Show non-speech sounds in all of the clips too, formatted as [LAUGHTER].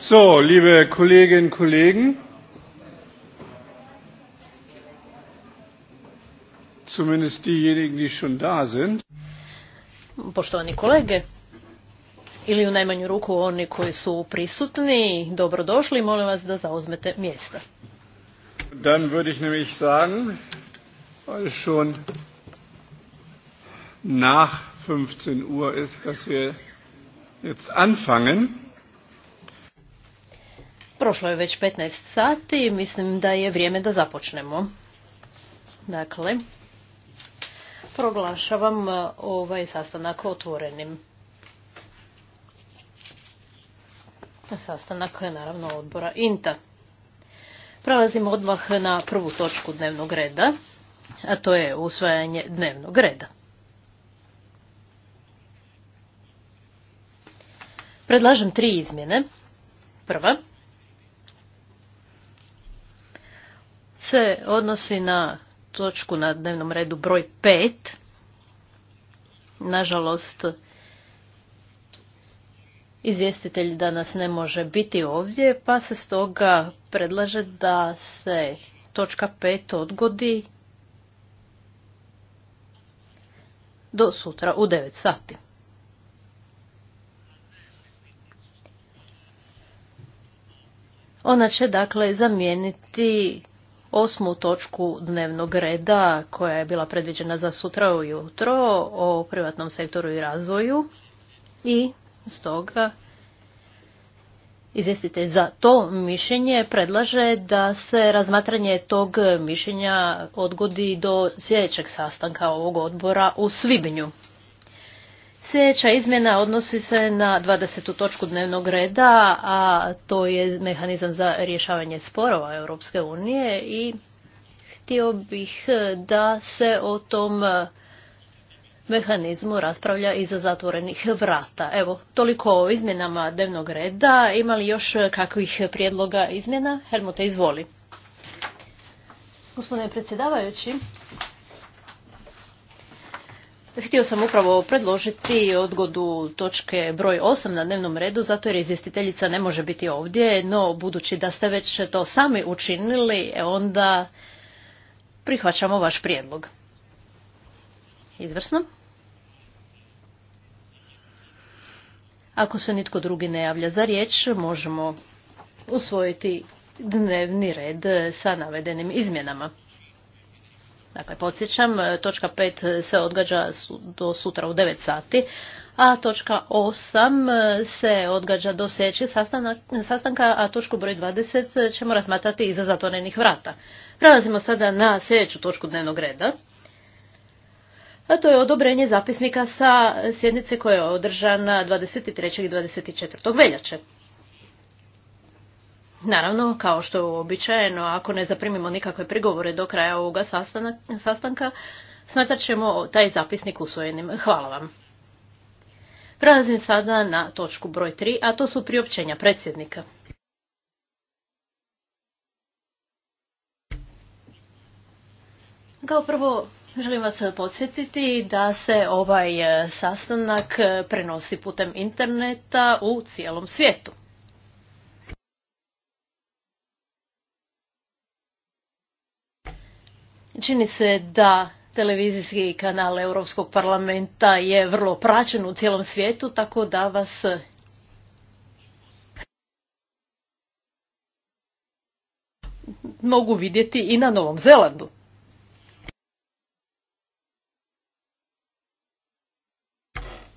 So, liebe Kolleginnen und Kollegen, zumindest diejenigen, die schon da sind. Poštovani kolege, ili u najmanju ruku oni koji su prisutni, dobrodošli, molim vas da zauzmete mjesta. Dann würde ich nämlich sagen, schon nach 15 Uhr ist, dass wir jetzt anfangen. Prošlo je već 15 sati i mislim da je vrijeme da započnemo. Dakle, proglašavam e, ovaj sastanak otvorenim. Sastanak je naravno odbora INTA. Prelazimo odmah na prvu točku dnevnog reda, a to je usvajanje dnevnog reda. Predlažem tri izmjene. Prva, se odnosi na točku na dnevnom redu broj 5. Nažalost, izvjestitelj danas ne može biti ovdje, pa se stoga predlaže da se točka 5 odgodi do sutra u 9 sati. Ona će dakle zamijeniti osmu točku dnevnog reda koja je bila predviđena za sutra ujutro o privatnom sektoru i razvoju i stoga izvjestitelj za to mišljenje predlaže da se razmatranje tog mišljenja odgodi do sljedećeg sastanka ovog odbora u svibnju. Sljedeća izmjena odnosi se na 20. točku dnevnog reda, a to je mehanizam za rješavanje sporova Europske unije i htio bih da se o tom mehanizmu raspravlja iza zatvorenih vrata. Evo, toliko o izmjenama dnevnog reda. Ima li još kakvih prijedloga izmjena? Helmute, izvoli. Gospodine predsjedavajući, Htio sam upravo predložiti odgodu točke broj 8 na dnevnom redu, zato jer izvjestiteljica ne može biti ovdje, no budući da ste već to sami učinili, e, onda prihvaćamo vaš prijedlog. Izvrsno. Ako se nitko drugi ne javlja za riječ, možemo usvojiti dnevni red sa navedenim izmjenama. Dakle, podsjećam, e, točka 5 e, se odgađa do sutra u 9 sati, a točka 8 e, se odgađa do sljedećeg sastanka, a točku broj 20 ćemo razmatrati iza zatvorenih vrata. Prelazimo sada na sljedeću točku dnevnog reda. A to je odobrenje zapisnika sa sjednice koja je održana 23. i 24. veljače. Naravno, kao što je uobičajeno, ako ne zaprimimo nikakve prigovore do kraja ovoga sastanka, smatrat ćemo taj zapisnik usvojenim. Hvala vam. Prelazim sada na točku broj 3, a to su priopćenja predsjednika. Kao prvo, želim vas podsjetiti da se ovaj e, sastanak e, prenosi putem interneta u cijelom svijetu. Čini se da televizijski kanal Europskog parlamenta je vrlo praćen u cijelom svijetu, tako da vas mogu vidjeti i na Novom Zelandu.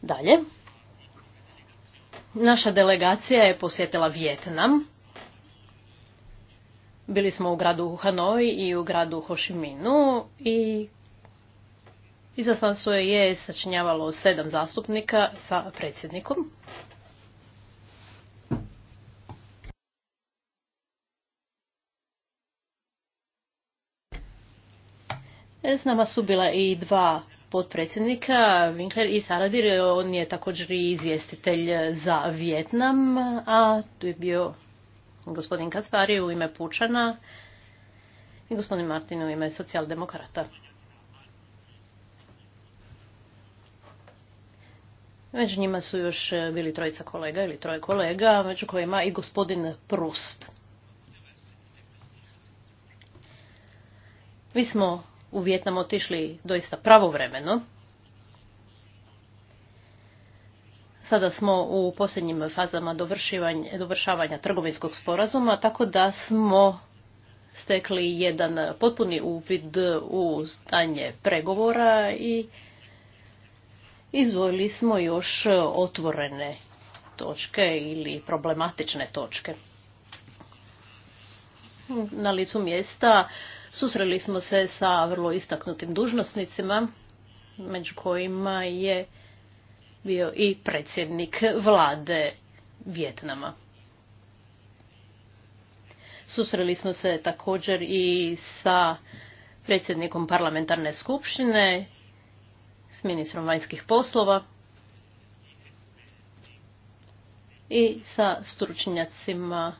Dalje. Naša delegacija je posjetila Vjetnam bili smo u gradu Hanoi i u gradu Hošiminu i izaslanstvo je sačinjavalo sedam zastupnika sa predsjednikom. S nama su bila i dva potpredsjednika, Winkler i Saradir, on je također i izvjestitelj za Vjetnam, a tu je bio gospodin Kacpari u ime Pučana i gospodin Martin u ime socijaldemokrata. Među njima su još e, bili trojica kolega ili troje kolega, među kojima i gospodin Prust. Mi smo u Vjetnam otišli doista pravovremeno, Sada smo u posljednjim fazama dovršavanja trgovinskog sporazuma, tako da smo stekli jedan potpuni uvid u stanje pregovora i izvojili smo još otvorene točke ili problematične točke. Na licu mjesta susreli smo se sa vrlo istaknutim dužnostnicima među kojima je bio i predsjednik vlade Vjetnama. Susreli smo se također i sa predsjednikom parlamentarne skupštine, s ministrom vanjskih poslova i sa stručnjacima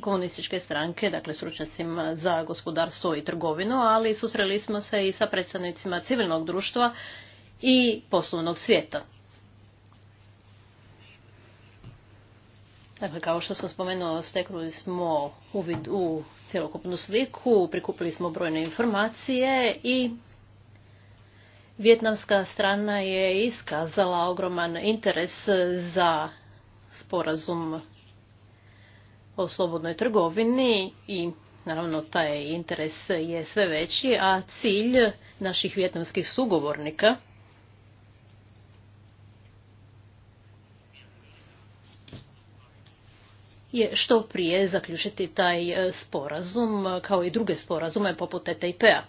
komunističke stranke, dakle stručnjacima za gospodarstvo i trgovinu, ali susreli smo se i sa predstavnicima civilnog društva i poslovnog svijeta. Dakle, kao što sam spomenuo, stekli smo uvid u cjelokupnu sliku, prikupili smo brojne informacije i vjetnamska strana je iskazala ogroman interes za sporazum o slobodnoj trgovini i naravno taj interes je sve veći, a cilj naših vjetnamskih sugovornika – je što prije zaključiti taj e, sporazum kao i druge sporazume poput TTIP-a.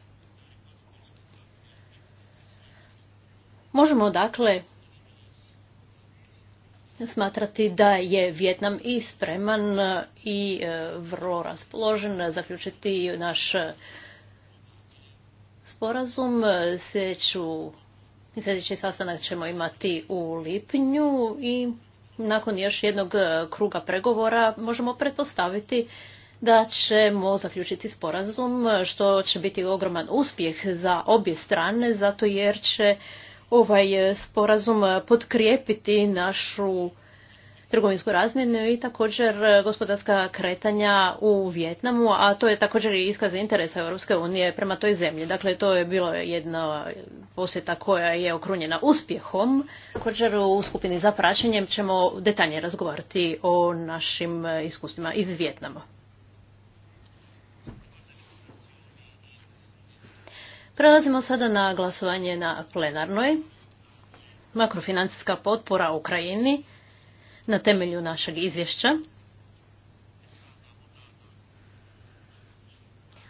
Možemo dakle smatrati da je Vjetnam i spreman e, i e, vrlo raspoložen zaključiti naš sporazum. sljedeći sastanak ćemo imati u lipnju i nakon još jednog e, kruga pregovora možemo pretpostaviti da ćemo zaključiti sporazum, e, što će biti ogroman uspjeh za obje strane, zato jer će ovaj e, sporazum potkrijepiti našu trgovinsku razmjenu i također e, gospodarska kretanja u Vjetnamu, a to je također i iskaz interesa Europske unije prema toj zemlji. Dakle, to je bilo jedna posjeta koja je okrunjena uspjehom. Također u skupini za praćenjem ćemo detaljnije razgovarati o našim e, iskustvima iz Vjetnama. Prelazimo sada na glasovanje na plenarnoj. Makrofinancijska potpora Ukrajini na temelju našeg izvješća.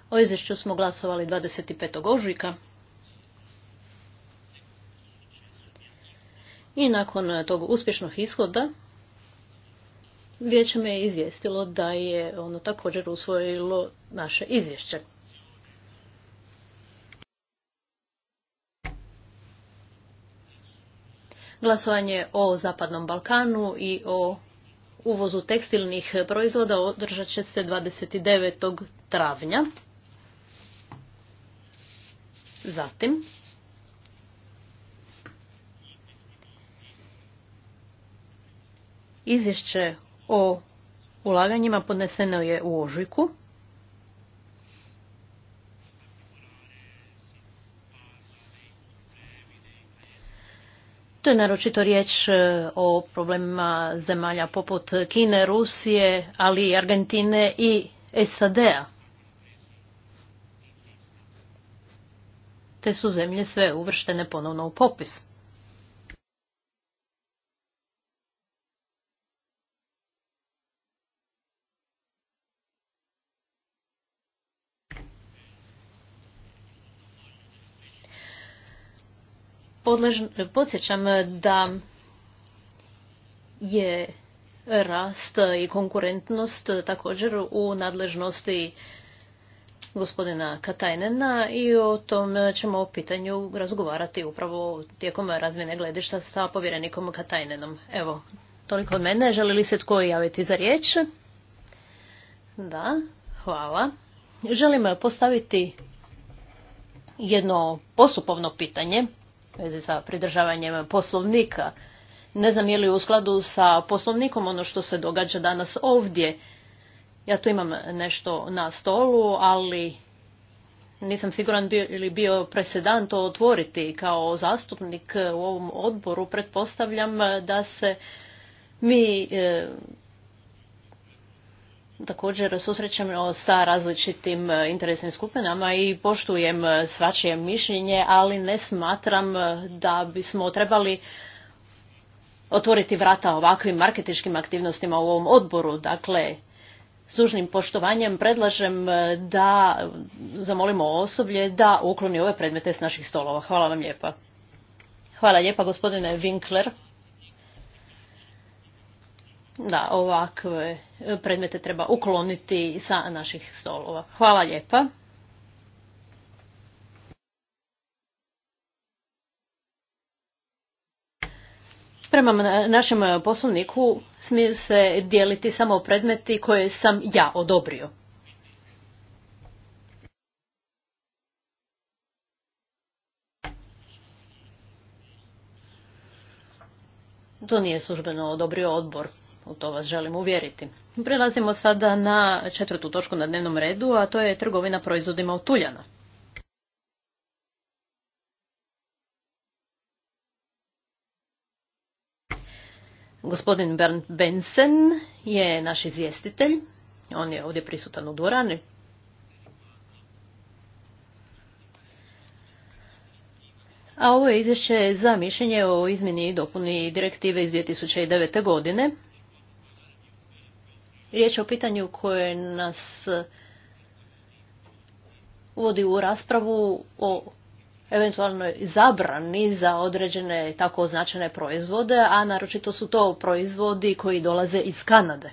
O izvješću smo glasovali 25. ožujka. I nakon tog uspješnog ishoda vijeće me je izvijestilo da je ono također usvojilo naše izvješće. Glasovanje o Zapadnom Balkanu i o uvozu tekstilnih proizvoda održat će se 29. travnja. Zatim, izvješće o ulaganjima podneseno je u ožujku. To je naročito riječ e, o problemima zemalja poput Kine, Rusije, ali i Argentine i SAD-a. Te su zemlje sve uvrštene ponovno u popis. podsjećam eh, da je rast i konkurentnost također u nadležnosti gospodina Katajnena i o tom ćemo o pitanju razgovarati upravo tijekom razmjene gledišta sa povjerenikom Katajnenom. Evo, toliko od mene. Želi li se tko javiti za riječ? Da, hvala. Želim postaviti jedno postupovno pitanje vezi sa pridržavanjem poslovnika. Ne znam je li u skladu sa poslovnikom ono što se događa danas ovdje. Ja tu imam nešto na stolu, ali nisam siguran bio, ili bio presedan to otvoriti kao zastupnik u ovom odboru. Pretpostavljam da se mi e, također susrećemo sa različitim e, interesnim skupinama i poštujem e, svačije mišljenje, ali ne smatram e, da bismo trebali otvoriti vrata ovakvim marketičkim aktivnostima u ovom odboru. Dakle, s dužnim poštovanjem predlažem da zamolimo osoblje da ukloni ove predmete s naših stolova. Hvala vam lijepa. Hvala lijepa gospodine Winkler da ovakve e, predmete treba ukloniti sa naših stolova. Hvala lijepa. Prema našem poslovniku smiju se dijeliti samo predmeti koje sam ja odobrio. To nije službeno odobrio odbor. U to vas želim uvjeriti. Prelazimo sada na četvrtu točku na dnevnom redu, a to je trgovina proizvodima u tuljana. Gospodin Bernd Bensen je naš izvjestitelj. On je ovdje prisutan u dvorani. A ovo je izvješće za mišljenje o izmjeni i dopuni direktive iz 2009. godine Riječ je o pitanju koje nas uvodi eh, u raspravu o eventualnoj zabrani za određene tako označene proizvode, a naročito su to proizvodi koji dolaze iz Kanade.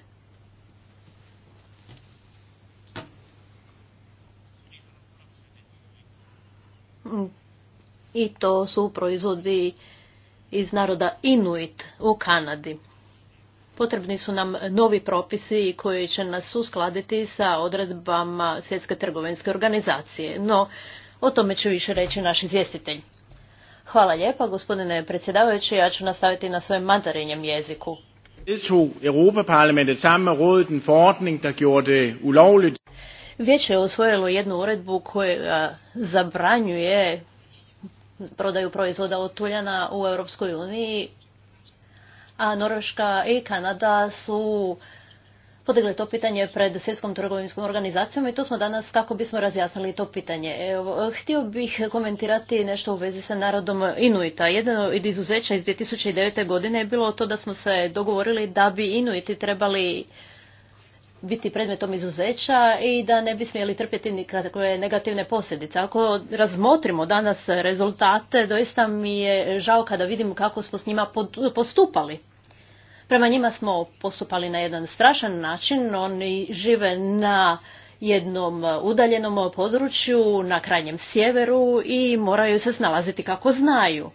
I to su proizvodi iz naroda Inuit u Kanadi. Potrebni su nam novi propisi koji će nas uskladiti sa odredbama Svjetske trgovinske organizacije, no o tome će više reći naš izvjestitelj. Hvala lijepa, gospodine predsjedavajući, ja ću nastaviti na svojem mandarinjem jeziku. Vijeće je usvojilo jednu uredbu koja zabranjuje prodaju proizvoda od tuljana u Europskoj uniji a Norveška i Kanada su podigle to pitanje pred Svjetskom trgovinskom organizacijom i to smo danas kako bismo razjasnili to pitanje. htio bih komentirati nešto u vezi sa narodom Inuita. Jedno od izuzeća iz 2009. godine je bilo to da smo se dogovorili da bi Inuiti trebali biti predmetom izuzeća i da ne bi smjeli trpjeti nikakve negativne posljedice. Ako razmotrimo danas rezultate, doista mi je žao kada vidim kako smo s njima postupali. Prema njima smo postupali na jedan strašan način. Oni žive na jednom udaljenom području na krajnjem sjeveru i moraju se snalaziti kako znaju.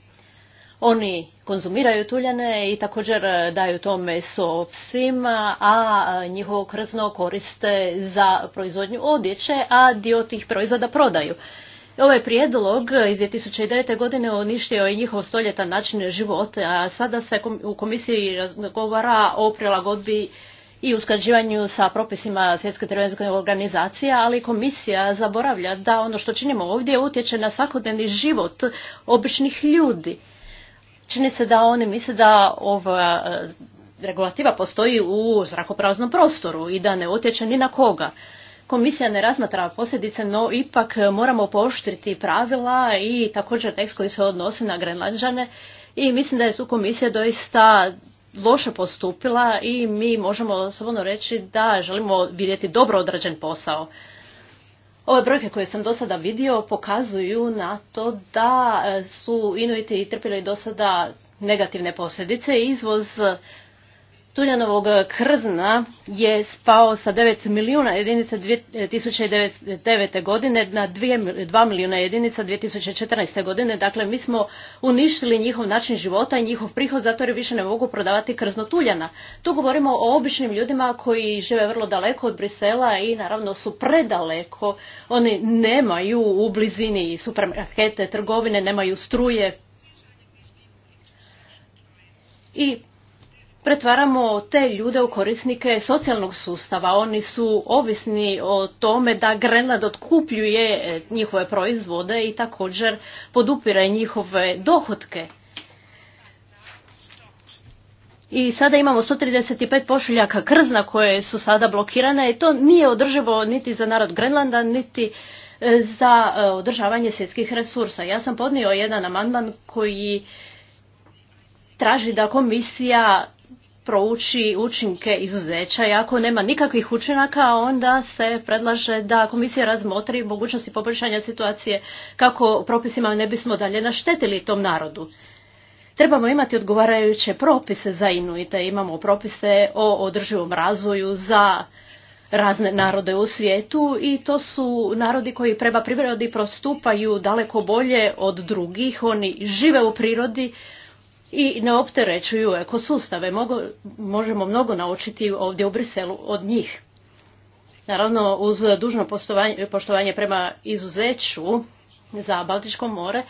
Oni konzumiraju tuljane i također daju to meso psima, a njihovo krzno koriste za proizvodnju odjeće, a dio tih proizvoda prodaju. Ovaj prijedlog iz 2009. godine uništio je njihov stoljetan način života, a sada se u komisiji razgovara o prilagodbi i usklađivanju sa propisima Svjetske trgovinske organizacije, ali komisija zaboravlja da ono što činimo ovdje utječe na svakodnevni život običnih ljudi. Čini se da oni misle da ova e, regulativa postoji u zrakopraznom prostoru i da ne utječe ni na koga. Komisija ne razmatra posljedice, no ipak moramo pooštriti pravila i također tekst koji se odnosi na grenlađane i mislim da je tu komisija doista loše postupila i mi možemo slobodno reći da želimo vidjeti dobro odrađen posao. Ove brojke koje sam do sada vidio pokazuju na to da su Inuiti trpili do sada negativne posljedice. Izvoz Tuljanovog krzna je spao sa 9 milijuna jedinica 2009. godine na 2 milijuna jedinica 2014. godine. Dakle, mi smo uništili njihov način života i njihov prihod, zato jer više ne mogu prodavati krzno tuljana. Tu govorimo o običnim ljudima koji žive vrlo daleko od Brisela i naravno su predaleko. Oni nemaju u blizini supermarkete, trgovine, nemaju struje. I pretvaramo te ljude u korisnike socijalnog sustava. Oni su ovisni o tome da Grenland otkupljuje e, njihove proizvode i također podupira njihove dohotke. I sada imamo 135 pošiljaka krzna koje su sada blokirane i to nije održivo niti za narod Grenlanda, niti e, za e, održavanje svjetskih resursa. Ja sam podnio jedan amandman koji traži da komisija prouči učinke izuzeća i ako nema nikakvih učinaka onda se predlaže da komisija razmotri mogućnosti poboljšanja situacije kako propisima ne bismo dalje naštetili tom narodu. Trebamo imati odgovarajuće propise za Inuite, imamo propise o održivom razvoju za razne narode u svijetu i to su narodi koji prema prirodi prostupaju daleko bolje od drugih, oni žive u prirodi, i ne opterećuju ekosustave. Mogu, možemo mnogo naučiti ovdje u Briselu od njih. Naravno, uz dužno poštovanje prema izuzeću za Baltičko more,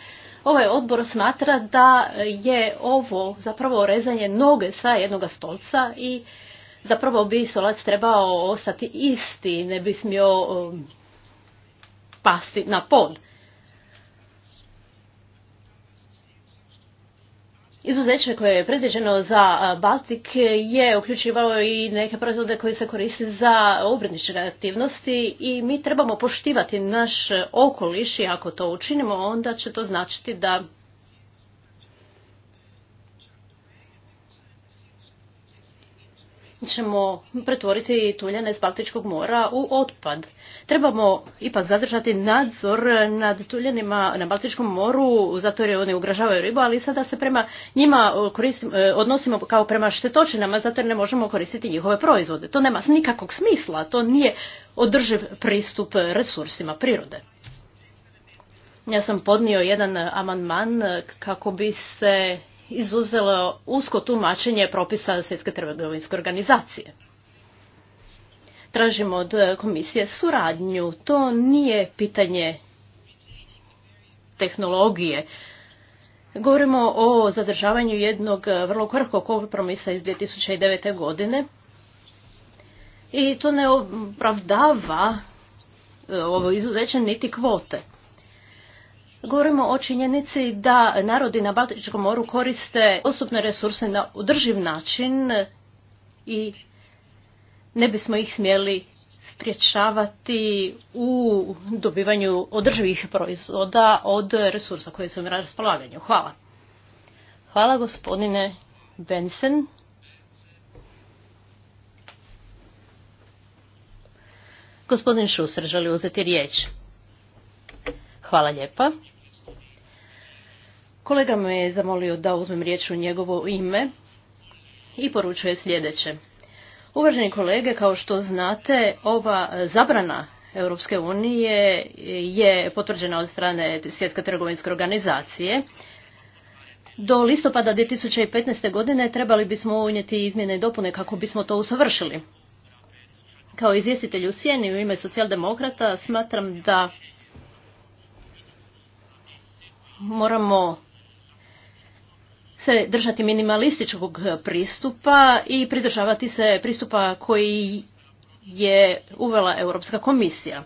ovaj odbor smatra da je ovo zapravo rezanje noge sa jednog stolca i zapravo bi solac trebao ostati isti, ne bi smio um, pasti na pod. Izuzeće koje je predviđeno za Baltik je uključivalo i neke proizvode koji se koriste za obredničke aktivnosti i mi trebamo poštivati naš okoliš i ako to učinimo onda će to značiti da ćemo pretvoriti tuljane iz Baltičkog mora u otpad. Trebamo ipak zadržati nadzor nad tuljenima na Baltičkom moru, zato jer oni ugražavaju ribu, ali sada se prema njima e, e, odnosimo kao prema štetočinama, zato jer ne možemo koristiti njihove proizvode. To nema nikakvog smisla, to nije održiv pristup resursima prirode. Ja sam podnio jedan amandman kako bi se izuzelo usko tumačenje propisa Svjetske trgovinske organizacije. Tražimo od e, komisije suradnju. To nije pitanje tehnologije. Govorimo o zadržavanju jednog e, vrlo krhkog kompromisa iz 2009. godine i to ne opravdava e, ovo izuzeće niti kvote. Govorimo o činjenici da narodi na Baltičkom moru koriste osobne resurse na održiv način i ne bismo ih smjeli spriječavati u dobivanju održivih proizvoda od resursa koje su im na raspolaganju. Hvala. Hvala gospodine Benson. Gospodin Šuser želi uzeti riječ. Hvala lijepa. Kolega me je zamolio da uzmem riječ u njegovo ime i poručuje sljedeće. Uvaženi kolege, kao što znate, ova zabrana Europske unije je potvrđena od strane Svjetske trgovinske organizacije. Do listopada 2015. godine trebali bismo unijeti izmjene i dopune kako bismo to usavršili. Kao izvjestitelj u Sjeni u ime socijaldemokrata smatram da moramo se držati minimalističkog pristupa i pridržavati se pristupa koji je uvela Europska komisija.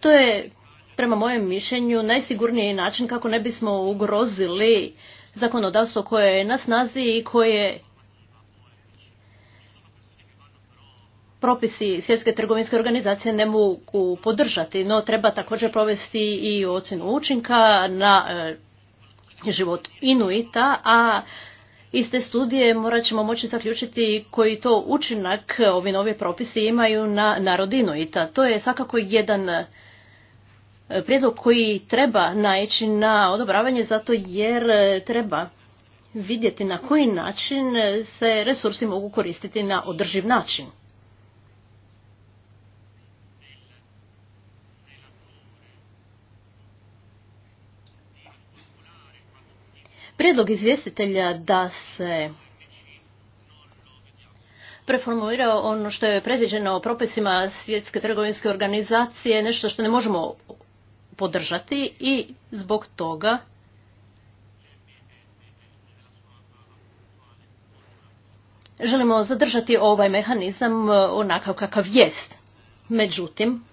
To je, prema mojem mišljenju, najsigurniji način kako ne bismo ugrozili zakonodavstvo koje je na snazi i koje propisi Svjetske trgovinske organizacije ne mogu podržati, no treba također provesti i ocjenu učinka na e, život Inuita, a iz te studije morat ćemo moći zaključiti koji to učinak ovi novi propisi imaju na narod Inuita. To je svakako jedan e, prijedlog koji treba naići na odobravanje zato jer e, treba vidjeti na koji način se resursi mogu koristiti na održiv način. Prijedlog izvjestitelja da se preformulira ono što je predviđeno propisima Svjetske trgovinske organizacije, nešto što ne možemo podržati i zbog toga želimo zadržati ovaj mehanizam onakav kakav jest. Međutim,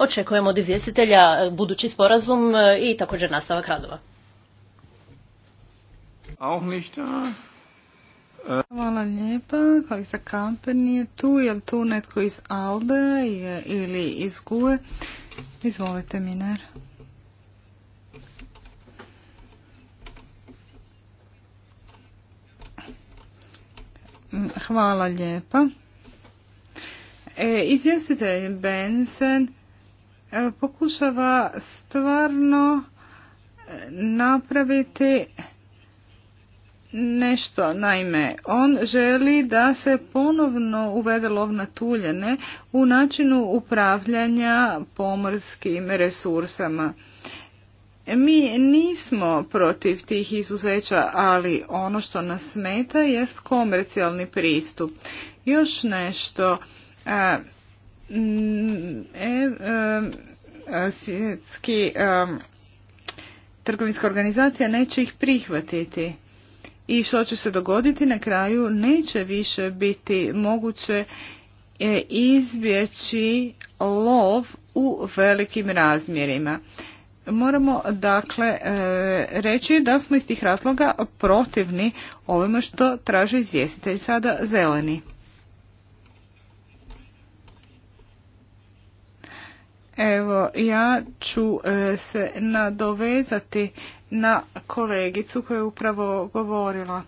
Očekujemo od izvjestitelja e, budući sporazum e, i također nastavak radova. Auch nicht da. Äh. Hvala lijepa. Kolegica Kamper nije tu. Je li tu netko iz Albe ili iz Gue? Izvolite, Miner. Hvala lijepa. E, izvjestitelj Benson E, pokušava stvarno e, napraviti nešto. Naime, on želi da se ponovno uvede lov na tuljene u načinu upravljanja pomorskim resursama. E, mi nismo protiv tih izuzeća, ali ono što nas smeta jest komercijalni pristup. Još nešto, Mm, e, e, e, svjetski trgovinska organizacija neće ih prihvatiti. I što će se dogoditi na kraju neće više biti moguće izbjeći lov u velikim razmjerima. Moramo dakle reći da smo iz tih razloga protivni ovome što traže izvjestitelj sada zeleni. Evo, ja ću e, se nadovezati na kolegicu koja je upravo govorila.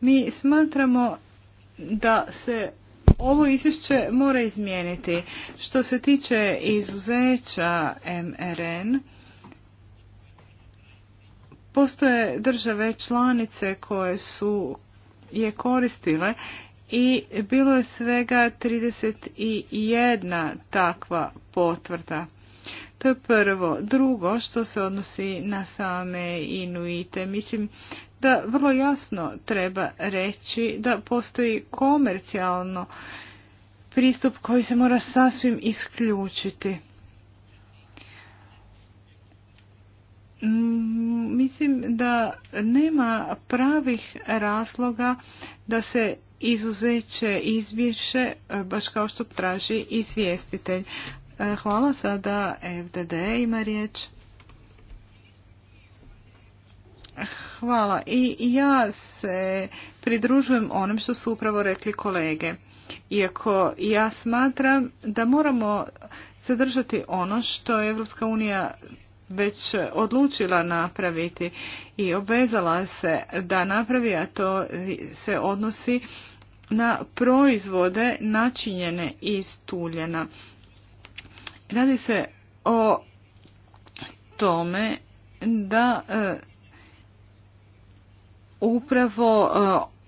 Mi smatramo da se ovo izvješće mora izmijeniti. Što se tiče izuzeća MRN, postoje države članice koje su je koristile i bilo je svega 31 takva potvrda. To je prvo. Drugo, što se odnosi na same inuite, mislim da vrlo jasno treba reći da postoji komercijalno pristup koji se mora sasvim isključiti. Mm, mislim da nema pravih razloga da se izuzeće izvješće e, baš kao što traži izvjestitelj. E, hvala sada FDD ima riječ. Hvala. I ja se pridružujem onim što su upravo rekli kolege. Iako ja smatram da moramo zadržati ono što Evropska unija već odlučila napraviti i obvezala se da napravi, a to se odnosi na proizvode načinjene iz tuljena. Radi se o tome da e, upravo e,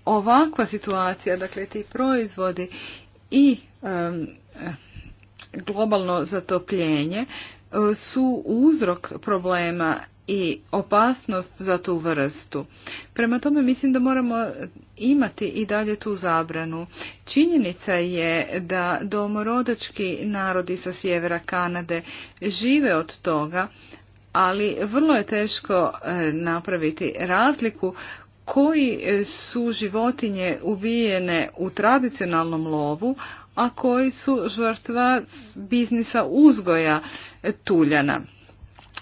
ovakva situacija, dakle ti proizvodi i e, globalno zatopljenje su uzrok problema i opasnost za tu vrstu. Prema tome mislim da moramo imati i dalje tu zabranu. Činjenica je da domorodački narodi sa sjevera Kanade žive od toga, ali vrlo je teško e, napraviti razliku koji e, su životinje ubijene u tradicionalnom lovu, a koji su žrtva biznisa uzgoja e, tuljana.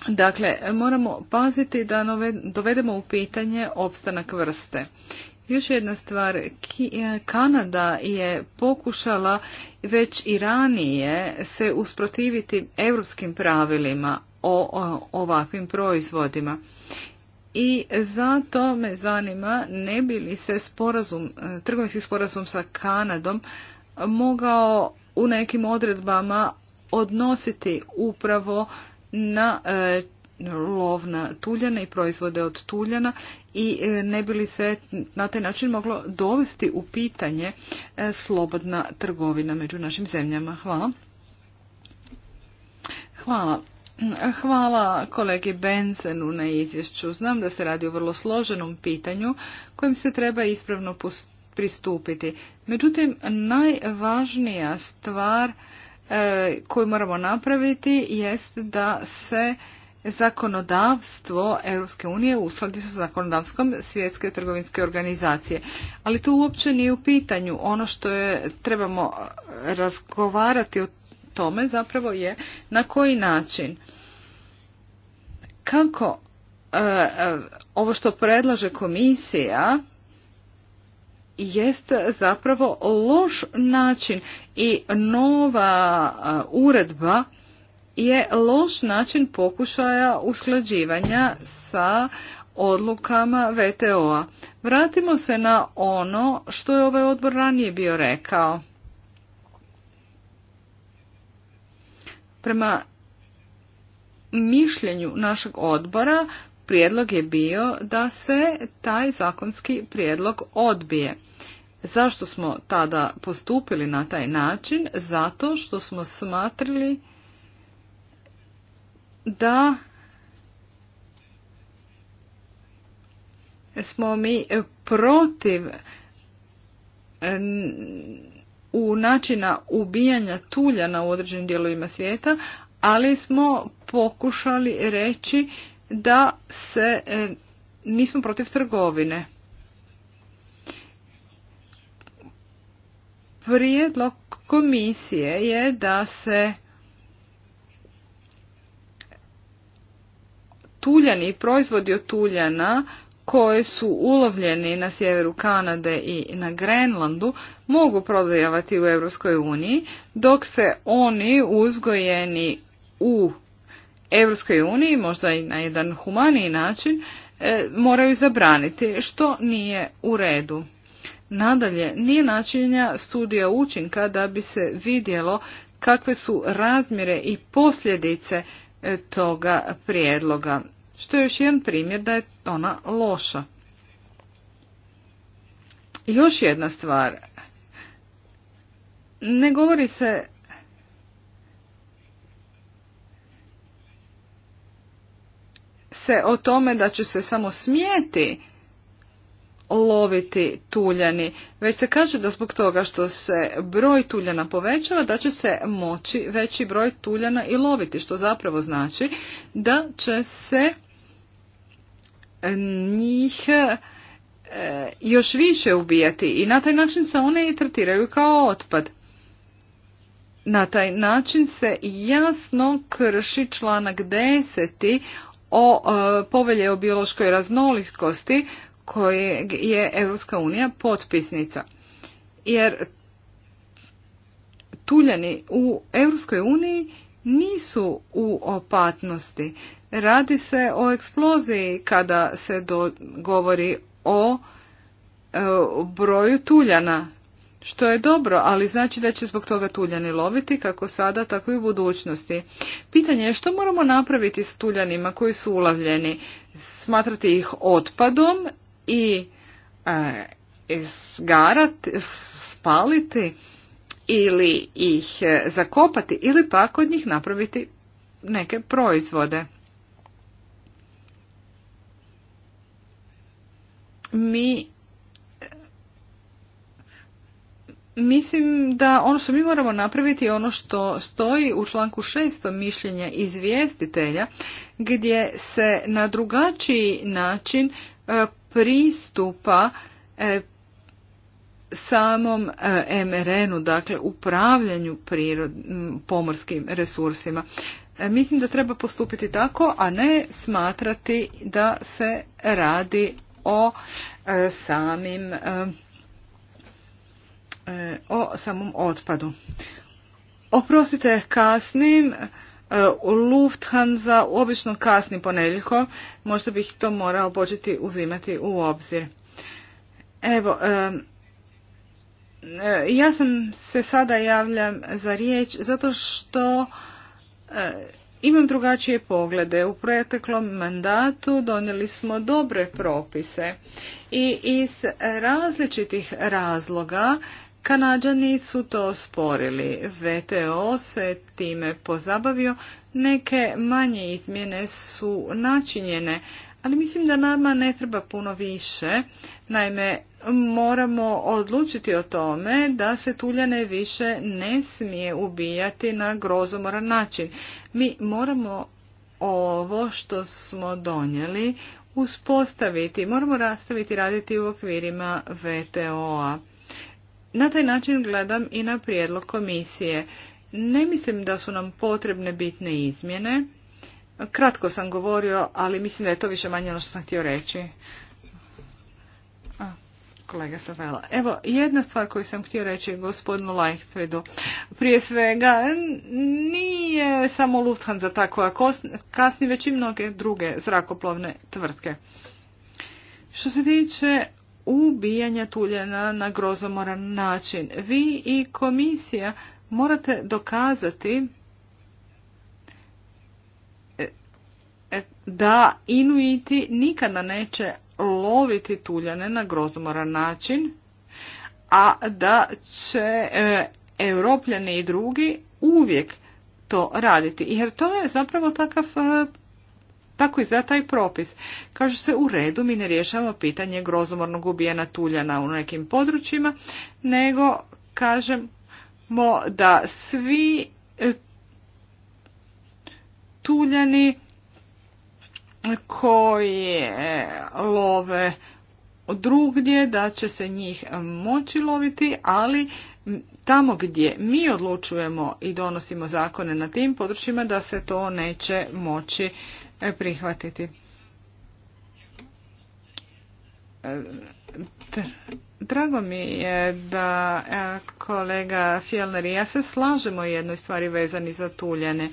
Dakle, moramo paziti da dovedemo u pitanje opstanak vrste. Još jedna stvar, e, Kanada je pokušala već i ranije se usprotiviti europskim pravilima o ovakvim proizvodima i zato me zanima ne bi li se sporazum, e, trgovinski sporazum sa Kanadom mogao u nekim odredbama odnositi upravo na e, lovna tuljana i proizvode od tuljana i e, ne bi li se na taj način moglo dovesti u pitanje e, slobodna trgovina među našim zemljama. Hvala. Hvala. Hvala kolegi Benzenu na izvješću. Znam da se radi o vrlo složenom pitanju kojem se treba ispravno pristupiti. Međutim, najvažnija stvar e, koju moramo napraviti jest da se zakonodavstvo Europske unije uskladi sa zakonodavstvom svjetske trgovinske organizacije. Ali to uopće nije u pitanju. Ono što trebamo razgovarati o tome zapravo je na koji način kako e, e, ovo što predlaže komisija jest zapravo loš način i nova e, uredba je loš način pokušaja usklađivanja sa odlukama VTO-a. Vratimo se na ono što je ovaj odbor ranije bio rekao. Prema mišljenju našeg odbora prijedlog je bio da se taj zakonski prijedlog odbije. Zašto smo tada postupili na taj način? Zato što smo smatrali da smo mi protiv u načina ubijanja tuljana u određenim dijelovima svijeta, ali smo pokušali reći da se e, nismo protiv trgovine. Prijedlog komisije je da se tuljani proizvodi od tuljana koje su ulovljeni na sjeveru Kanade i na Grenlandu mogu prodajavati u Europskoj uniji, dok se oni uzgojeni u Europskoj uniji, možda i na jedan humaniji način, e, moraju zabraniti, što nije u redu. Nadalje, nije načinja studija učinka da bi se vidjelo kakve su razmjere i posljedice e, toga prijedloga što je još jedan primjer da je ona loša. Još jedna stvar. Ne govori se se o tome da će se samo smijeti loviti tuljani, već se kaže da zbog toga što se broj tuljana povećava, da će se moći veći broj tuljana i loviti, što zapravo znači da će se njih e, još više ubijati i na taj način se one i tretiraju kao otpad. Na taj način se jasno krši članak 10. o e, povelje o biološkoj raznolikosti koje je Europska unija potpisnica. Jer tuljeni u Europskoj uniji nisu u opatnosti. Radi se o eksploziji kada se govori o e, broju tuljana, što je dobro, ali znači da će zbog toga tuljani loviti kako sada, tako i u budućnosti. Pitanje je što moramo napraviti s tuljanima koji su ulavljeni, smatrati ih otpadom i e, spaliti ili ih e, zakopati ili pak od njih napraviti neke proizvode. mi Mislim da ono što mi moramo napraviti je ono što stoji u članku 6. mišljenja izvjestitelja gdje se na drugačiji način e, pristupa e, samom e, MRN-u, dakle upravljanju pomorskim resursima. Mislim da treba postupiti tako, a ne smatrati da se radi o e, samim e, e, o samom otpadu. Oprostite, kasnim. u Lufthansa obično kasni ponedjeljko možda bih to morao početi uzimati u obzir. Evo, ja sam se sada javljam za riječ zato što imam drugačije poglede. U proteklom mandatu donijeli smo dobre propise i iz različitih razloga Kanađani su to sporili. VTO se time pozabavio, neke manje izmjene su načinjene, ali mislim da nama ne treba puno više. Naime, moramo odlučiti o tome da se tuljane više ne smije ubijati na grozomoran način. Mi moramo ovo što smo donijeli uspostaviti, moramo rastaviti raditi u okvirima VTO-a. Na taj način gledam i na prijedlog komisije. Ne mislim da su nam potrebne bitne izmjene, Kratko sam govorio, ali mislim da je to više manje ono što sam htio reći. kolega Savela. Evo, jedna stvar koju sam htio reći gospodinu Leichtvedu. Prije svega, nije samo Lufthansa tako, kasni već i mnoge druge zrakoplovne tvrtke. Što se tiče ubijanja tuljena na grozomoran način, vi i komisija morate dokazati E, da Inuiti nikada neće loviti tuljane na grozomoran način, a da će e, europljani i drugi uvijek to raditi. Jer to je zapravo takav e, tako i za taj propis. Kaže se u redu mi ne rješavamo pitanje grozomornog ubijena tuljana u nekim područjima, nego kažemo da svi tuljani koji love drugdje, da će se njih moći loviti, ali tamo gdje mi odlučujemo i donosimo zakone na tim područjima da se to neće moći e, prihvatiti e, Drago mi je da kolega Fjellner i ja se slažemo u jednoj stvari vezani za tuljane.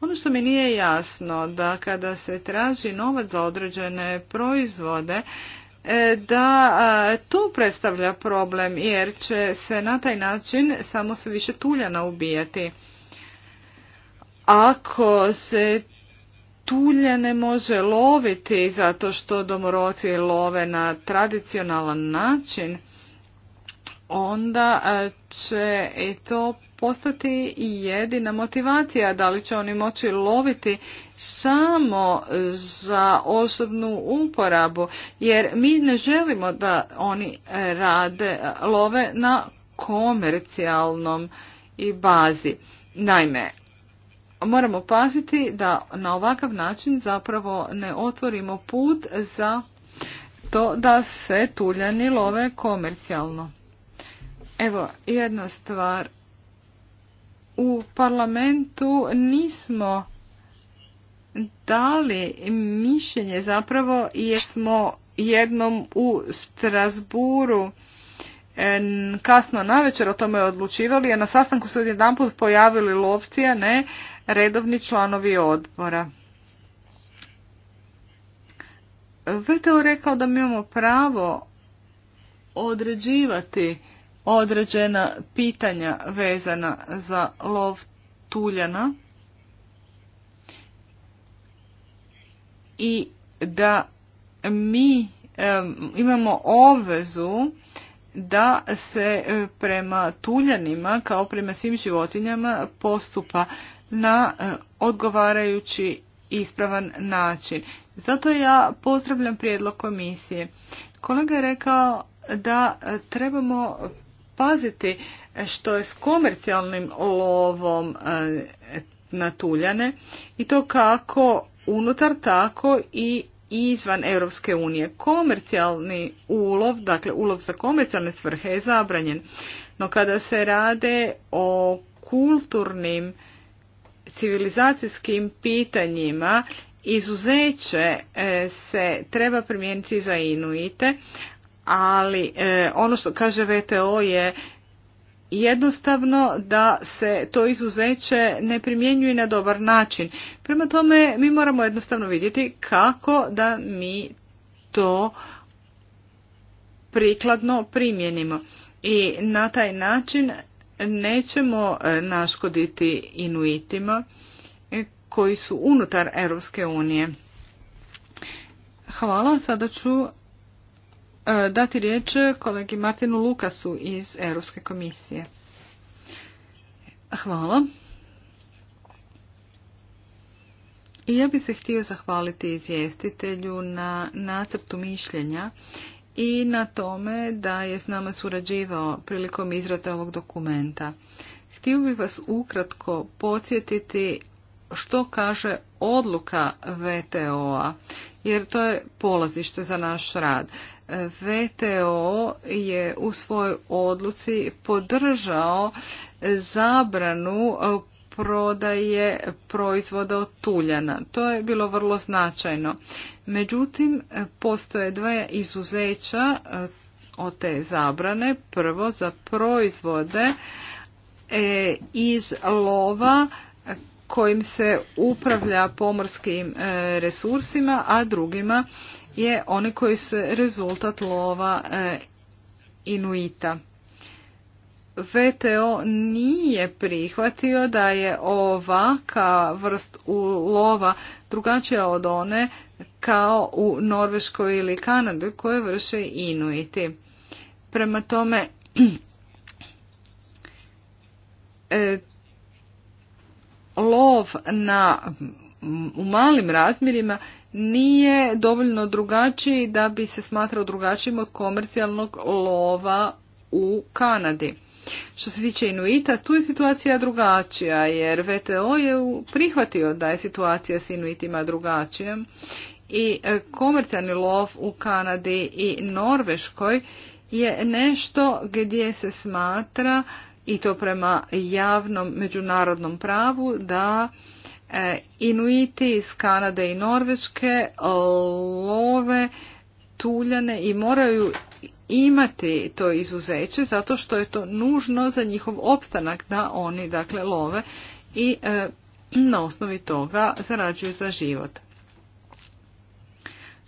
Ono što mi nije jasno da kada se traži novac za određene proizvode, e, da tu predstavlja problem jer će se na taj način samo se više tuljana ubijati. Ako se tulje ne može loviti zato što domoroci love na tradicionalan način, onda e, će i to postati i jedina motivacija da li će oni moći loviti samo za osobnu uporabu jer mi ne želimo da oni rade love na komercijalnom i bazi. Naime, moramo paziti da na ovakav način zapravo ne otvorimo put za to da se tuljani love komercijalno. Evo, jedna stvar. U parlamentu nismo dali mišljenje zapravo jer smo jednom u Strasburu e, kasno večer o tome odlučivali, a na sastanku su odjedanput pojavili lovci, a ne redovni članovi odbora. VTO rekao da mi imamo pravo određivati određena pitanja vezana za lov tuljana i da mi imamo obvezu da se e, prema tuljanima kao prema svim životinjama postupa na e, odgovarajući ispravan način. Zato ja pozdravljam prijedlog komisije. Kolega je rekao da e, trebamo paziti što je s komercijalnim lovom e, na tuljane i to kako unutar tako i izvan Europske unije. Komercijalni ulov, dakle ulov za komercijalne svrhe je zabranjen. No kada se rade o kulturnim civilizacijskim pitanjima izuzeće e, se treba primijeniti za Inuite, ali e, ono što kaže VTO je jednostavno da se to izuzeće ne primjenjuje na dobar način. Prema tome mi moramo jednostavno vidjeti kako da mi to prikladno primjenimo. I na taj način nećemo e, naškoditi inuitima e, koji su unutar Europske unije. Hvala, sada ću e, dati riječ kolegi Martinu Lukasu iz Europske komisije. Hvala. I ja bih se htio zahvaliti izvjestitelju na nacrtu mišljenja i na tome da je s nama surađivao prilikom izrade ovog dokumenta. Htio bih vas ukratko podsjetiti što kaže odluka VTO-a, jer to je polazište za naš rad. VTO je u svojoj odluci podržao zabranu prodaje proizvoda od tuljana. To je bilo vrlo značajno. Međutim, postoje dva izuzeća eh, od te zabrane. Prvo za proizvode eh, iz lova kojim se upravlja pomorskim eh, resursima, a drugima je oni koji su rezultat lova inuita. VTO nije prihvatio da je ovaka vrst lova drugačija od one kao u Norveškoj ili Kanadi koje vrše Inuiti. Prema tome, [CLEARS THROAT] e, lov na u malim razmjerima nije dovoljno drugačiji da bi se smatrao drugačijim od komercijalnog lova u Kanadi. Što se tiče Inuita, tu je situacija drugačija jer VTO je prihvatio da je situacija s Inuitima drugačija i e, komercijalni lov u Kanadi i Norveškoj je nešto gdje se smatra i to prema javnom međunarodnom pravu da e, Inuiti iz Kanade i Norveške love tuljane i moraju imati to izuzeće zato što je to nužno za njihov opstanak da oni dakle love i e, na osnovi toga zarađuju za život.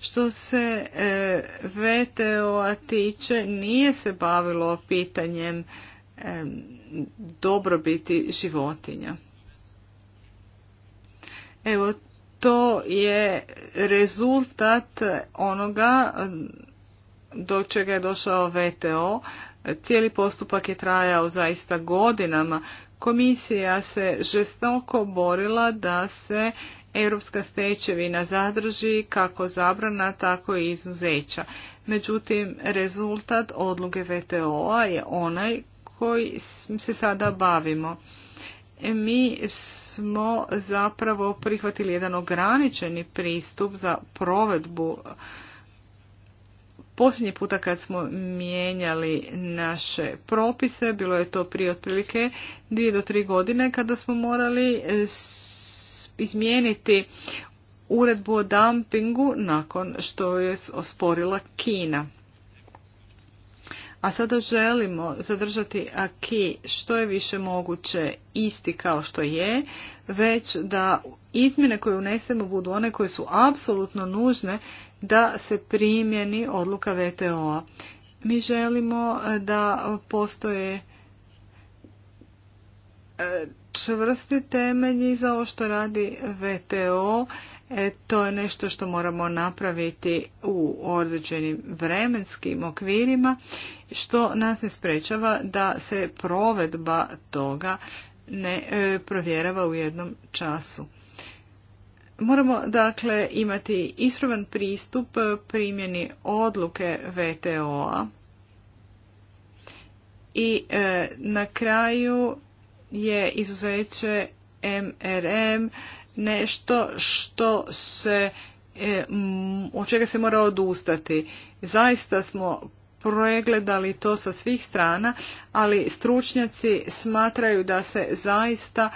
Što se e, VTO-a tiče, nije se bavilo pitanjem e, dobrobiti životinja. Evo, to je rezultat onoga do čega je došao VTO. Cijeli postupak je trajao zaista godinama. Komisija se žestoko borila da se europska stečevina zadrži kako zabrana, tako i izuzeća. Međutim, rezultat odluge VTO-a je onaj koji se sada bavimo. Mi smo zapravo prihvatili jedan ograničeni pristup za provedbu Posljednji puta kad smo mijenjali naše propise, bilo je to prije otprilike dvije do tri godine, kada smo morali e, izmijeniti uredbu o dumpingu nakon što je osporila Kina a sada želimo zadržati aki što je više moguće isti kao što je, već da izmjene koje unesemo budu one koje su apsolutno nužne da se primjeni odluka VTO-a. Mi želimo da postoje čvrsti temelji za ovo što radi VTO. E, to je nešto što moramo napraviti u određenim vremenskim okvirima, što nas ne sprečava da se provedba toga ne e, provjerava u jednom času. Moramo dakle imati ispravan pristup e, primjeni odluke VTO-a i na kraju je izuzeće MRM nešto što se e, od čega se mora odustati. Zaista smo pregledali to sa svih strana, ali stručnjaci smatraju da se zaista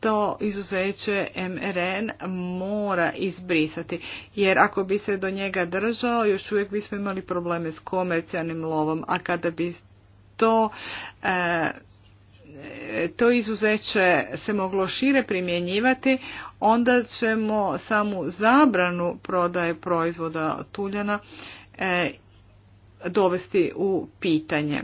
to izuzeće MRN mora izbrisati, jer ako bi se do njega držao, još uvijek bismo imali probleme s komercijalnim lovom, a kada bi to e, to izuzeće se moglo šire primjenjivati, onda ćemo samu zabranu prodaje proizvoda tuljana e, dovesti u pitanje.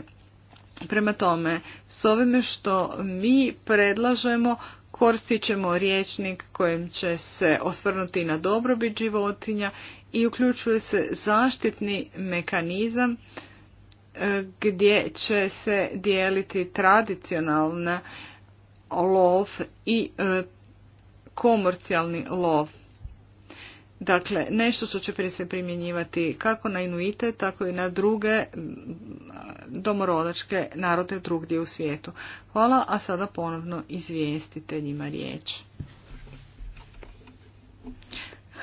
Prema tome, s ovime što mi predlažemo, koristit ćemo riječnik kojim će se osvrnuti na dobrobit životinja i uključuje se zaštitni mekanizam gdje će se dijeliti tradicionalna lov i e, komercijalni lov. Dakle, nešto što će prije se primjenjivati kako na Inuite, tako i na druge domorodačke narode drugdje u svijetu. Hvala, a sada ponovno izvijestite njima riječ.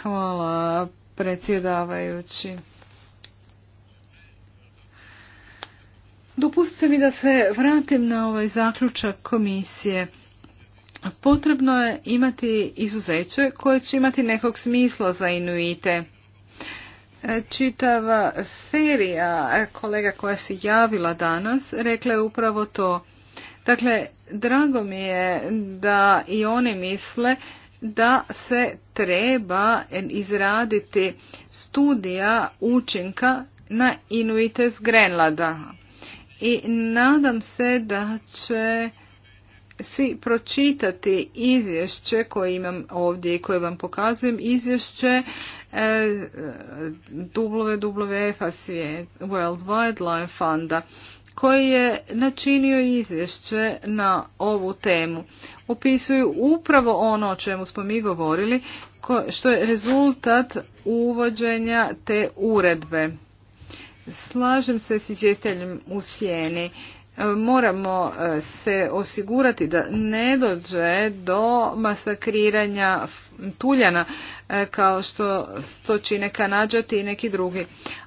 Hvala predsjedavajući. Dopustite mi da se vratim na ovaj zaključak komisije. Potrebno je imati izuzeće koje će imati nekog smisla za Inuite. E, čitava serija kolega koja se javila danas rekla je upravo to. Dakle, drago mi je da i oni misle da se treba izraditi studija učinka na Inuite z Grenlada i nadam se da će svi pročitati izvješće koje imam ovdje i koje vam pokazujem, izvješće e, WWF-a World Wildlife Funda, koji je načinio izvješće na ovu temu. Opisuju upravo ono o čemu smo mi govorili, što je rezultat uvođenja te uredbe. Slažem se s izvjestiteljem u sjeni. E, moramo e, se osigurati da ne dođe do masakriranja tuljana e, kao što to čine kanadžati i neki drugi.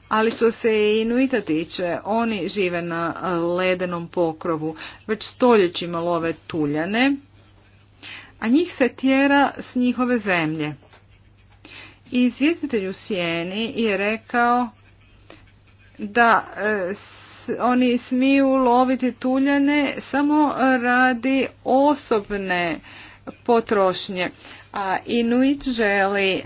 Ali što se inuita tiče, oni žive na ledenom pokrovu. Već stoljećima love tuljane, a njih se tjera s njihove zemlje. I izvjestitelj u sjeni je rekao da e, oni smiju loviti tuljane samo radi osobne potrošnje. A Inuit želi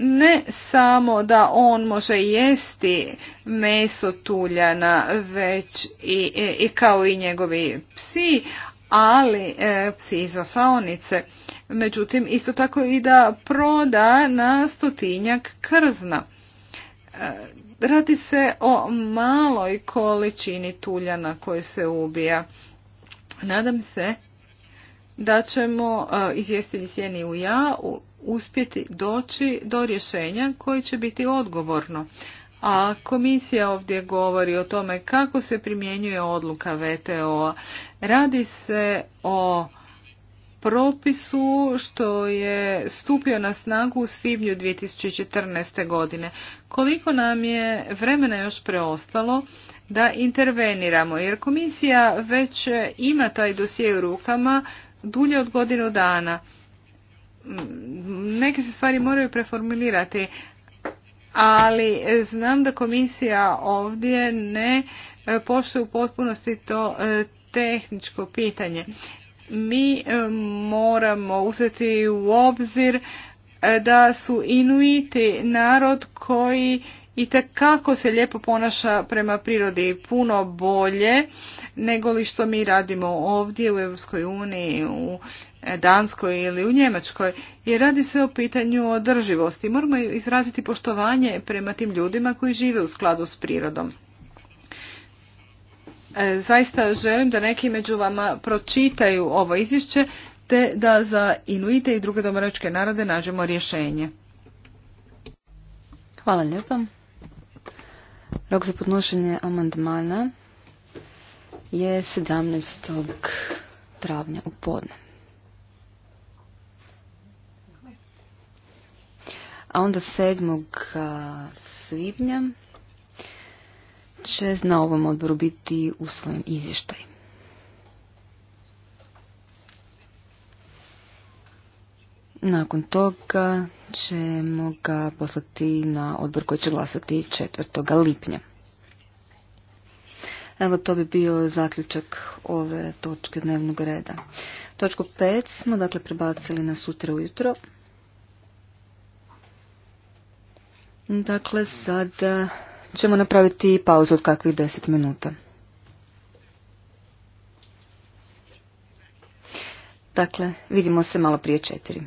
ne samo da on može jesti meso tuljana već i, e, i, kao i njegovi psi, ali e, psi za saonice. Međutim, isto tako i da proda na stotinjak krzna. Radi se o maloj količini tuljana koje se ubija. Nadam se da ćemo e, izvjestitelji sjeni u ja uspjeti doći do rješenja koji će biti odgovorno. A komisija ovdje govori o tome kako se primjenjuje odluka VTO-a. Radi se o propisu što je stupio na snagu u svibnju 2014. godine. Koliko nam je vremena još preostalo da interveniramo, jer komisija već ima taj dosije u rukama dulje od godinu dana. Neke se stvari moraju preformulirati, ali znam da komisija ovdje ne poštuje u potpunosti to eh, tehničko pitanje mi e, moramo uzeti u obzir e, da su Inuiti narod koji i kako se lijepo ponaša prema prirodi puno bolje nego li što mi radimo ovdje u Europskoj uniji, u e, Danskoj ili u Njemačkoj. Jer radi se o pitanju održivosti. Moramo izraziti poštovanje prema tim ljudima koji žive u skladu s prirodom. E, zaista želim da neki među vama pročitaju ovo izvješće te da za Inuite i druge domoračke narode nađemo rješenje. Hvala lijepa. Rok za podnošenje amandmana je 17. travnja u podne. A onda 7. svibnja će na ovom odboru biti usvojen izvještaj. Nakon toga ćemo ga poslati na odbor koji će glasati 4. lipnja. Evo to bi bio zaključak ove točke dnevnog reda. Točku 5 smo dakle prebacili na sutra ujutro. Dakle, sada ćemo napraviti pauzu od kakvih deset minuta. Dakle, vidimo se malo prije četiri.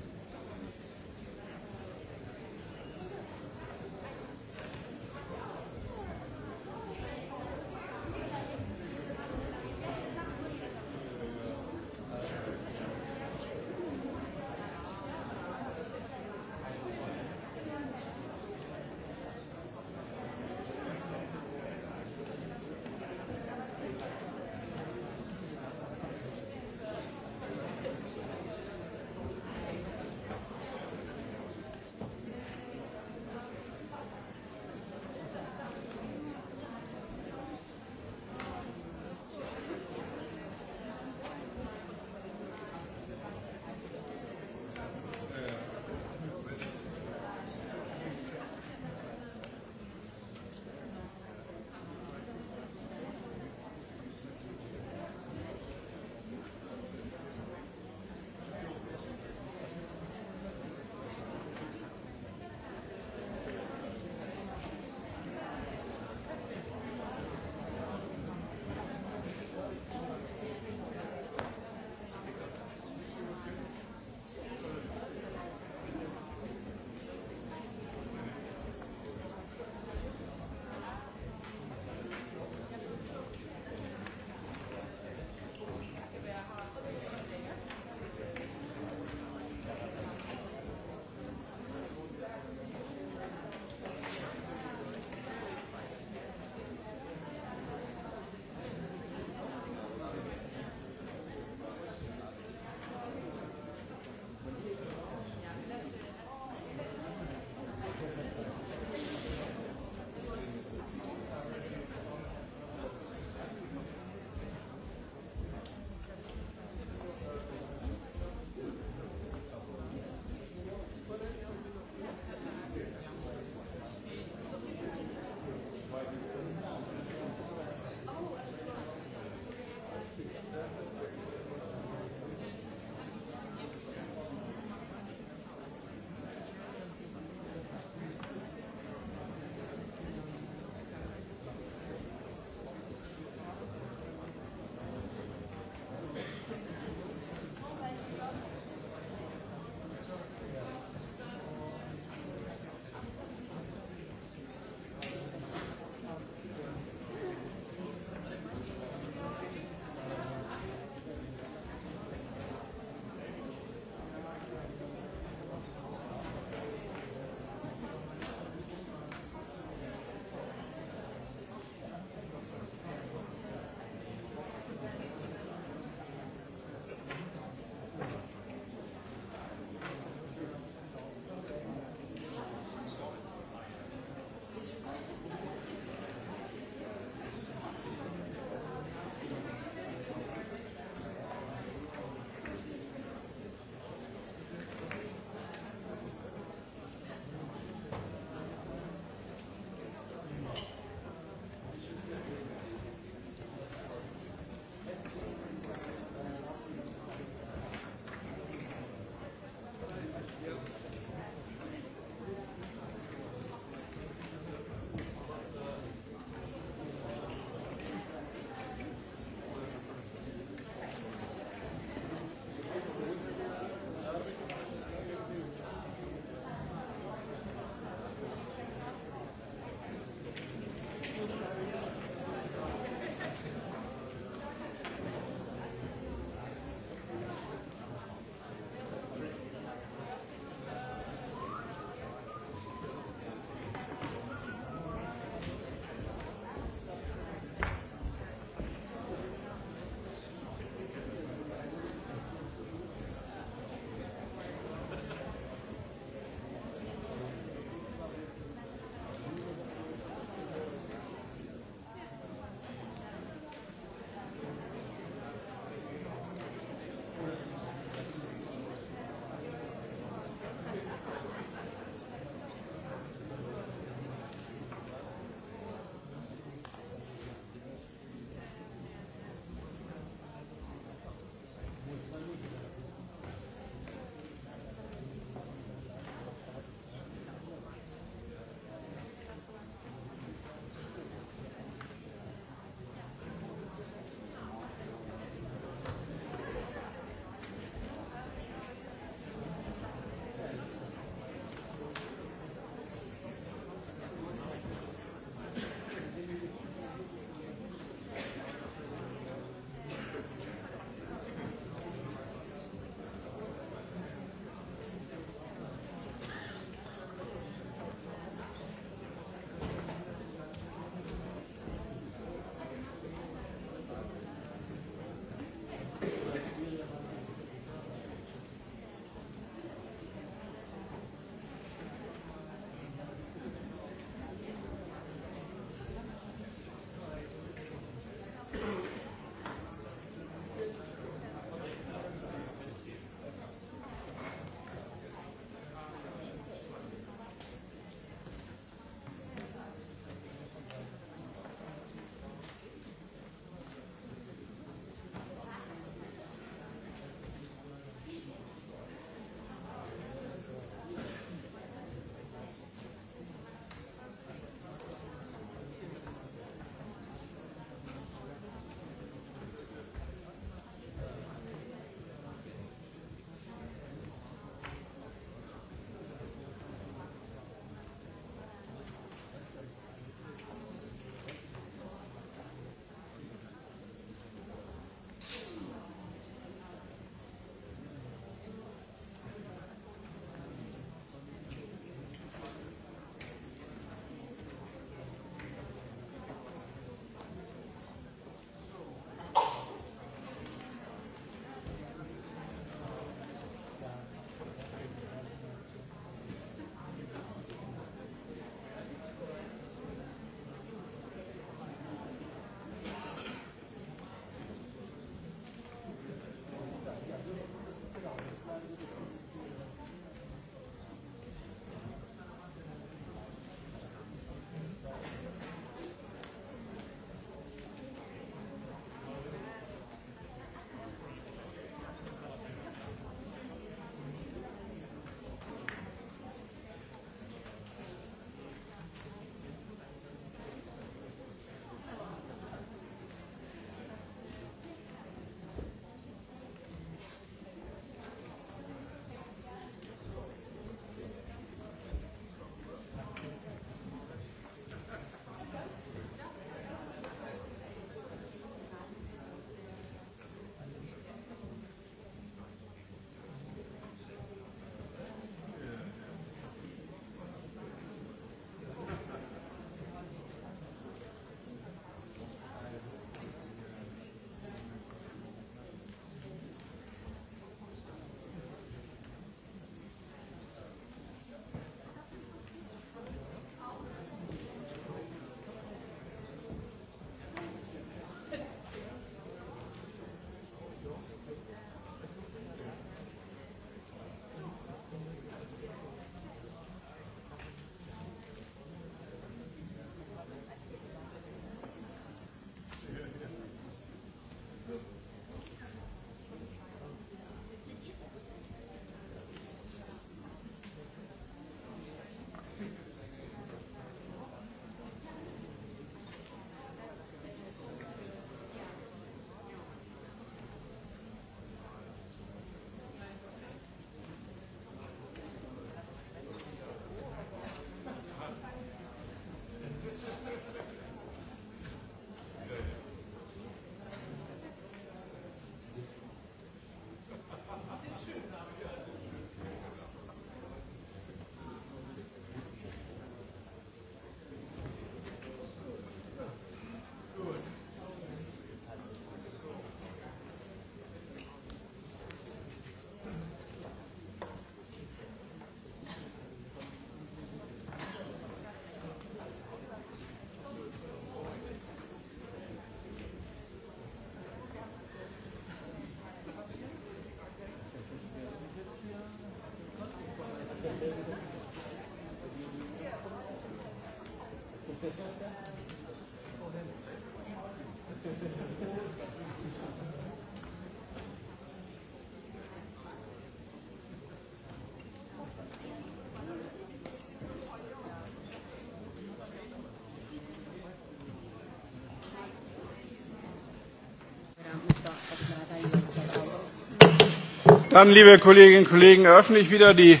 Dann, liebe Kolleginnen und Kollegen, eröffne ich wieder die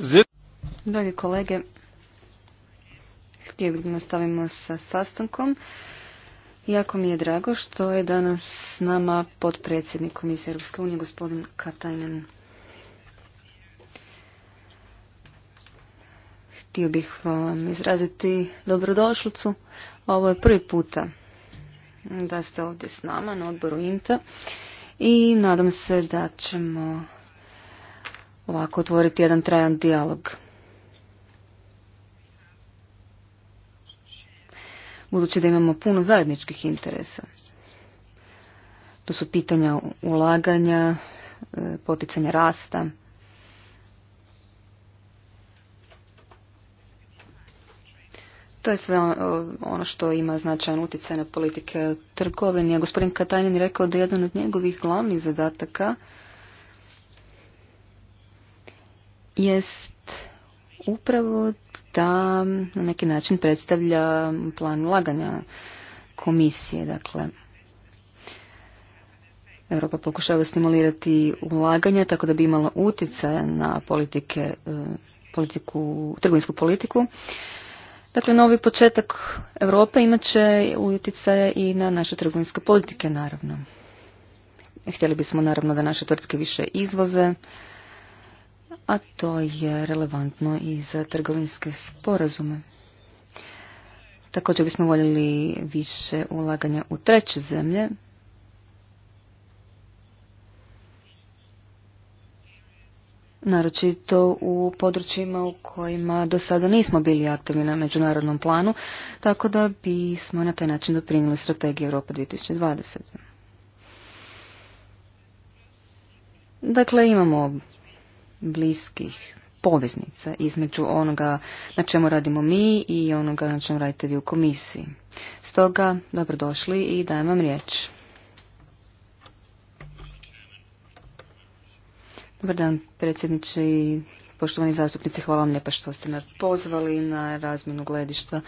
Sitzung. kolege, htio bih da nastavimo sa sastankom. Jako mi je drago što je danas s nama potpredsjednik Komisije Europske unije, gospodin Katajnen. Htio bih vam izraziti dobrodošlicu. Ovo je prvi puta da ste ovdje s nama na odboru INTA i nadam se da ćemo ovako otvoriti jedan trajan dijalog. Budući da imamo puno zajedničkih interesa. To su pitanja ulaganja, e, poticanja rasta. To je sve ono što ima značajan utjecaj na politike trgovine. A gospodin Katajnin je rekao da je jedan od njegovih glavnih zadataka jest upravo da na neki način predstavlja plan ulaganja komisije. Dakle, Europa pokušava stimulirati ulaganja tako da bi imala utjecaj na politike, e, politiku, trgovinsku politiku. Dakle, novi početak Europe imat će utjecaje i na naše trgovinske politike, naravno. Htjeli bismo naravno da naše tvrtke više izvoze, a to je relevantno i za trgovinske sporazume. Također bismo voljeli više ulaganja u treće zemlje, naročito u područjima u kojima do sada nismo bili aktivni na međunarodnom planu, tako da bismo na taj način doprinijeli strategiju Europa 2020. Dakle, imamo bliskih poveznica između onoga na čemu radimo mi i onoga na čemu radite vi u komisiji. Stoga, dobrodošli i dajem vam riječ. Dobar dan, predsjedniče i poštovani zastupnici. Hvala vam lijepa što ste me pozvali na razmjenu gledišta.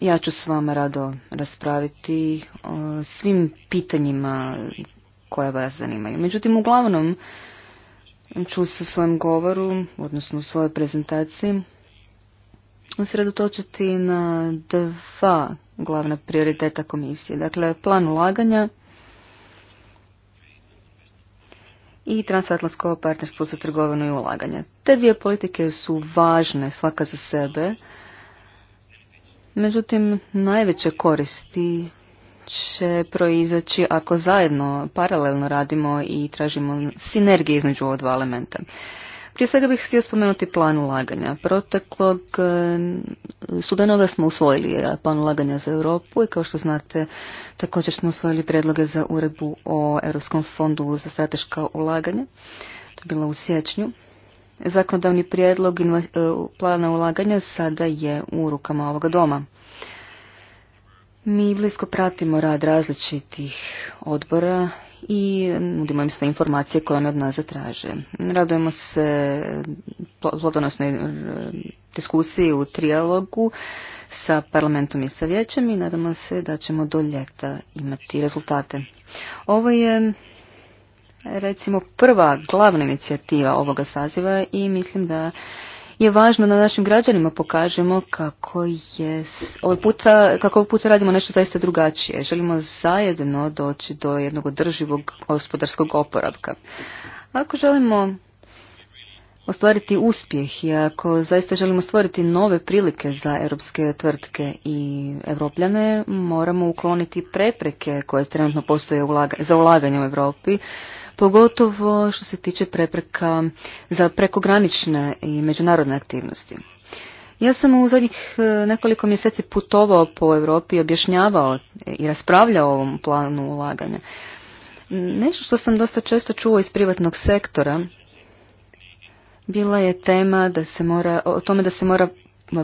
Ja ću s vama rado raspraviti o svim pitanjima koja vas zanimaju. Međutim, uglavnom ću se u svojem govoru, odnosno u svojoj prezentaciji, sredotočiti na dva glavna prioriteta komisije. Dakle, plan ulaganja i transatlantsko partnerstvo za trgovinu i ulaganje. Te dvije politike su važne svaka za sebe, međutim najveće koristi će proizaći ako zajedno paralelno radimo i tražimo sinergije između ova dva elementa. Prije svega bih htio spomenuti plan ulaganja. Proteklog e, studenoga smo usvojili e, plan ulaganja za Europu i kao što znate također smo usvojili predloge za uredbu o Europskom fondu za strateška ulaganja. To je bilo u siječnju. Zakonodavni prijedlog e, plana ulaganja sada je u rukama ovoga doma. Mi blisko pratimo rad različitih odbora i nudimo im sve informacije koje one od nas zatraže. Radujemo se plodonosnoj diskusiji u trijalogu sa parlamentom i sa vijećem i nadamo se da ćemo do ljeta imati rezultate. Ovo je recimo prva glavna inicijativa ovoga saziva i mislim da je važno da našim građanima pokažemo kako je ovaj puta, kako ovog ovaj puta radimo nešto zaista drugačije. Želimo zajedno doći do jednog održivog gospodarskog oporavka. Ako želimo ostvariti uspjeh i ako zaista želimo stvoriti nove prilike za europske tvrtke i europljane, moramo ukloniti prepreke koje trenutno postoje za ulaganje u Europi pogotovo što se tiče prepreka za prekogranične i međunarodne aktivnosti. Ja sam u zadnjih e, nekoliko mjeseci putovao po Europi i objašnjavao i raspravljao o ovom planu ulaganja. Nešto što sam dosta često čuo iz privatnog sektora bila je tema da se mora, o tome da se mora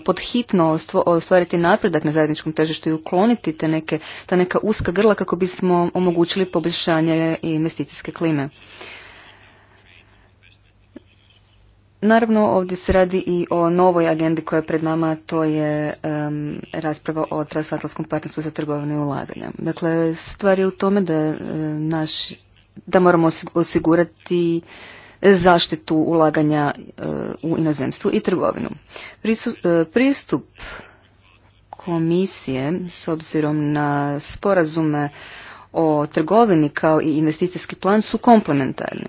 podhitno ostvariti napredak na zajedničkom težištu i ukloniti te neke, ta neka uska grla kako bismo omogućili poboljšanje investicijske klime. Naravno, ovdje se radi i o novoj agendi koja je pred nama, to je rasprava o transatlantskom partnerstvu za trgovine i ulaganja. Dakle, stvar je u tome da, e, naš, da moramo osigurati zaštitu ulaganja e, u inozemstvu i trgovinu. E, pristup komisije s obzirom na sporazume o trgovini kao i investicijski plan su komplementarni.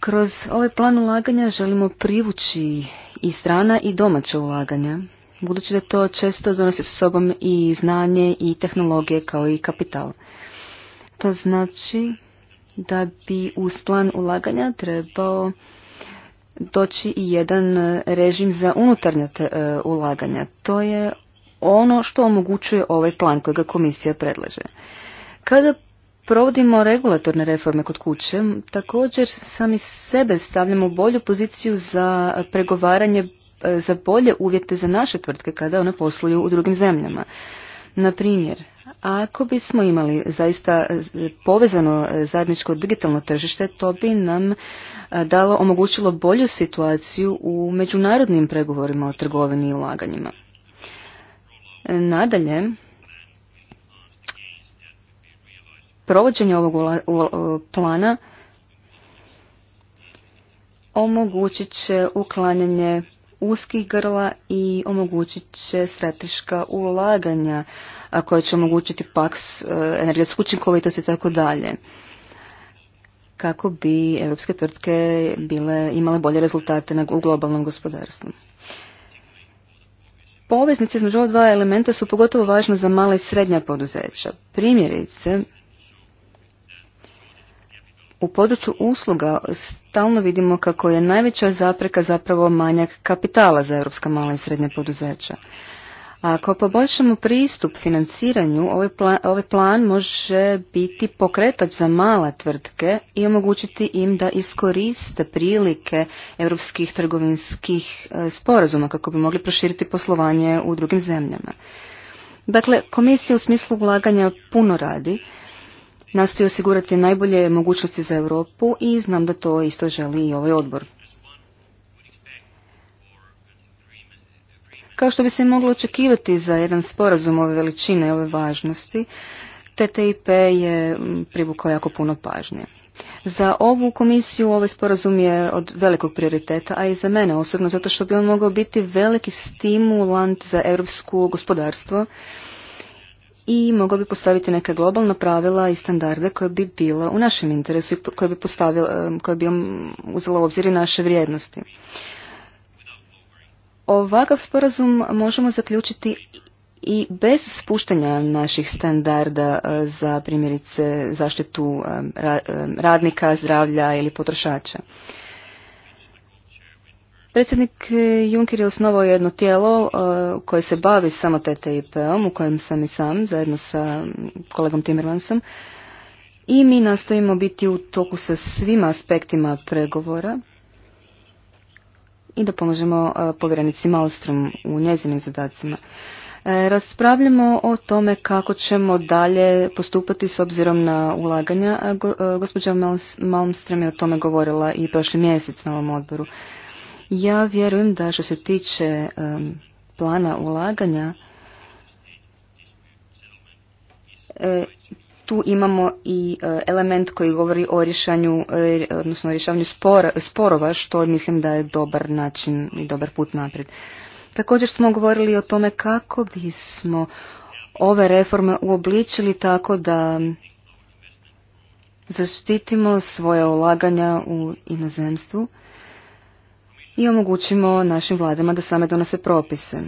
Kroz ovaj plan ulaganja želimo privući i strana i domaća ulaganja, budući da to često donosi sa sobom i znanje i tehnologije kao i kapital. To znači da bi uz plan ulaganja trebao doći i jedan e, režim za unutarnja e, ulaganja. To je ono što omogućuje ovaj plan kojega komisija predlaže. Kada provodimo regulatorne reforme kod kuće, također sami sebe stavljamo u bolju poziciju za pregovaranje e, za bolje uvjete za naše tvrtke kada one posluju u drugim zemljama. Na primjer, ako bismo imali zaista e, povezano e, zajedničko digitalno tržište, to bi nam e, dalo omogućilo bolju situaciju u međunarodnim pregovorima o trgovini i ulaganjima. Nadalje, provođenje ovog plana omogućit će uklanjanje uskih grla i omogućit će strateška ulaganja koja će omogućiti paks e, energetsku učinkovitost i tako dalje kako bi europske tvrtke bile, imale bolje rezultate u globalnom gospodarstvu. Poveznice između ova dva elementa su pogotovo važne za mala i srednja poduzeća. Primjerice, u području usluga stalno vidimo kako je najveća zapreka zapravo manjak kapitala za europska mala i srednja poduzeća. A ako poboljšamo pristup financiranju, ovaj plan, ovaj plan može biti pokretač za male tvrtke i omogućiti im da iskoriste prilike europskih trgovinskih e, sporazuma kako bi mogli proširiti poslovanje u drugim zemljama. Dakle, komisija u smislu ulaganja puno radi, nastoji osigurati najbolje mogućnosti za Europu i znam da to isto želi i ovaj odbor. Kao što bi se moglo očekivati za jedan sporazum ove veličine i ove važnosti, TTIP je privukao jako puno pažnje. Za ovu komisiju ovaj sporazum je od velikog prioriteta, a i za mene osobno, zato što bi on mogao biti veliki stimulant za europsko gospodarstvo i mogao bi postaviti neke globalna pravila i standarde koje bi bila u našem interesu i koje bi, koje bi uzela u obzir naše vrijednosti. Ovakav sporazum možemo zaključiti i bez spuštanja naših standarda e, za primjerice zaštitu radnika, zdravlja ili potrošača. Predsjednik Juncker je osnovao jedno tijelo e, koje se bavi samo TTIP-om, u kojem sam i sam, zajedno sa kolegom Timmermansom. I mi nastojimo biti u toku sa svim aspektima pregovora i da pomožemo e, povjerenici Malstrom u njezinim zadacima. E, raspravljamo o tome kako ćemo dalje postupati s obzirom na ulaganja. Go, gospođa Malmström je o tome govorila i prošli mjesec na ovom odboru. Ja vjerujem da što se tiče plana ulaganja, e, tu imamo i e, element koji govori o rješanju e, odnosno o rješavanju sporova, što mislim da je dobar način i dobar put naprijed. Također smo govorili o tome kako bismo ove reforme uobličili tako da zaštitimo svoje ulaganja u inozemstvu i omogućimo našim vladama da same donose propise.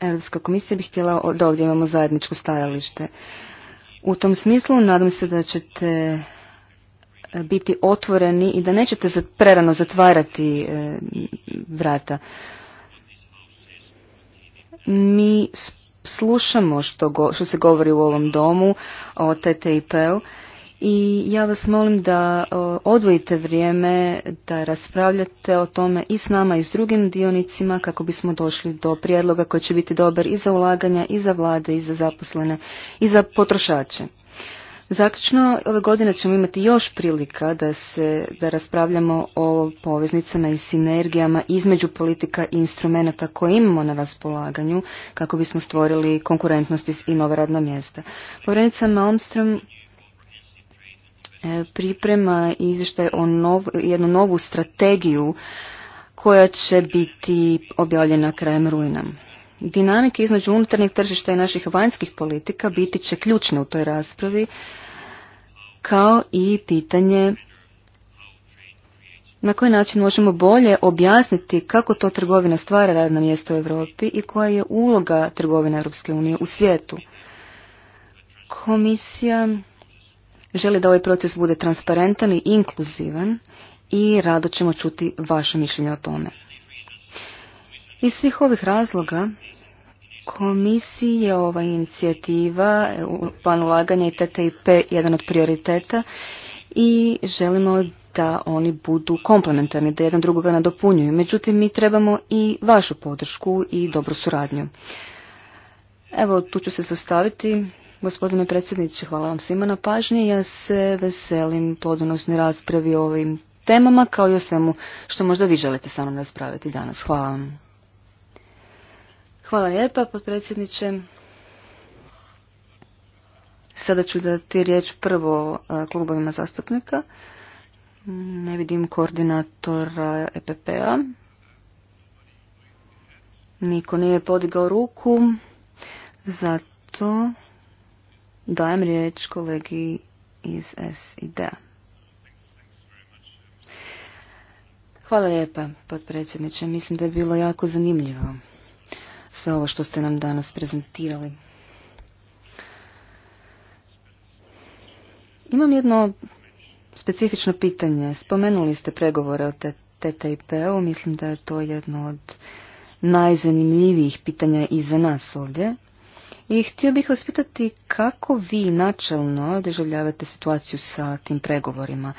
Europska komisija bi htjela da ovdje imamo zajedničko stajalište. U tom smislu nadam se da ćete e, biti otvoreni i da nećete prerano zatvarati e, vrata. Mi slušamo što, se govori u ovom domu o TTIP-u i ja vas molim da odvojite vrijeme da raspravljate o tome i s nama i s drugim dionicima kako bismo došli do prijedloga koji će biti dobar i za ulaganja i za vlade i za zaposlene i za potrošače. Zaključno, ove godine ćemo imati još prilika da, se, da raspravljamo o poveznicama i sinergijama između politika i instrumenta koje imamo na raspolaganju kako bismo stvorili konkurentnost i nova radna mjesta. Povrednica Malmström E, priprema izvještaj o nov, jednu novu strategiju koja će biti objavljena krajem rujna. Dinamike između unutarnjeg tržišta i naših vanjskih politika biti će ključna u toj raspravi, kao i pitanje na koji način možemo bolje objasniti kako to trgovina stvara radna mjesta u Europi i koja je uloga trgovine Europske unije u svijetu. Komisija želi da ovaj proces bude transparentan i inkluzivan i rado ćemo čuti vaše mišljenje o tome. Iz svih ovih razloga komisiji je ova inicijativa, plan ulaganja i TTIP jedan od prioriteta i želimo da oni budu komplementarni, da jedan drugoga nadopunjuju. Međutim, mi trebamo i vašu podršku i dobru suradnju. Evo, tu ću se sastaviti. Gospodine predsjedniče, hvala vam svima na pažnji. Ja se veselim plodonosnoj raspravi o ovim temama kao i o svemu što možda vi želite sa mnom raspraviti danas. Hvala vam. Hvala lijepa, potpredsjedniče. Sada ću dati riječ prvo e, klubovima zastupnika. Ne vidim koordinatora EPP-a. Niko nije podigao ruku, zato Dajem riječ kolegi iz sid Hvala lijepa, potpredsjedniče. Mislim da je bilo jako zanimljivo sve ovo što ste nam danas prezentirali. Imam jedno specifično pitanje. Spomenuli ste pregovore o TTIP-u. Mislim da je to jedno od najzanimljivijih pitanja i za nas ovdje. I htio bih vas pitati kako vi načelno doživljavate situaciju sa tim pregovorima.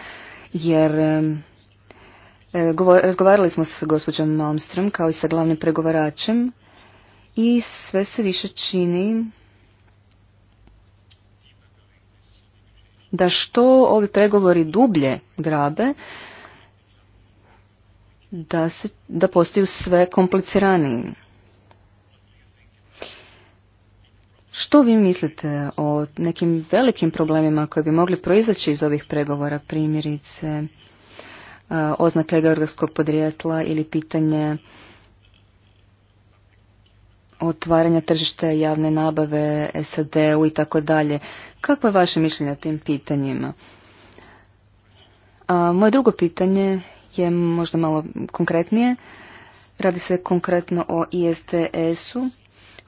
Jer e, razgovarali smo sa gospođom Malmström kao i sa glavnim pregovaračem i sve se više čini da što ovi pregovori dublje grabe, da, da postaju sve kompliciranijim. Što vi mislite o nekim velikim problemima koji bi mogli proizaći iz ovih pregovora, primjerice e, oznake geografskog podrijetla ili pitanje otvaranja tržišta javne nabave, SAD-u i tako dalje. Kako je vaše mišljenje o tim pitanjima? moje drugo pitanje je možda malo konkretnije. Radi se konkretno o ISTS-u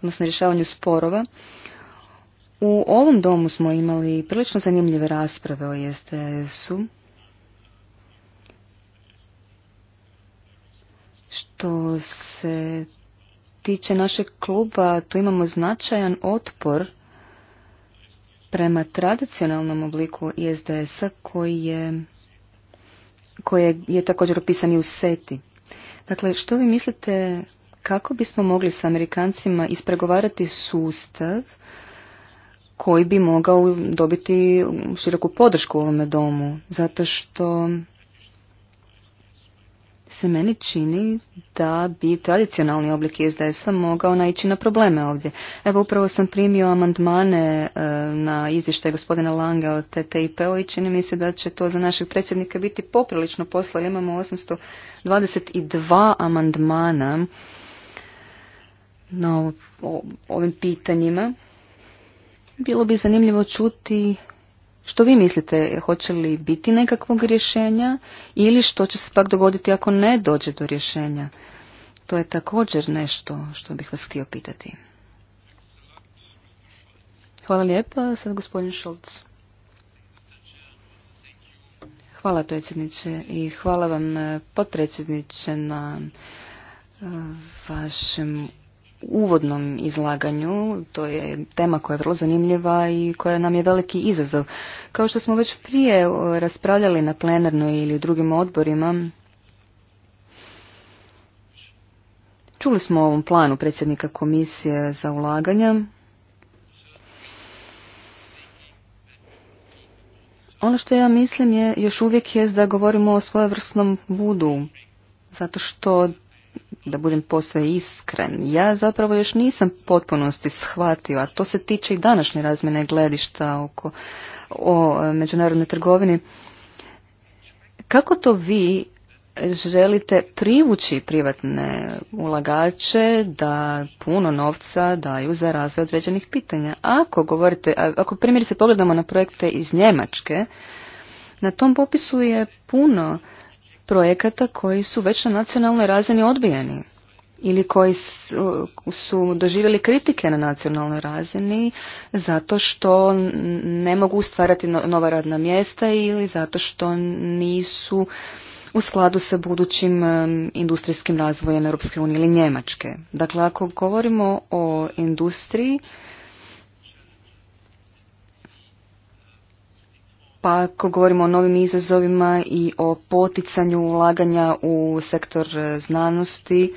odnosno rješavanju sporova. U ovom domu smo imali prilično zanimljive rasprave o sds u što se tiče našeg kluba, tu imamo značajan otpor prema tradicionalnom obliku ISDS-a koji je, koji je, također opisani u SETI. Dakle, što vi mislite kako bismo mogli s Amerikancima ispregovarati sustav koji bi mogao dobiti široku podršku u ovome domu, zato što se meni čini da bi tradicionalni oblik SDS-a mogao naići na probleme ovdje. Evo upravo sam primio amandmane e, na izvještaj gospodina Langa od TTIP-o i čini mi se da će to za našeg predsjednika biti poprilično posla. Imamo 822 amandmana na ovim pitanjima. Bilo bi zanimljivo čuti što vi mislite, hoće li biti nekakvog rješenja ili što će se pak dogoditi ako ne dođe do rješenja? To je također nešto što bih vas htio pitati. Hvala lijepa, sad gospodin Šolc. Hvala predsjedniče i hvala vam eh, potpredsjedniče na eh, vašem uvodnom izlaganju. To je tema koja je vrlo zanimljiva i koja nam je veliki izazov. Kao što smo već prije e, raspravljali na plenarnoj ili u drugim odborima, čuli smo o ovom planu predsjednika komisije za ulaganja. Ono što ja mislim je još uvijek jest da govorimo o svojevrsnom budu, zato što da budem posve iskren, ja zapravo još nisam potpunosti shvatio, a to se tiče i današnje razmjene gledišta oko o e, međunarodnoj trgovini. Kako to vi želite privući privatne ulagače da puno novca daju za razvoj određenih pitanja? Ako govorite, ako primjerice pogledamo na projekte iz Njemačke, na tom popisu je puno projekata koji su već na nacionalnoj razini odbijeni ili koji su doživjeli kritike na nacionalnoj razini zato što ne mogu stvarati nova radna mjesta ili zato što nisu u skladu sa budućim industrijskim razvojem Europske unije ili Njemačke. Dakle, ako govorimo o industriji, Pa ako govorimo o novim izazovima i o poticanju ulaganja u sektor e, znanosti,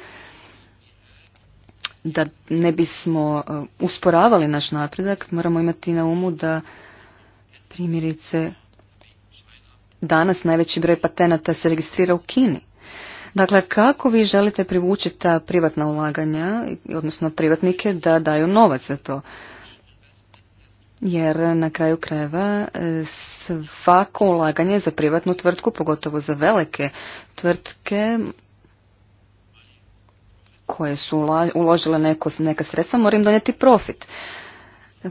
da ne bismo e, usporavali naš napredak, moramo imati na umu da primjerice danas najveći broj patenata se registrira u Kini. Dakle, kako vi želite privući ta privatna ulaganja, odnosno privatnike, da daju novac za to? jer na kraju krajeva e, svako ulaganje za privatnu tvrtku, pogotovo za velike tvrtke koje su uložile neko, neka sredstva, moram donijeti profit.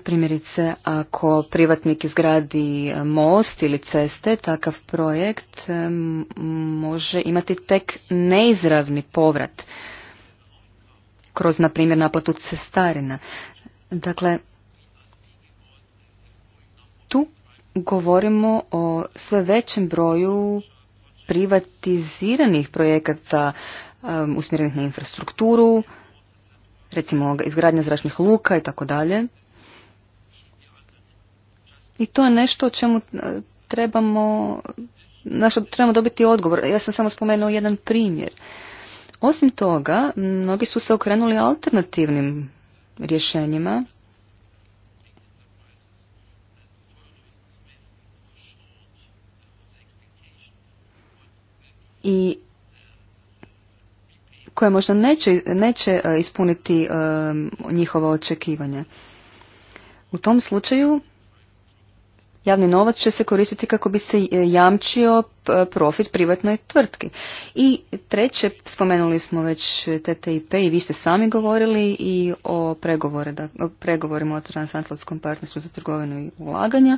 Primjerice, ako privatnik izgradi most ili ceste, takav projekt e, može imati tek neizravni povrat kroz, na primjer, naplatu cestarina. Dakle, tu govorimo o sve većem broju privatiziranih projekata um, usmjerenih na infrastrukturu, recimo izgradnja zračnih luka i tako dalje. I to je nešto o čemu uh, trebamo, na što trebamo dobiti odgovor. Ja sam samo spomenuo jedan primjer. Osim toga, mnogi su se okrenuli alternativnim rješenjima i koje možda neće, neće e, ispuniti e, njihova očekivanja. U tom slučaju javni novac će se koristiti kako bi se e, jamčio profit privatnoj tvrtki. I treće, spomenuli smo već TTIP i vi ste sami govorili i o pregovore, da, pregovorima o transatlantskom partnerstvu za trgovinu i ulaganja.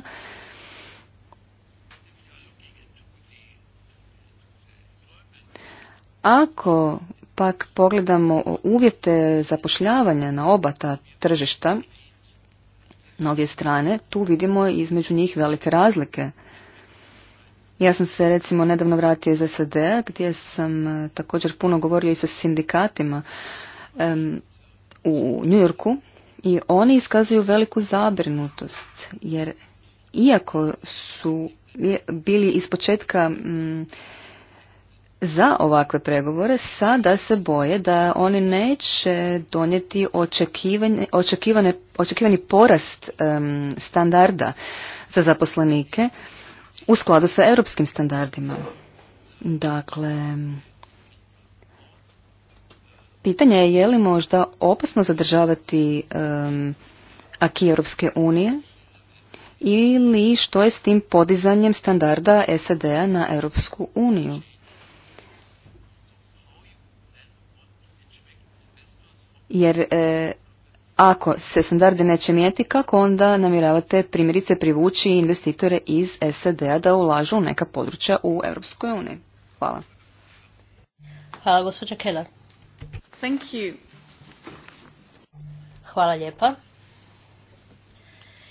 Ako pak pogledamo uvjete zapošljavanja na oba ta tržišta, na obje strane, tu vidimo između njih velike razlike. Ja sam se recimo nedavno vratio iz SAD-a gdje sam e, također puno govorio i sa sindikatima u Njujorku i oni iskazuju veliku zabrinutost jer iako su bili ispočetka um, za ovakve pregovore sada se boje da oni neće donijeti očekivani porast standarda za zaposlenike u skladu sa europskim standardima. Dakle, pitanje je je li možda opasno zadržavati um, aki Europske unije ili što je s tim podizanjem standarda SAD-a na Europsku uniju. jer e, ako se standarde neće mijeti, kako onda namjeravate primjerice privući investitore iz SAD-a da ulažu u neka područja u Europskoj uniji? Hvala. Hvala, gospođa Keller. Thank you. Hvala lijepa.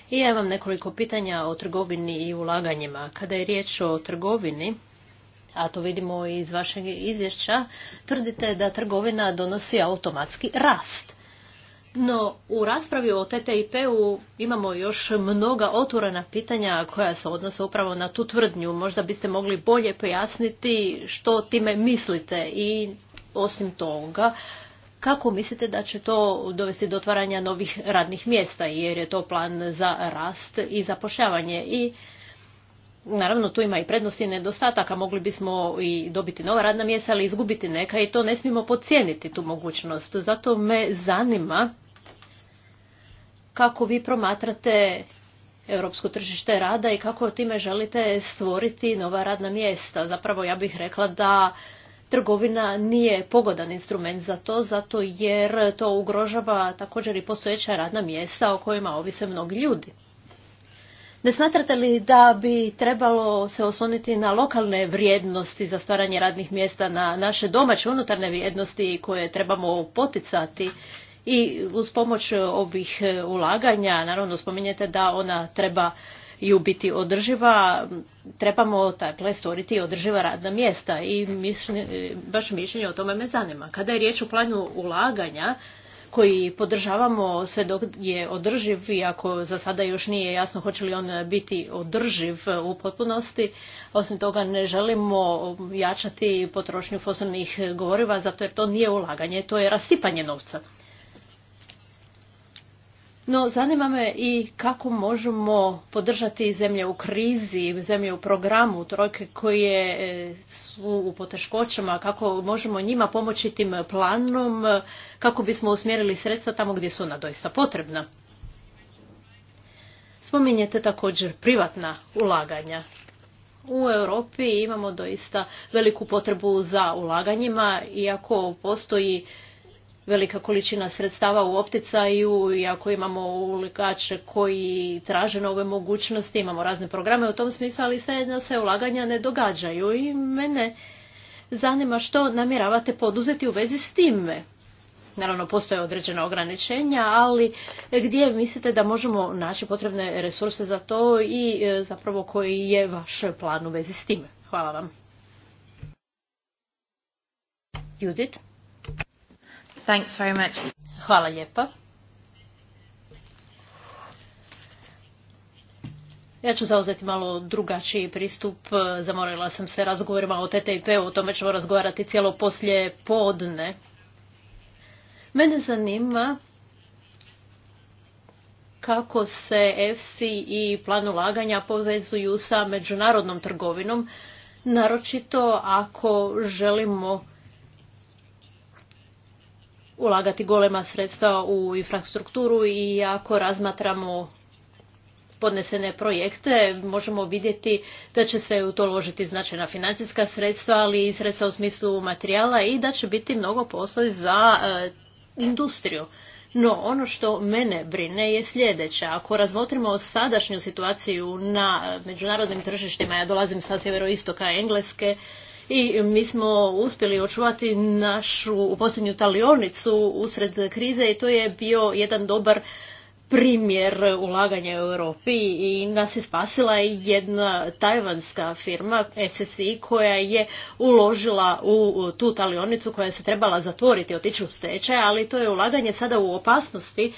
I ja imam nekoliko pitanja o trgovini i ulaganjima. Kada je riječ o trgovini, a to vidimo iz vašeg izvješća, tvrdite da trgovina donosi automatski rast. No, u raspravi o TTIP-u imamo još mnoga otvorena pitanja koja se odnose upravo na tu tvrdnju. Možda biste mogli bolje pojasniti što time mislite i osim toga, kako mislite da će to dovesti do otvaranja novih radnih mjesta, jer je to plan za rast i zapošljavanje i Naravno, tu ima i prednosti i nedostataka. Mogli bismo i dobiti nova radna mjesta, ali izgubiti neka i to ne smijemo podcijeniti tu mogućnost. Zato me zanima kako vi promatrate europsko tržište rada i kako time želite stvoriti nova radna mjesta. Zapravo ja bih rekla da trgovina nije pogodan instrument za to, zato jer to ugrožava također i postojeća radna mjesta o kojima ovise mnogi ljudi. Ne smatrate li da bi trebalo se osloniti na lokalne vrijednosti za stvaranje radnih mjesta, na naše domaće unutarnje vrijednosti koje trebamo poticati i uz pomoć ovih ulaganja, naravno spominjete da ona treba i biti održiva, trebamo dakle, stvoriti održiva radna mjesta i baš mišljenje o tome me zanima. Kada je riječ o planu ulaganja, koji podržavamo sve dok je održiv, iako za sada još nije jasno hoće li on biti održiv u potpunosti. Osim toga ne želimo jačati potrošnju fosilnih goriva, zato jer to nije ulaganje, to je rasipanje novca. No, zanima me i kako možemo podržati zemlje u krizi, zemlje u programu trojke koje e, su u poteškoćama, kako možemo njima pomoći tim planom, kako bismo usmjerili sredstva tamo gdje su ona doista potrebna. Spominjete također privatna ulaganja. U Europi imamo doista veliku potrebu za ulaganjima, iako postoji velika količina sredstava u opticaju i ako imamo ulikače koji traže nove mogućnosti, imamo razne programe u tom smislu, ali svejedno se ulaganja ne događaju i mene zanima što namjeravate poduzeti u vezi s time. Naravno, postoje određena ograničenja, ali gdje mislite da možemo naći potrebne resurse za to i e, zapravo koji je vaš plan u vezi s time? Hvala vam. Judith? Thanks very much. Hvala lijepa. Ja ću zauzeti malo drugačiji pristup. Zamorila sam se razgovorima o TTIP, o tome ćemo razgovarati cijelo poslije podne. Mene zanima kako se EFSI i plan ulaganja povezuju sa međunarodnom trgovinom, naročito ako želimo ulagati golema sredstva u infrastrukturu i ako razmatramo podnesene projekte možemo vidjeti da će se u to ložiti značajna financijska sredstva, ali i sredstva u smislu materijala i da će biti mnogo posla za e, industriju. No, ono što mene brine je sljedeće. Ako razmotrimo sadašnju situaciju na međunarodnim tržištima, ja dolazim sa sjeveroistoka Engleske, i mi smo uspjeli očuvati našu posljednju talionicu usred krize i to je bio jedan dobar primjer ulaganja u Europi i nas je spasila jedna tajvanska firma SSI koja je uložila u tu talionicu koja se trebala zatvoriti, otići u stečaj, ali to je ulaganje sada u opasnosti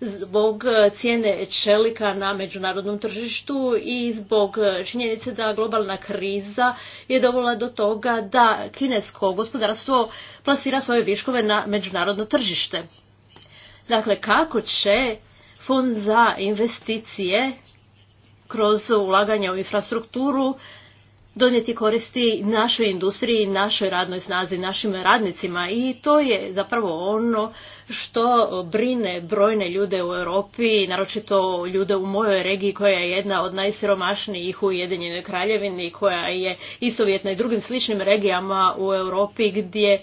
zbog e, cijene čelika na međunarodnom tržištu i zbog e, činjenice da globalna kriza je dovela do toga da kinesko gospodarstvo plasira svoje viškove na međunarodno tržište. Dakle, kako će fond za investicije kroz ulaganje u infrastrukturu donijeti koristi našoj industriji, našoj radnoj snazi, našim radnicima i to je zapravo ono što brine brojne ljude u Europi, naročito ljude u mojoj regiji koja je jedna od najsiromašnijih u Ujedinjenoj Kraljevini, koja je istovjetna i drugim sličnim regijama u Europi gdje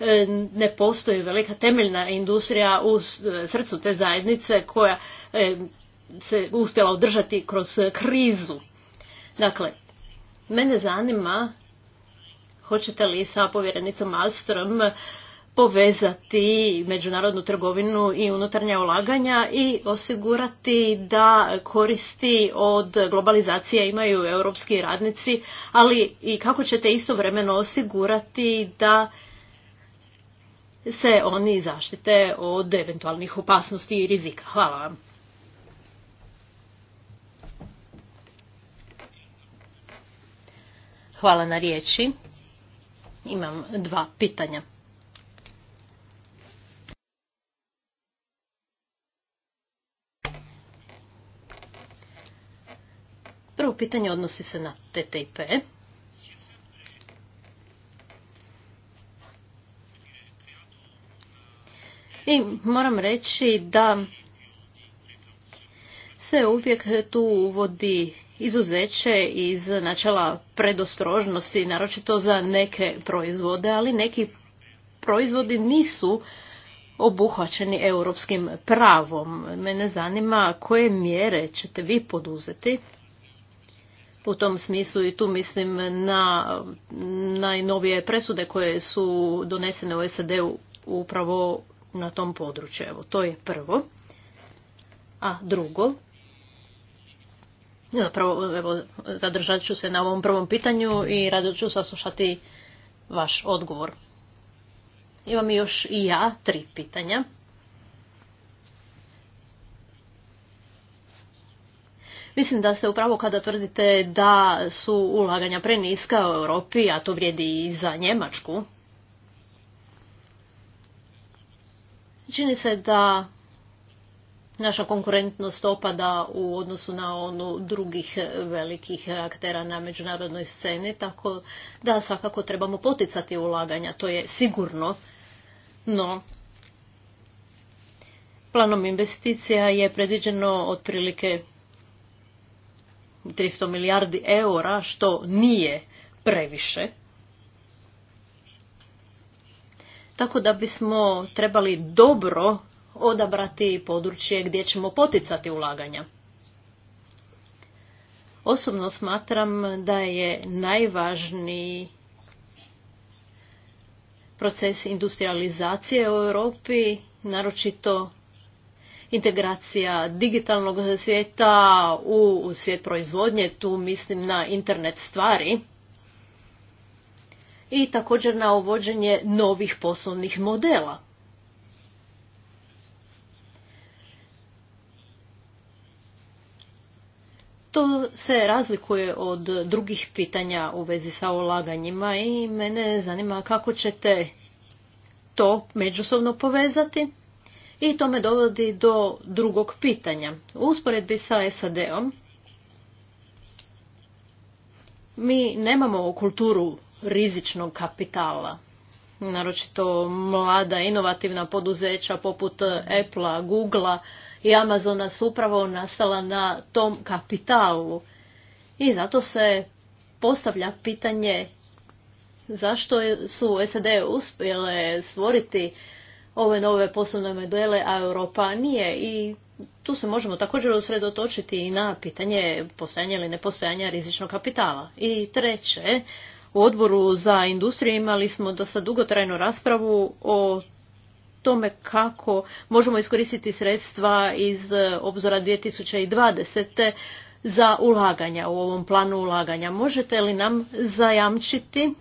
e, ne postoji velika temeljna industrija u e, srcu te zajednice koja e, se uspjela održati kroz krizu. Dakle, Mene zanima hoćete li sa povjerenicom Malmström povezati međunarodnu trgovinu i unutarnja ulaganja i osigurati da koristi od globalizacije imaju europski radnici, ali i kako ćete istovremeno osigurati da se oni zaštite od eventualnih opasnosti i rizika. Hvala vam. Hvala na riječi. Imam dva pitanja. Prvo pitanje odnosi se na TTIP. I moram reći da se uvijek tu uvodi izuzeće iz načela predostrožnosti, naročito za neke proizvode, ali neki proizvodi nisu obuhvaćeni europskim pravom. Mene zanima koje mjere ćete vi poduzeti u tom smislu i tu mislim na najnovije presude koje su donesene u sad upravo na tom području. Evo, to je prvo. A drugo, Zapravo, evo, zadržat ću se na ovom prvom pitanju i rado ću saslušati vaš odgovor. Imam još i ja tri pitanja. Mislim da se upravo kada tvrdite da su ulaganja preniska u Europi, a to vrijedi i za Njemačku, čini se da naša konkurentnost opada u odnosu na onu drugih velikih aktera na međunarodnoj sceni, tako da svakako trebamo poticati ulaganja, to je sigurno, no planom investicija je predviđeno otprilike 300 milijardi eura, što nije previše. Tako da bismo trebali dobro odabrati područje gdje ćemo poticati ulaganja. Osobno smatram da je najvažniji proces industrializacije u Europi, naročito integracija digitalnog svijeta u svijet proizvodnje, tu mislim na internet stvari i također na uvođenje novih poslovnih modela. To se razlikuje od drugih pitanja u vezi sa ulaganjima i mene zanima kako ćete to međusobno povezati. I to me dovodi do drugog pitanja. U usporedbi sa SAD-om mi nemamo kulturu rizičnog kapitala. Naročito mlada, inovativna poduzeća poput Apple-a, Google-a i Amazona su upravo nastala na tom kapitalu. I zato se postavlja pitanje zašto su SAD uspjele stvoriti ove nove poslovne modele, a Europa nije i tu se možemo također usredotočiti i na pitanje postojanja ili nepostojanja rizičnog kapitala. I treće, u odboru za industriju imali smo dosta dugotrajnu raspravu o tome kako možemo iskoristiti sredstva iz e, obzora 2020. za ulaganja u ovom planu ulaganja. Možete li nam zajamčiti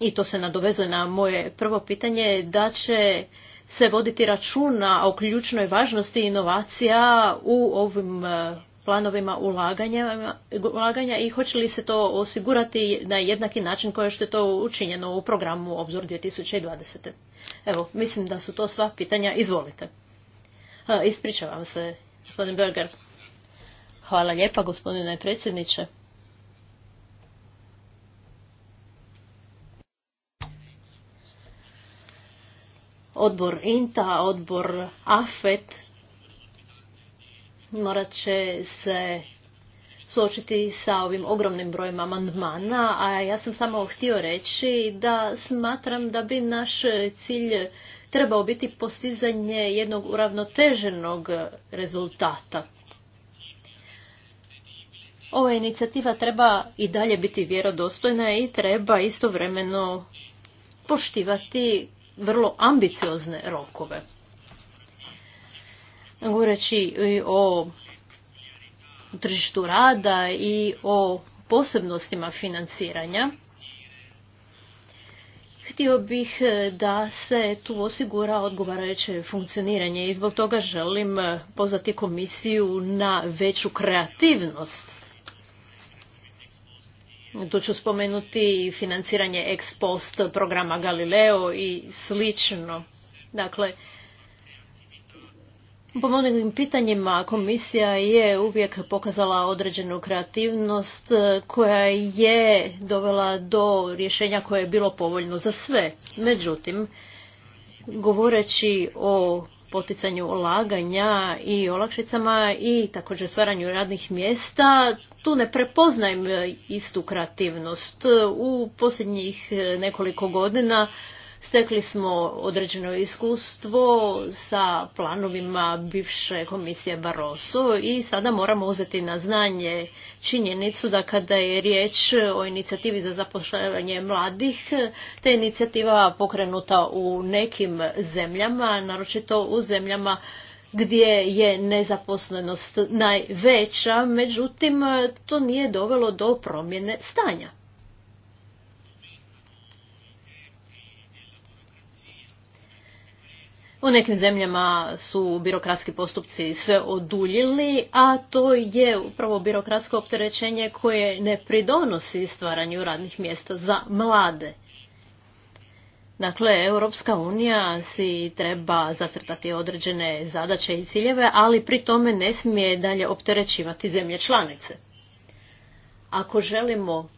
i to se nadovezuje na moje prvo pitanje, da će se voditi računa o ključnoj važnosti inovacija u ovim e, planovima ulaganja, ulaganja i hoće li se to osigurati na jednaki način kao što je to učinjeno u programu Obzor 2020. Evo, mislim da su to sva pitanja. Izvolite. Ispričavam se, gospodin Berger. Hvala lijepa, gospodine predsjedniče. Odbor INTA, odbor AFET, morat će se suočiti sa ovim ogromnim brojem amandmana, a ja sam samo htio reći da smatram da bi naš cilj trebao biti postizanje jednog uravnoteženog rezultata. Ova inicijativa treba i dalje biti vjerodostojna i treba istovremeno poštivati vrlo ambiciozne rokove govoreći o tržištu rada i o posebnostima financiranja, htio bih e, da se tu osigura odgovarajuće funkcioniranje i zbog toga želim e, pozvati komisiju na veću kreativnost. Tu ću spomenuti i financiranje ex post programa Galileo i slično. Dakle, po mnogim pitanjima komisija je uvijek pokazala određenu kreativnost e, koja je dovela do rješenja koje je bilo povoljno za sve. Međutim, govoreći o poticanju ulaganja i olakšicama i također stvaranju radnih mjesta, tu ne prepoznajem istu kreativnost. U posljednjih nekoliko godina Stekli smo određeno iskustvo sa planovima bivše komisije Barroso i sada moramo uzeti na znanje činjenicu da kada je riječ o inicijativi za zapošljavanje mladih, te inicijativa pokrenuta u nekim zemljama, naročito u zemljama gdje je nezaposlenost najveća, međutim to nije dovelo do promjene stanja. U nekim zemljama su birokratski postupci sve oduljili, a to je upravo birokratsko opterećenje koje ne pridonosi stvaranju radnih mjesta za mlade. Dakle, Europska unija si treba zacrtati određene zadaće i ciljeve, ali pri tome ne smije dalje opterećivati zemlje članice. Ako želimo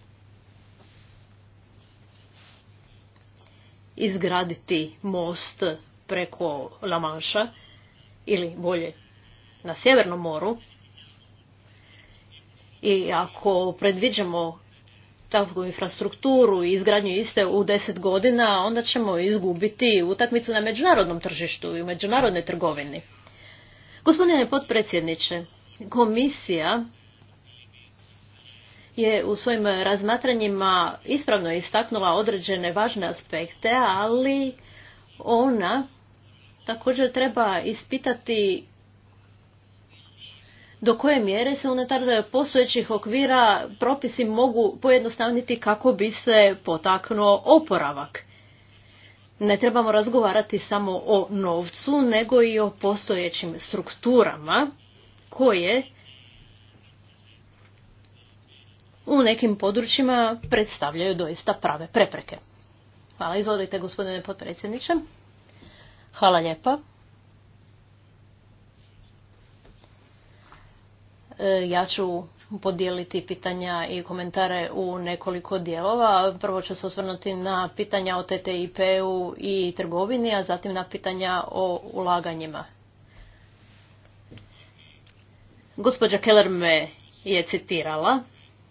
izgraditi most preko La Manša ili bolje na Sjevernom moru i ako predviđamo takvu infrastrukturu i izgradnju iste u deset godina, onda ćemo izgubiti utakmicu na međunarodnom tržištu i u međunarodnoj trgovini. Gospodine potpredsjedniče, komisija je u svojim razmatranjima ispravno istaknula određene važne aspekte, ali ona Također treba ispitati do koje mjere se unutar postojećih okvira propisi mogu pojednostavniti kako bi se potaknuo oporavak. Ne trebamo razgovarati samo o novcu, nego i o postojećim strukturama koje u nekim područjima predstavljaju doista prave prepreke. Hvala, izvolite gospodine potpredsjedniče. Hvala lijepa. E, ja ću podijeliti pitanja i komentare u nekoliko dijelova. Prvo ću se osvrnuti na pitanja o TTIP-u i trgovini, a zatim na pitanja o ulaganjima. Gospođa Keller me je citirala,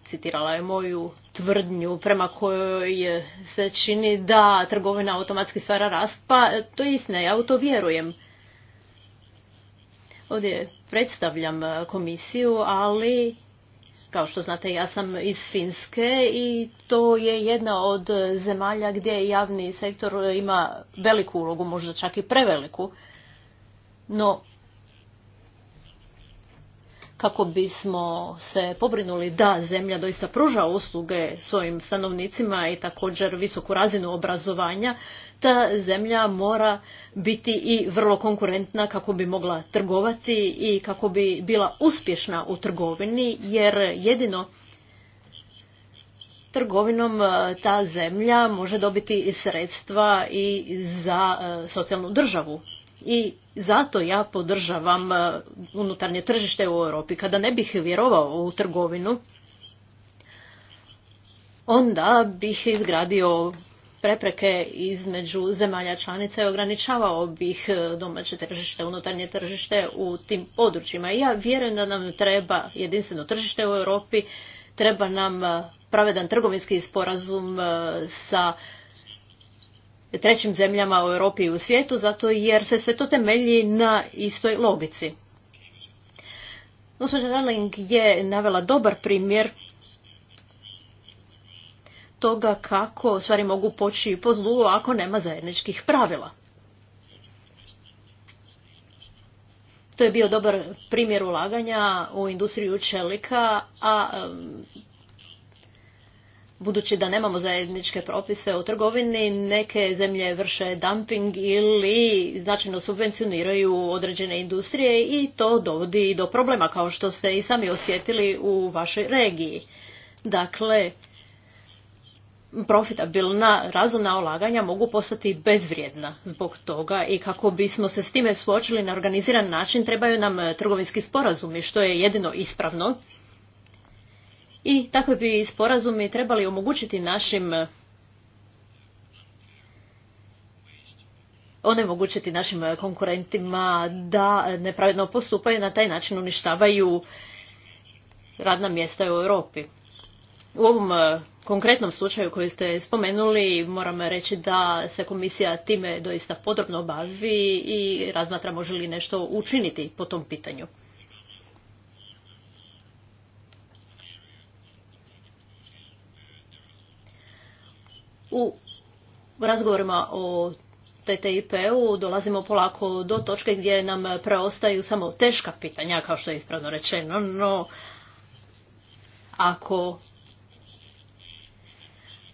citirala je moju tvrdnju prema kojoj se čini da trgovina automatski stvara rast, pa to je istina, ja u to vjerujem. Ovdje predstavljam komisiju, ali kao što znate ja sam iz Finske i to je jedna od zemalja gdje javni sektor ima veliku ulogu, možda čak i preveliku. No, kako bismo se pobrinuli da zemlja doista pruža usluge svojim stanovnicima i također visoku razinu obrazovanja, ta zemlja mora biti i vrlo konkurentna kako bi mogla trgovati i kako bi bila uspješna u trgovini, jer jedino trgovinom e, ta zemlja može dobiti i sredstva i za e, socijalnu državu i zato ja podržavam e, unutarnje tržište u Europi. Kada ne bih vjerovao u trgovinu, onda bih izgradio prepreke između zemalja članica i ograničavao bih e, domaće tržište, unutarnje tržište u tim područjima. I ja vjerujem da nam treba jedinstveno tržište u Europi, treba nam e, pravedan trgovinski sporazum sa trećim zemljama u Europi i u svijetu, zato jer se sve to temelji na istoj logici. Gospođa Darling je navela dobar primjer toga kako stvari mogu poći po zlu ako nema zajedničkih pravila. To je bio dobar primjer ulaganja u industriju čelika, a budući da nemamo zajedničke propise o trgovini, neke zemlje vrše dumping ili značajno subvencioniraju određene industrije i to dovodi do problema kao što ste i sami osjetili u vašoj regiji. Dakle, profitabilna razumna ulaganja mogu postati bezvrijedna zbog toga i kako bismo se s time suočili na organiziran način trebaju nam trgovinski sporazumi što je jedino ispravno i takvi bi sporazumi trebali omogućiti našim onemogućiti našim konkurentima da nepravedno postupaju i na taj način uništavaju radna mjesta u Europi. U ovom e, konkretnom slučaju koji ste spomenuli moram reći da se komisija time doista podrobno bavi i razmatra može li nešto učiniti po tom pitanju. u razgovorima o TTIP-u dolazimo polako do točke gdje nam preostaju samo teška pitanja, kao što je ispravno rečeno, no ako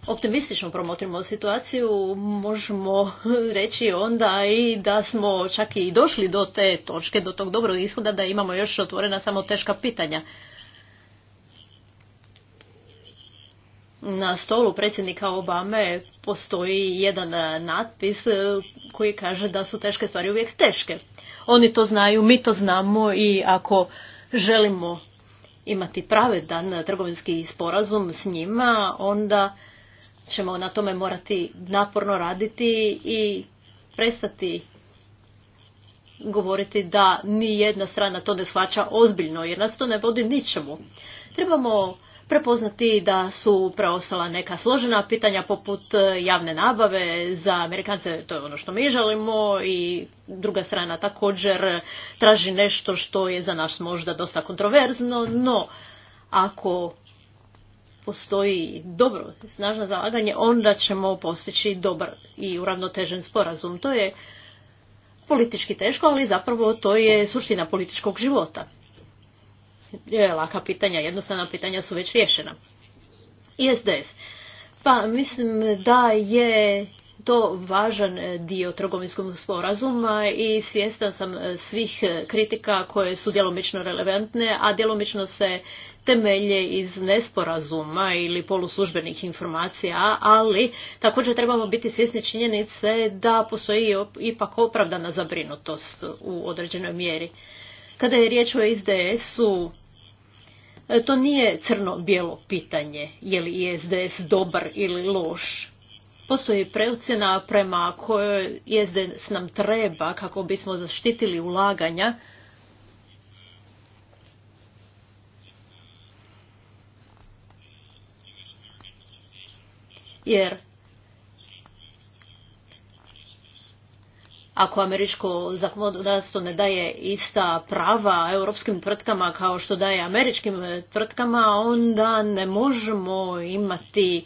optimistično promotrimo situaciju, možemo reći onda i da smo čak i došli do te točke, do tog dobrog ishoda, da imamo još otvorena samo teška pitanja. na stolu predsjednika Obame postoji jedan e, natpis e, koji kaže da su teške stvari uvijek teške. Oni to znaju, mi to znamo i ako želimo imati pravedan trgovinski sporazum s njima, onda ćemo na tome morati naporno raditi i prestati govoriti da ni jedna strana to ne shvaća ozbiljno, jer nas to ne vodi ničemu. Trebamo prepoznati da su preostala neka složena pitanja poput e, javne nabave za Amerikance, to je ono što mi želimo i druga strana također traži nešto što je za nas možda dosta kontroverzno, no ako postoji dobro snažno zalaganje, onda ćemo postići dobar i uravnotežen sporazum. To je politički teško, ali zapravo to je suština političkog života laka pitanja, jednostavna pitanja su već riješena. SDS. Pa mislim da je to važan dio trgovinskog sporazuma i svjestan sam svih kritika koje su djelomično relevantne, a djelomično se temelje iz nesporazuma ili poluslužbenih informacija, ali također trebamo biti svjesni činjenice da postoji ipak opravdana zabrinutost u određenoj mjeri. Kada je riječ o SDS-u, E, to nije crno-bijelo pitanje, je li SDS dobar ili loš. Postoji preucjena prema kojoj SDS nam treba kako bismo zaštitili ulaganja, jer ako američko zakonodavstvo ne daje ista prava europskim tvrtkama kao što daje američkim tvrtkama, onda ne možemo imati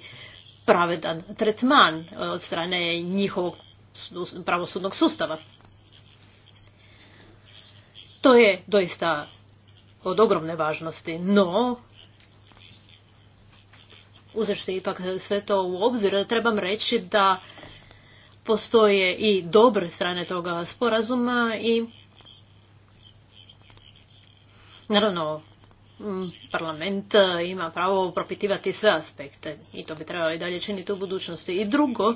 pravedan tretman od strane njihovog pravosudnog sustava. To je doista od ogromne važnosti, no uzeš ipak sve to u obzir, trebam reći da postoje i dobre strane toga sporazuma i naravno mm, parlament e, ima pravo propitivati sve aspekte i to bi trebalo i dalje činiti u budućnosti. I drugo,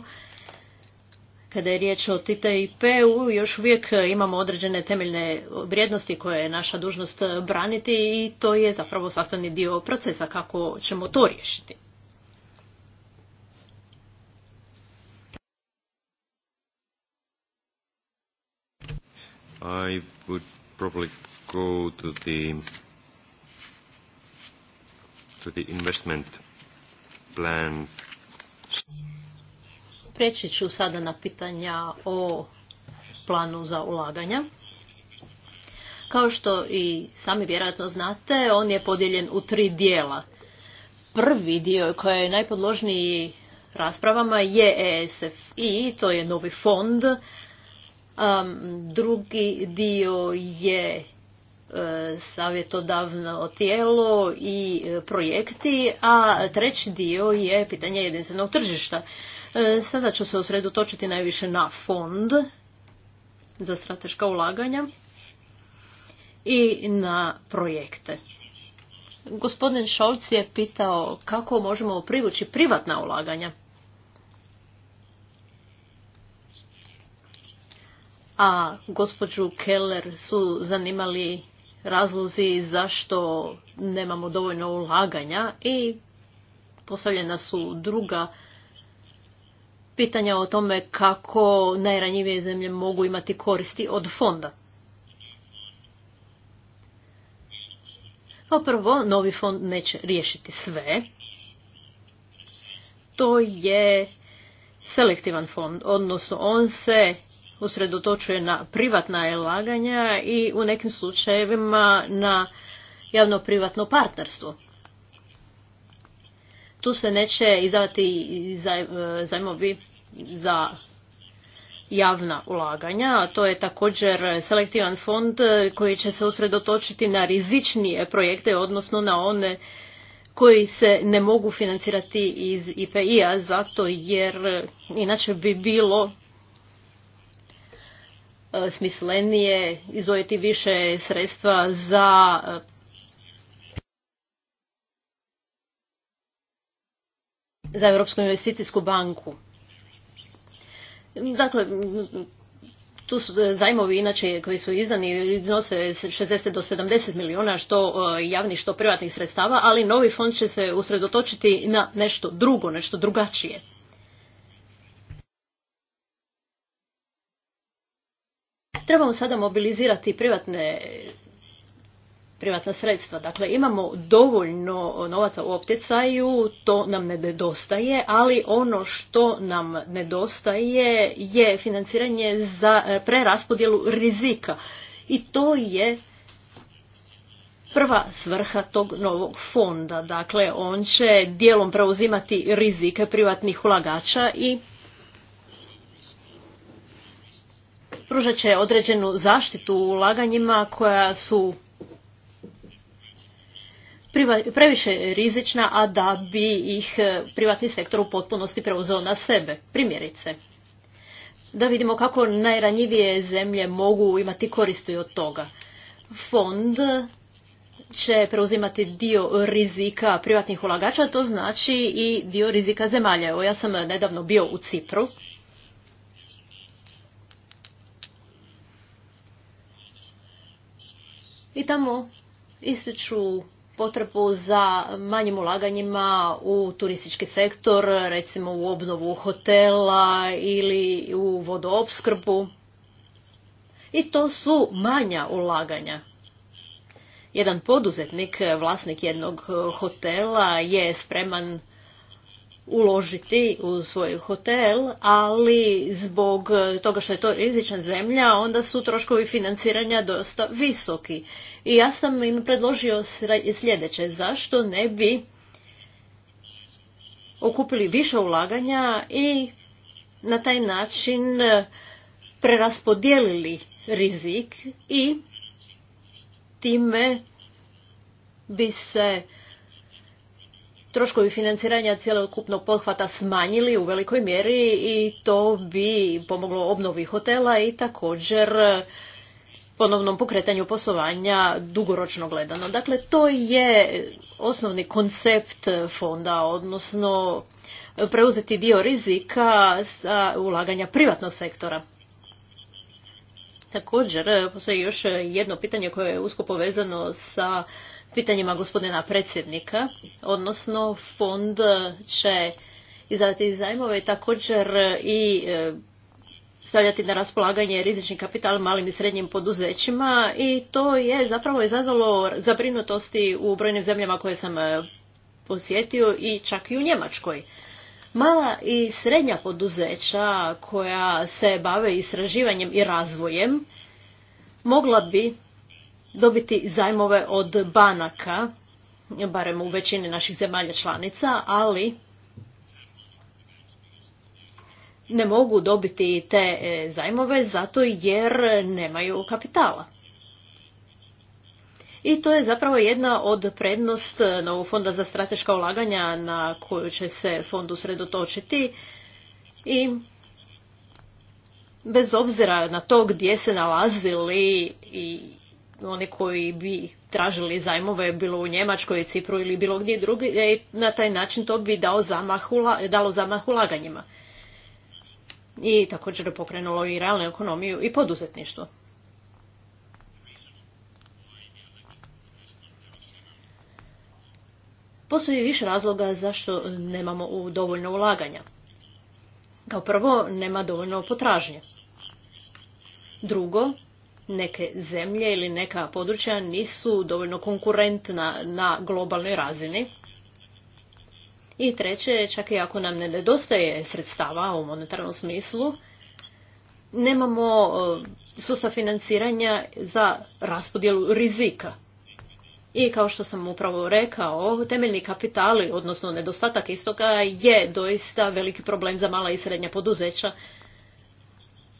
kada je riječ o TTIP-u, još uvijek imamo određene temeljne vrijednosti koje je naša dužnost braniti i to je zapravo sastavni dio procesa kako ćemo to riješiti. I would probably go to the to the investment plan. Preći ću sada na pitanja o planu za ulaganja. Kao što i sami vjerojatno znate, on je podijeljen u tri dijela. Prvi dio koji je najpodložniji raspravama je ESFI, to je novi fond Drugi dio je e, savjetodavno tijelo i e, projekti, a treći dio je pitanje jedinstvenog tržišta. E, sada ću se usredotočiti najviše na fond za strateška ulaganja i na projekte. Gospodin Šolc je pitao kako možemo privući privatna ulaganja. a gospođu Keller su zanimali razlozi zašto nemamo dovoljno ulaganja i postavljena su druga pitanja o tome kako najranjivije zemlje mogu imati koristi od fonda. Kao prvo, novi fond neće riješiti sve. To je selektivan fond, odnosno on se usredotočuje na privatna ulaganja i u nekim slučajevima na javno-privatno partnerstvo. Tu se neće izdavati zajmovi za javna ulaganja, a to je također selektivan fond koji će se usredotočiti na rizičnije projekte, odnosno na one koji se ne mogu financirati iz IPI-a, zato jer inače bi bilo E, smislenije izvojiti više sredstva za e, za Europsku investicijsku banku. Dakle, tu su zajmovi inače koji su izdani iznose 60 do 70 milijuna što e, javnih što privatnih sredstava, ali novi fond će se usredotočiti na nešto drugo, nešto drugačije. trebamo sada mobilizirati privatne privatna sredstva. Dakle, imamo dovoljno novaca u opticaju, to nam ne nedostaje, ali ono što nam nedostaje je financiranje za e, preraspodjelu rizika. I to je prva svrha tog novog fonda. Dakle, on će dijelom preuzimati rizike privatnih ulagača i pružat će određenu zaštitu ulaganjima koja su previše rizična, a da bi ih e, privatni sektor u potpunosti preuzeo na sebe. Primjerice, da vidimo kako najranjivije zemlje mogu imati koristi od toga. Fond će preuzimati dio rizika privatnih ulagača, to znači i dio rizika zemalja. ja sam nedavno bio u Cipru i tamo ističu potrebu za manjim ulaganjima u turistički sektor, recimo u obnovu hotela ili u vodoopskrbu. I to su manja ulaganja. Jedan poduzetnik, vlasnik jednog hotela je spreman uložiti u svoj hotel, ali zbog toga što je to rizična zemlja, onda su troškovi financiranja dosta visoki. I ja sam im predložio sljedeće, zašto ne bi okupili više ulaganja i na taj način e, preraspodijelili rizik i time bi se troškovi financiranja cjelokupnog pothvata smanjili u velikoj mjeri i to bi pomoglo obnovi hotela i također ponovnom pokretanju poslovanja dugoročno gledano. Dakle, to je osnovni koncept fonda, odnosno preuzeti dio rizika sa ulaganja privatnog sektora. Također, postoji još jedno pitanje koje je usko povezano sa pitanjima gospodina predsjednika, odnosno fond će izdati zajmove također i e, stavljati na raspolaganje rizični kapital malim i srednjim poduzećima i to je zapravo izazvalo zabrinutosti u brojnim zemljama koje sam e, posjetio i čak i u Njemačkoj. Mala i srednja poduzeća koja se bave istraživanjem i razvojem mogla bi dobiti zajmove od banaka, barem u većini naših zemalja članica, ali ne mogu dobiti te e, zajmove zato jer nemaju kapitala. I to je zapravo jedna od prednost novog fonda za strateška ulaganja na koju će se fond usredotočiti i bez obzira na to gdje se nalazili i oni koji bi tražili zajmove bilo u Njemačkoj, Cipru ili bilo gdje drugdje e, na taj način to bi dao zamah, dalo zamah ulaganjima. I također pokrenulo i realnu ekonomiju i poduzetništvo. Postoji više razloga zašto nemamo u dovoljno ulaganja. Kao prvo, nema dovoljno potražnje. Drugo, neke zemlje ili neka područja nisu dovoljno konkurentna na globalnoj razini. I treće, čak i ako nam ne nedostaje sredstava u monetarnom smislu, nemamo e, sustav financiranja za raspodjelu rizika. I kao što sam upravo rekao, temeljni kapitali, odnosno nedostatak istoga, je doista veliki problem za mala i srednja poduzeća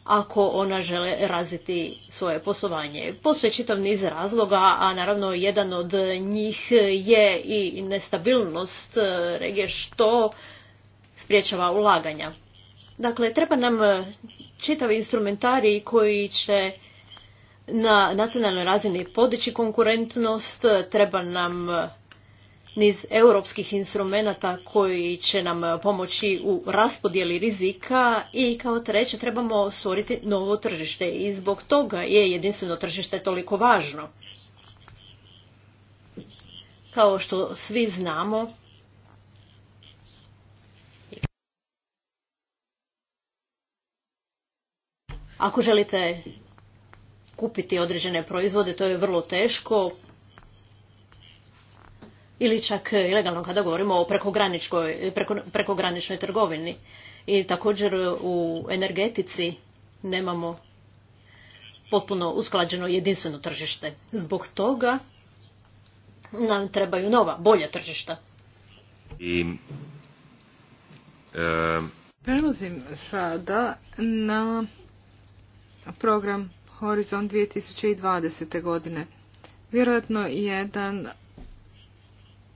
ako ona žele razviti svoje poslovanje. Postoje čitav niz razloga, a naravno jedan od njih je i nestabilnost e, regije što spriječava ulaganja. Dakle, treba nam čitav instrumentari koji će na nacionalnoj razini podići konkurentnost, treba nam niz europskih instrumenata koji će nam pomoći u raspodjeli rizika i kao treće trebamo stvoriti novo tržište i zbog toga je jedinstveno tržište toliko važno. Kao što svi znamo, ako želite kupiti određene proizvode, to je vrlo teško, ili čak ilegalno kada govorimo o prekograničnoj trgovini. I također u energetici nemamo potpuno usklađeno jedinstveno tržište. Zbog toga nam trebaju nova, bolja tržišta. E, Prelazim sada na program Horizon 2020. godine. Vjerojatno jedan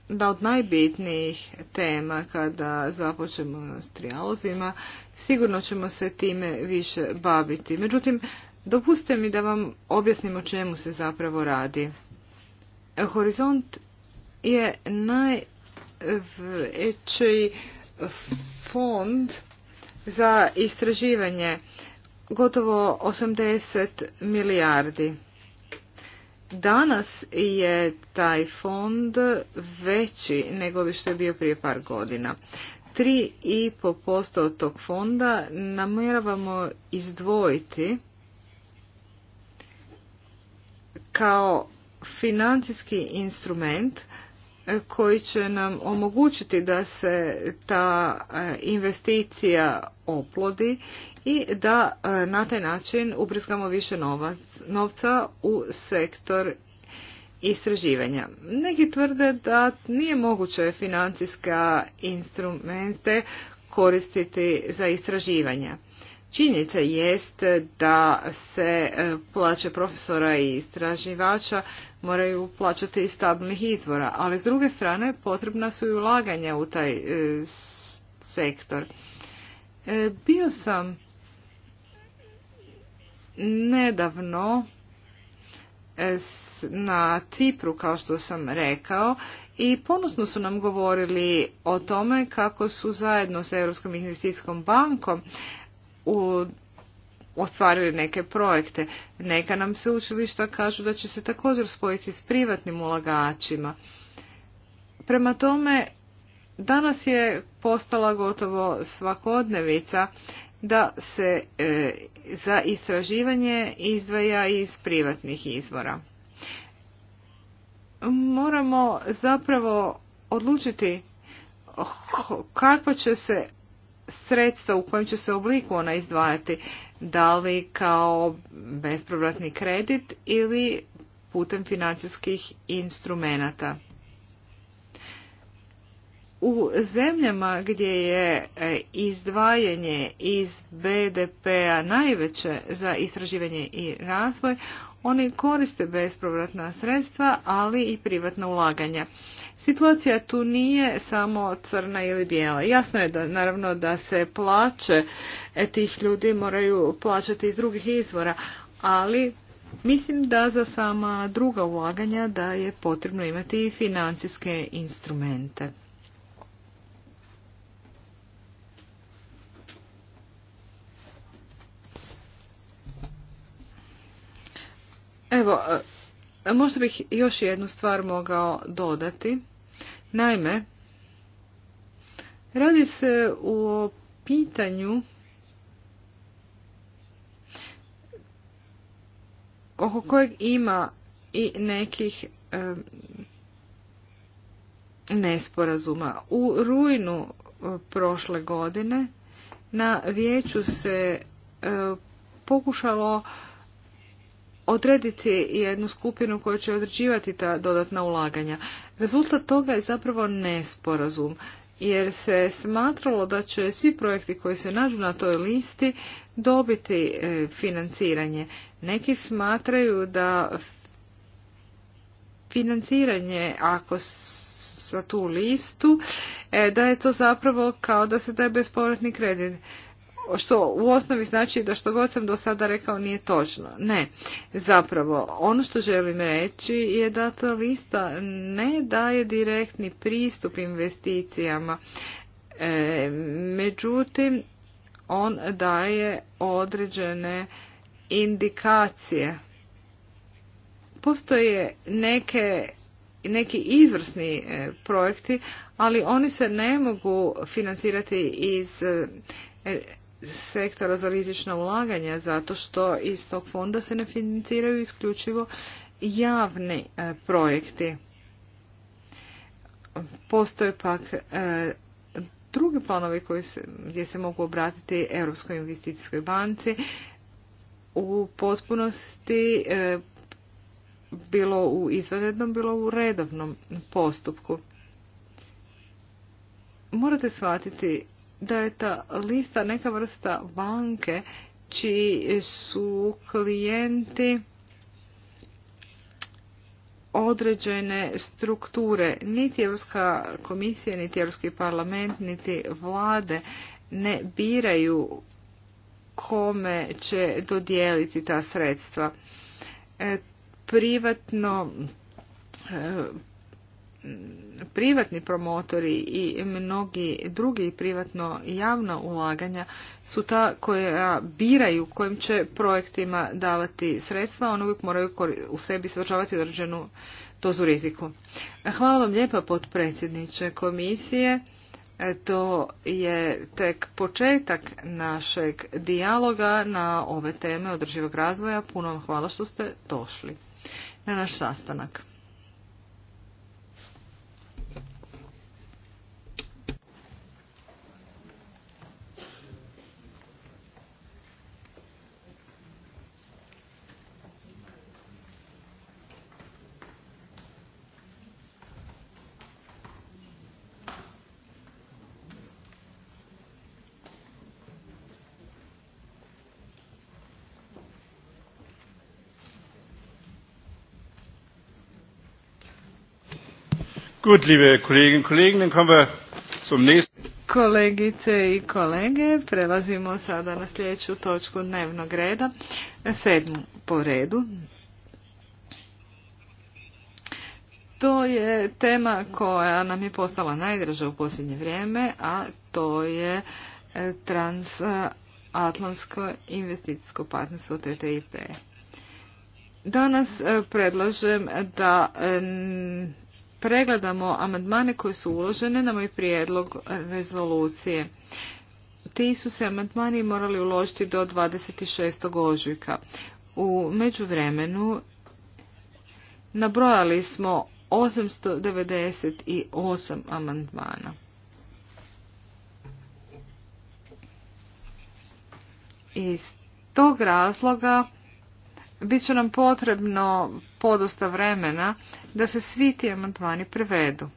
da od najbitnijih tema kada započemo s trijalozima, sigurno ćemo se time više baviti. Međutim, dopustite mi da vam objasnim o čemu se zapravo radi. Horizont je najveći fond za istraživanje gotovo 80 milijardi. Danas je taj fond veći nego što je bio prije par godina. 3,5% od tog fonda namjeravamo izdvojiti kao financijski instrument koji će nam omogućiti da se ta e, investicija oplodi i da e, na taj način ubrizgamo više novca u sektor istraživanja. Neki tvrde da nije moguće financijska instrumente koristiti za istraživanja. Činjenica jest da se e, plaće profesora i istraživača moraju plaćati iz stabilnih izvora, ali s druge strane potrebna su i ulaganja u taj e, sektor. E, bio sam nedavno na Cipru, kao što sam rekao, i ponosno su nam govorili o tome kako su zajedno s Europskom investicijskom bankom u ostvarili neke projekte. Neka nam se učilišta kažu da će se također spojiti s privatnim ulagačima. Prema tome, danas je postala gotovo svakodnevica da se e, za istraživanje izdvaja iz privatnih izvora. Moramo zapravo odlučiti kako će se sredstva u kojem će se obliku ona izdvajati, da li kao bespovratni kredit ili putem financijskih instrumenata. U zemljama gdje je e, izdvajanje iz BDP-a najveće za istraživanje i razvoj, oni koriste bespovratna sredstva, ali i privatna ulaganja. Situacija tu nije samo crna ili bijela. Jasno je da naravno da se plaće e, tih ljudi moraju plaćati iz drugih izvora, ali mislim da za sama druga ulaganja da je potrebno imati i financijske instrumente. Evo, Možda bih još jednu stvar mogao dodati. Naime, radi se o pitanju oko kojeg ima i nekih nesporazuma. U rujnu e, prošle godine na vijeću se e, pokušalo odrediti jednu skupinu koja će određivati ta dodatna ulaganja. Rezultat toga je zapravo nesporazum, jer se smatralo da će svi projekti koji se nađu na toj listi dobiti e, financiranje. Neki smatraju da financiranje ako sa tu listu, e, da je to zapravo kao da se daje bespovratni kredit što u osnovi znači da što god sam do sada rekao nije točno. Ne, zapravo ono što želim reći je da ta lista ne daje direktni pristup investicijama, e, međutim on daje određene indikacije. Postoje neke neki izvrsni e, projekti, ali oni se ne mogu financirati iz e, sektora za rizična ulaganja zato što iz tog fonda se ne financiraju isključivo javni e, projekti. Postoje pak e, drugi planovi koji se, gdje se mogu obratiti Europskoj investicijskoj banci u potpunosti e, bilo u izvanrednom, bilo u redovnom postupku. Morate shvatiti da je ta lista neka vrsta banke čiji su klijenti određene strukture. Niti Europska komisija, niti Europski parlament, niti vlade ne biraju kome će dodijeliti ta sredstva. E, privatno e, privatni promotori i mnogi drugi privatno javna ulaganja su ta koja biraju kojim će projektima davati sredstva, ono uvijek moraju u sebi sadržavati određenu dozu riziku. Hvala vam lijepa potpredsjedniče komisije. E, to je tek početak našeg dijaloga na ove teme održivog razvoja. Puno vam hvala što ste došli na naš sastanak. Gut, liebe Kolegice i kolege, prelazimo sada na sljedeću točku dnevnog reda, sedmu po redu. To je tema koja nam je postala najdraža u posljednje vrijeme, a to je e, transatlantsko investicijsko partnerstvo TTIP. Danas e, predlažem da e, pregledamo amandmane koje su uložene na moj prijedlog rezolucije. Ti su se amandmani morali uložiti do 26. ožujka. U međuvremenu nabrojali smo 898 amandmana. Iz tog razloga bit će nam potrebno podosta vremena da se svi ti amandmani prevedu.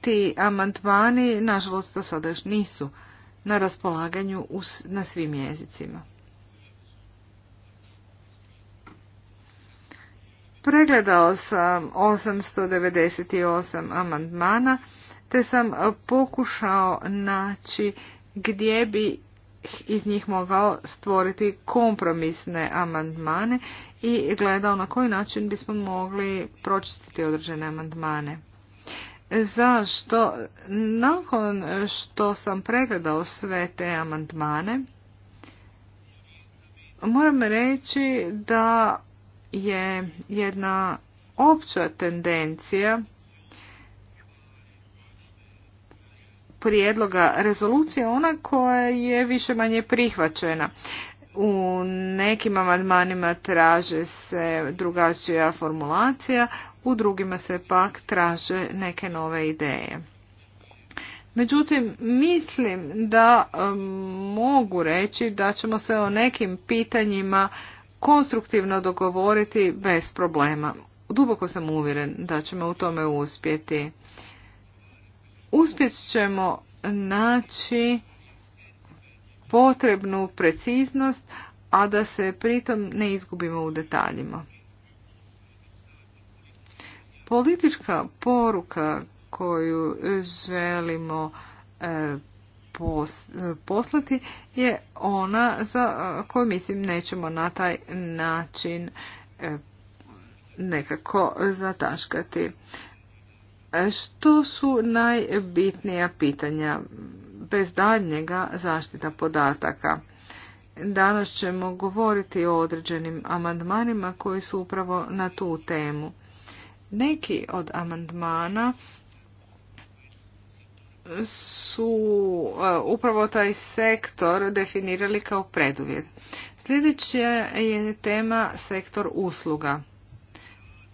Ti amandmani, nažalost, do sada još nisu na raspolaganju na svim jezicima. Pregledao sam 898 amandmana, te sam pokušao naći gdje bi iz njih mogao stvoriti kompromisne amandmane i gledao na koji način bismo mogli pročistiti određene amandmane. Zašto? Nakon što sam pregledao sve te amandmane, moram reći da je jedna opća tendencija prijedloga rezolucije ona koja je više manje prihvaćena. U nekim amandmanima traže se drugačija formulacija, u drugima se pak traže neke nove ideje. Međutim, mislim da um, mogu reći da ćemo se o nekim pitanjima konstruktivno dogovoriti bez problema. Duboko sam uvjeren da ćemo u tome uspjeti uspjet ćemo naći potrebnu preciznost, a da se pritom ne izgubimo u detaljima. Politička poruka koju želimo e, poslati je ona za koju mislim nećemo na taj način e, nekako zataškati. E, što su najbitnija pitanja? Bez daljnjega zaštita podataka. Danas ćemo govoriti o određenim amandmanima koji su upravo na tu temu. Neki od amandmana su e, upravo taj sektor definirali kao preduvjet. Sljedeća je tema sektor usluga.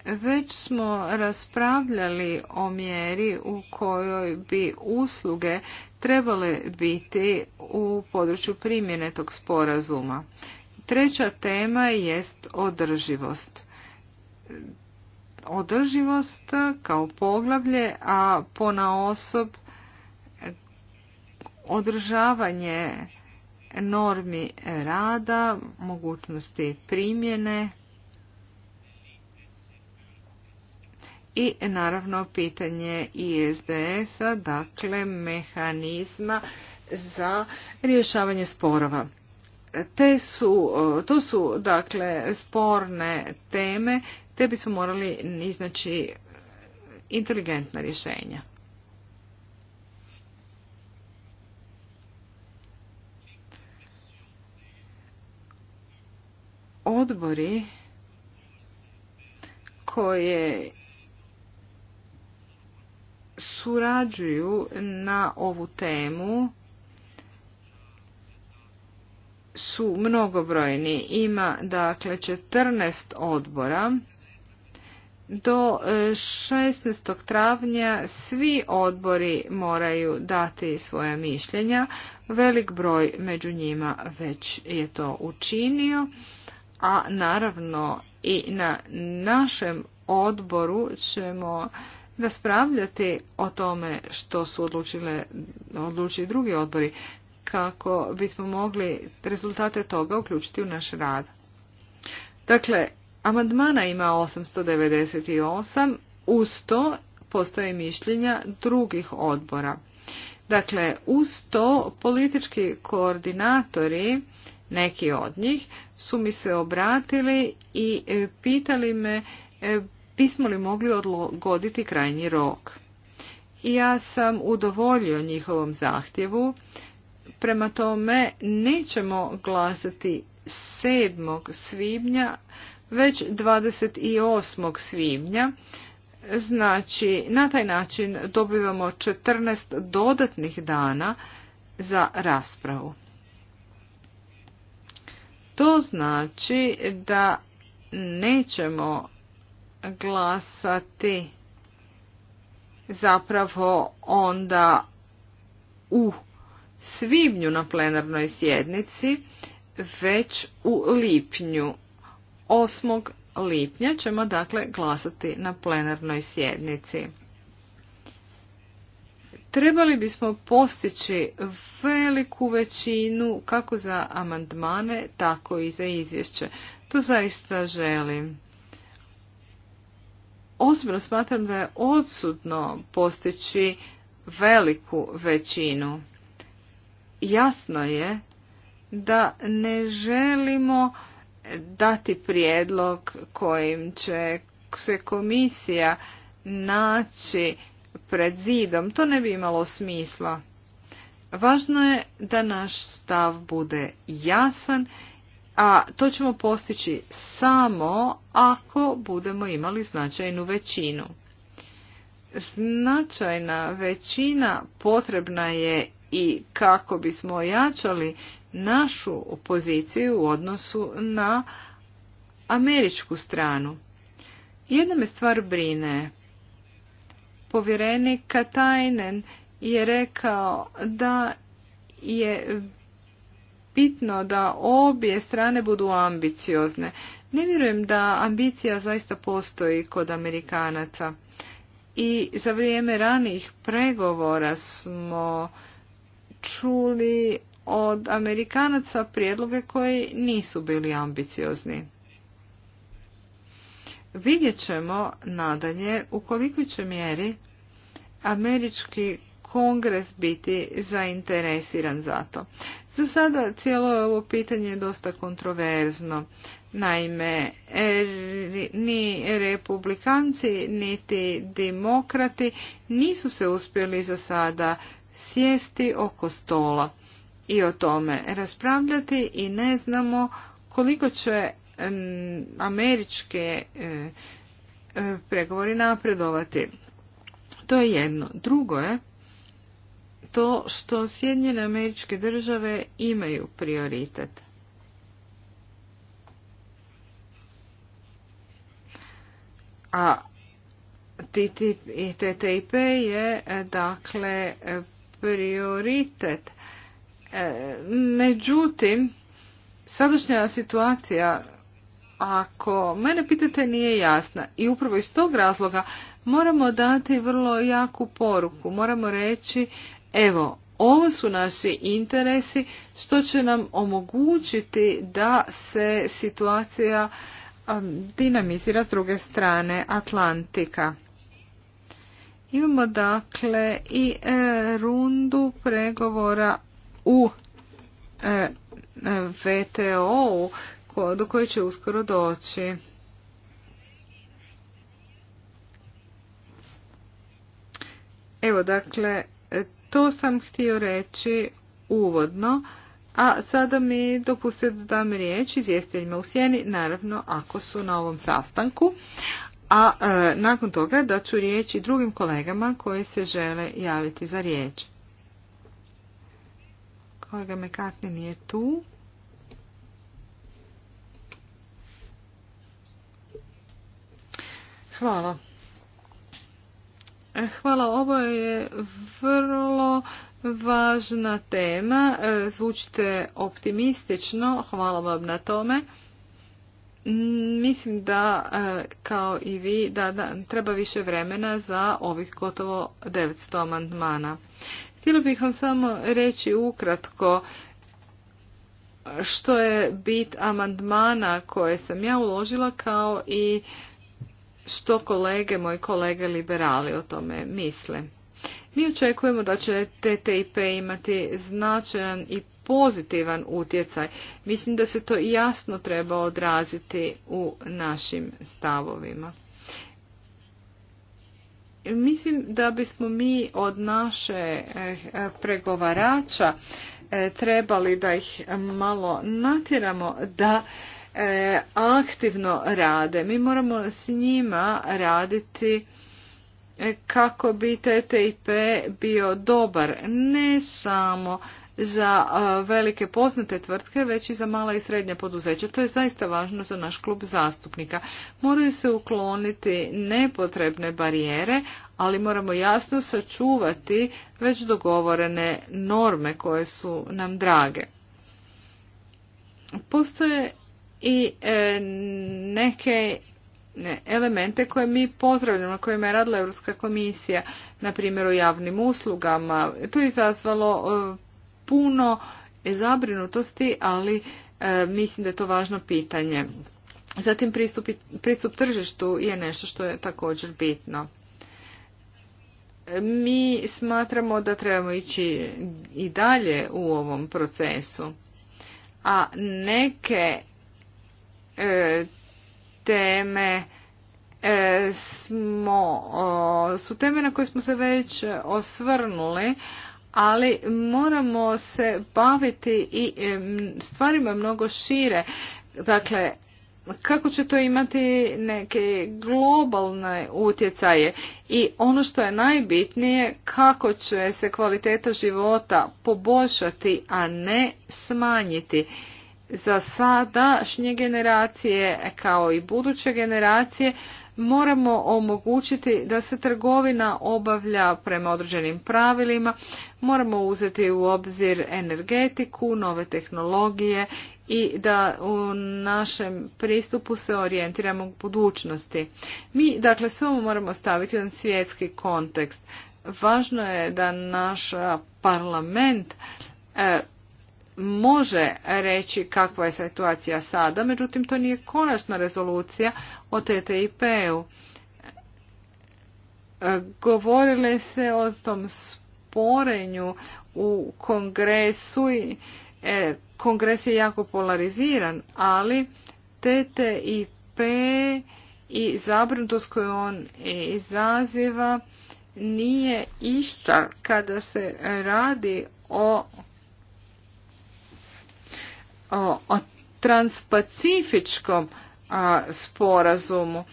Već smo raspravljali o mjeri u kojoj bi usluge trebale biti u području primjene tog sporazuma. Treća tema jest održivost. Održivost kao poglavlje, a pona osob održavanje normi rada, mogućnosti primjene, i naravno pitanje ISDS-a, dakle mehanizma za rješavanje sporova. Te su, to su dakle sporne teme, te bismo morali iznaći inteligentna rješenja. Odbori koje surađuju na ovu temu su mnogobrojni. Ima dakle 14 odbora. Do 16. E, travnja svi odbori moraju dati svoja mišljenja. Velik broj među njima već je to učinio. A naravno i na našem odboru ćemo raspravljati o tome što su odlučile, odlučili drugi odbori kako bismo mogli rezultate toga uključiti u naš rad. Dakle, amandmana ima 898, uz to postoje mišljenja drugih odbora. Dakle, uz to politički koordinatori, neki od njih, su mi se obratili i pitali me e, bismo li mogli odgoditi krajnji rok. Ja sam udovoljio njihovom zahtjevu, prema tome nećemo glasati 7. svibnja, već 28. svibnja, Znači, na taj način dobivamo 14 dodatnih dana za raspravu. To znači da nećemo glasati zapravo onda u svibnju na plenarnoj sjednici, već u lipnju. 8. lipnja ćemo dakle glasati na plenarnoj sjednici. Trebali bismo postići veliku većinu kako za amandmane, tako i za izvješće. To zaista želim osobno smatram da je odsudno postići veliku većinu. Jasno je da ne želimo dati prijedlog kojim će se komisija naći pred zidom. To ne bi imalo smisla. Važno je da naš stav bude jasan a to ćemo postići samo ako budemo imali značajnu većinu. Značajna većina potrebna je i kako bismo ojačali našu poziciju u odnosu na američku stranu. Jedna me stvar brine. Povjerenik Katajnen je rekao da je bitno da obje strane budu ambiciozne. Ne vjerujem da ambicija zaista postoji kod Amerikanaca. I za vrijeme ranih pregovora smo čuli od Amerikanaca prijedloge koji nisu bili ambiciozni. Vidjet ćemo nadalje u kolikoj će mjeri američki kongres biti zainteresiran za to. Za sada cijelo ovo pitanje je dosta kontroverzno. Naime, ni republikanci niti demokrati nisu se uspjeli za sada sjesti oko stola i o tome raspravljati i ne znamo koliko će američke e, e, pregovori napredovati. To je jedno. Drugo je to što Sjedinjene američke države imaju prioritet. A TTIP i TTIP je dakle prioritet. E, međutim, sadašnja situacija ako mene pitate nije jasna i upravo iz tog razloga moramo dati vrlo jaku poruku. Moramo reći Evo, ovo su naši interesi što će nam omogućiti da se situacija um, dinamizira s druge strane Atlantika. Imamo dakle i e, rundu pregovora u e, vto do koje će uskoro doći. Evo dakle to sam htio reći uvodno, a sada mi dopustite da dam riječ izvjestiteljima u sjeni, naravno ako su na ovom sastanku, a e, nakon toga da ću riječ i drugim kolegama koji se žele javiti za riječ. Kolega Mekatni nije tu. Hvala. Hvala, ovo je vrlo važna tema. E, zvučite optimistično, hvala vam na tome. Mislim da, e, kao i vi, da, da treba više vremena za ovih gotovo 900 amandmana. Htjela bih vam samo reći ukratko što je bit amandmana koje sam ja uložila kao i što kolege, moji kolege liberali o tome misle. Mi očekujemo da će TTIP imati značajan i pozitivan utjecaj. Mislim da se to jasno treba odraziti u našim stavovima. Mislim da bismo mi od naše eh, pregovarača eh, trebali da ih malo natjeramo da E, aktivno rade. Mi moramo s njima raditi e, kako bi TTIP bio dobar ne samo za e, velike poznate tvrtke, već i za mala i srednja poduzeća. To je zaista važno za naš klub zastupnika. Moraju se ukloniti nepotrebne barijere, ali moramo jasno sačuvati već dogovorene norme koje su nam drage. Postoje i e, neke elemente koje mi pozdravljamo, na kojima je radila Europska komisija, na primjer o javnim uslugama. To je izazvalo e, puno zabrinutosti, ali e, mislim da je to važno pitanje. Zatim pristup, pristup tržištu je nešto što je također bitno. Mi smatramo da trebamo ići i dalje u ovom procesu, a neke E, teme e, smo, su teme na koje smo se već osvrnuli, ali moramo se baviti i e, stvarima mnogo šire. Dakle, kako će to imati neke globalne utjecaje i ono što je najbitnije kako će se kvaliteta života poboljšati, a ne smanjiti za sadašnje generacije kao i buduće generacije moramo omogućiti da se trgovina obavlja prema određenim pravilima, moramo uzeti u obzir energetiku, nove tehnologije i da u našem pristupu se orijentiramo u budućnosti. Mi, dakle, sve moramo staviti u svjetski kontekst. Važno je da naš parlament e, može reći kakva je situacija sada, međutim to nije konačna rezolucija o TTIP-u. E, Govorile se o tom sporenju u kongresu i e, kongres je jako polariziran, ali TTIP i zabrinutost koju on izaziva nije ista kada se radi o o, transpacifičkom sporazumu.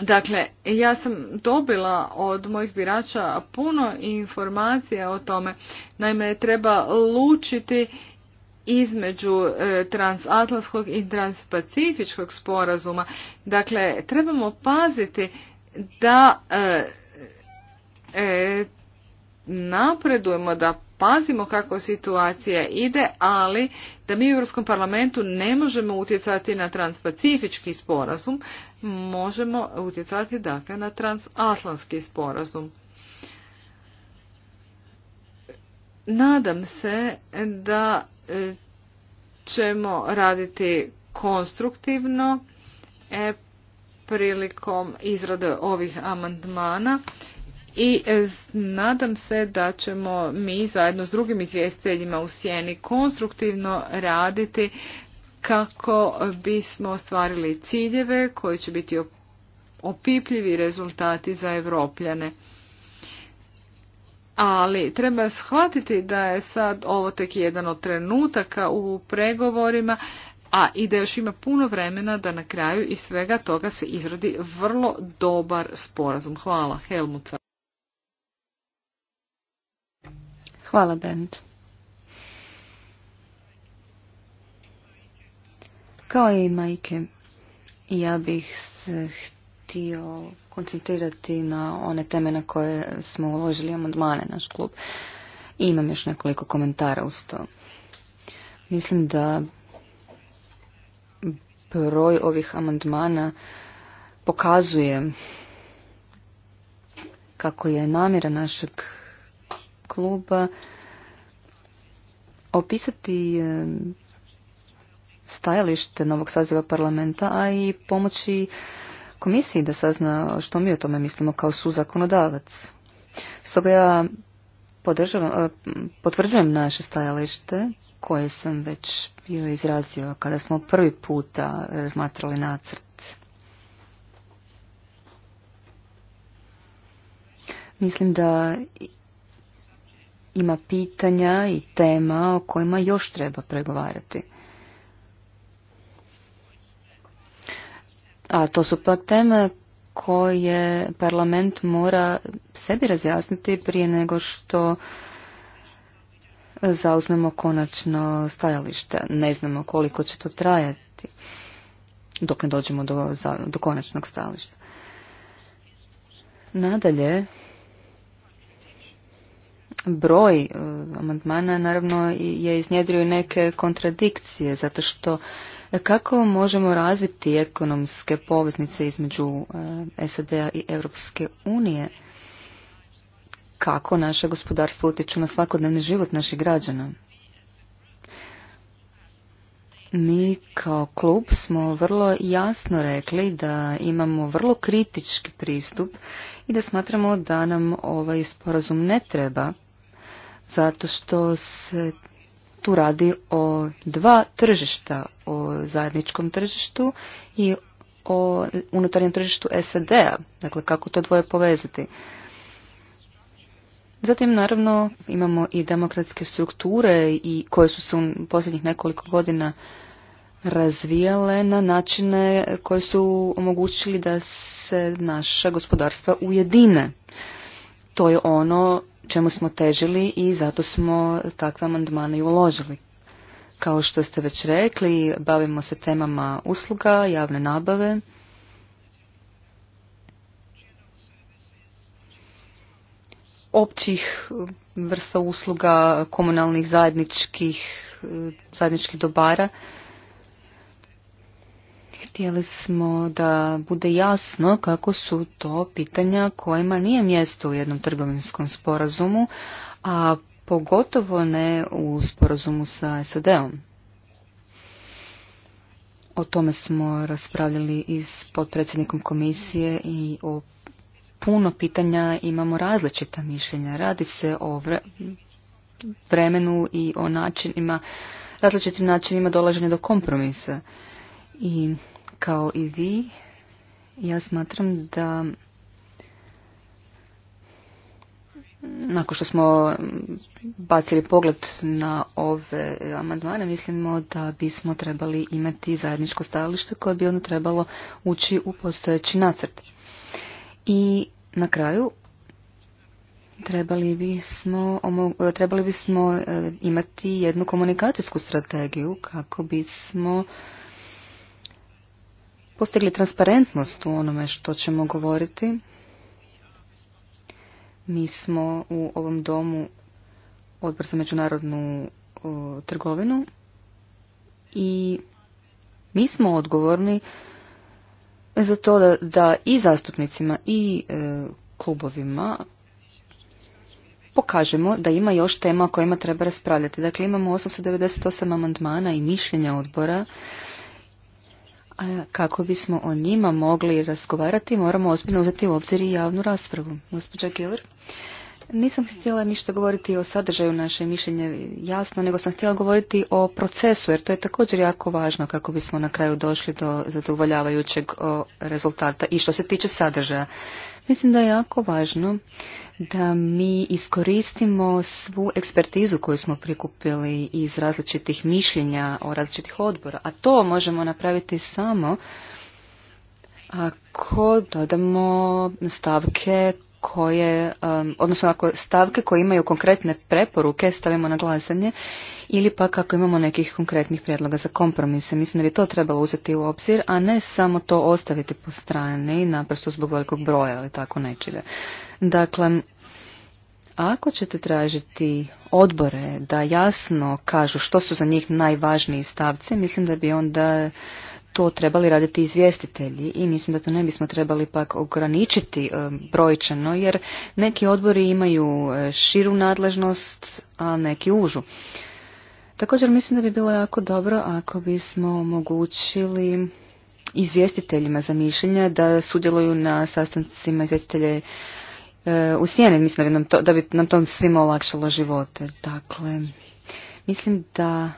Dakle, ja sam dobila od mojih birača puno informacija o tome. Naime, treba lučiti između e, transatlantskog i transpacifičkog sporazuma. Dakle, trebamo paziti da e, e, napredujemo, da pazimo kako situacija ide, ali da mi u Europskom parlamentu ne možemo utjecati na transpacifički sporazum, možemo utjecati dakle na transatlantski sporazum. Nadam se da e, ćemo raditi konstruktivno e, prilikom izrade ovih amandmana i e, nadam se da ćemo mi zajedno s drugim izvjestiteljima u sjeni konstruktivno raditi kako bismo ostvarili ciljeve koji će biti opipljivi rezultati za Evropljane. Ali treba shvatiti da je sad ovo tek jedan od trenutaka u pregovorima, a i da još ima puno vremena da na kraju i svega toga se izrodi vrlo dobar sporazum. Hvala, Helmuca. Hvala, Bernd. Kao i majke, ja bih se htio koncentrirati na one teme na koje smo uložili amandmane naš klub. I imam još nekoliko komentara uz to. Mislim da broj ovih amandmana pokazuje kako je namjera našeg kluba opisati e, stajalište novog saziva parlamenta, a i pomoći komisiji da sazna što mi o tome mislimo kao suzakonodavac. Stoga ja e, potvrđujem naše stajalište koje sam već bio izrazio kada smo prvi puta razmatrali nacrt. Mislim da ima pitanja i tema o kojima još treba pregovarati. A to su pak teme koje parlament mora sebi razjasniti prije nego što zauzmemo konačno stajalište. Ne znamo koliko će to trajati dok ne dođemo do, do konačnog stajališta. Nadalje, broj e, amandmana naravno je iznjedrio neke kontradikcije zato što e, kako možemo razviti ekonomske poveznice između e, SAD-a i Europske unije kako naše gospodarstvo utječu na svakodnevni život naših građana. Mi kao klub smo vrlo jasno rekli da imamo vrlo kritički pristup i da smatramo da nam ovaj sporazum ne treba zato što se tu radi o dva tržišta, o zajedničkom tržištu i o unutarnjem tržištu SAD-a, dakle kako to dvoje povezati. Zatim naravno imamo i demokratske strukture i koje su se u posljednjih nekoliko godina razvijale na načine koji su omogućili da se naša gospodarstva ujedine. To je ono čemu smo težili i zato smo takve amandmane i uložili. Kao što ste već rekli, bavimo se temama usluga, javne nabave, općih vrsta usluga, komunalnih zajedničkih, zajedničkih dobara. Htjeli smo da bude jasno kako su to pitanja kojima nije mjesto u jednom trgovinskom sporazumu, a pogotovo ne u sporazumu sa SAD-om. O tome smo raspravljali i s potpredsjednikom komisije i o puno pitanja imamo različita mišljenja. Radi se o vremenu i o načinima, različitim načinima dolaženja do kompromisa. I kao i vi, ja smatram da nakon što smo bacili pogled na ove amandmane, mislimo da bismo trebali imati zajedničko stajalište koje bi ono trebalo ući u postojeći nacrt. I na kraju trebali bismo, trebali bismo e, imati jednu komunikacijsku strategiju kako bismo postigli transparentnost u onome što ćemo govoriti. Mi smo u ovom domu odbor za međunarodnu trgovinu i mi smo odgovorni za to da, da i zastupnicima i e, klubovima pokažemo da ima još tema o kojima treba raspravljati. Dakle, imamo 898 amandmana i mišljenja odbora a kako bismo o njima mogli razgovarati, moramo ozbiljno uzeti u obzir i javnu raspravu. Gospođa Giller, nisam htjela ništa govoriti o sadržaju naše mišljenje jasno, nego sam htjela govoriti o procesu, jer to je također jako važno kako bismo na kraju došli do zadovoljavajućeg rezultata i što se tiče sadržaja. Mislim da je jako važno da mi iskoristimo svu ekspertizu koju smo prikupili iz različitih mišljenja o različitih odbora, a to možemo napraviti samo ako dodamo stavke koje, odnosno ako stavke koje imaju konkretne preporuke stavimo na glasanje ili pa kako imamo nekih konkretnih prijedloga za kompromise. Mislim da bi to trebalo uzeti u obzir, a ne samo to ostaviti po strani, naprosto zbog velikog broja ili tako nečega. Dakle, ako ćete tražiti odbore da jasno kažu što su za njih najvažniji stavci, mislim da bi onda to trebali raditi izvjestitelji i mislim da to ne bismo trebali pak ograničiti e, brojčano jer neki odbori imaju e, širu nadležnost, a neki užu. Također mislim da bi bilo jako dobro ako bismo omogućili izvjestiteljima za mišljenja da sudjeluju na sastancima izvjestitelje u sjeni. Mislim da bi nam to, da bi nam to svima olakšalo živote. Dakle, mislim da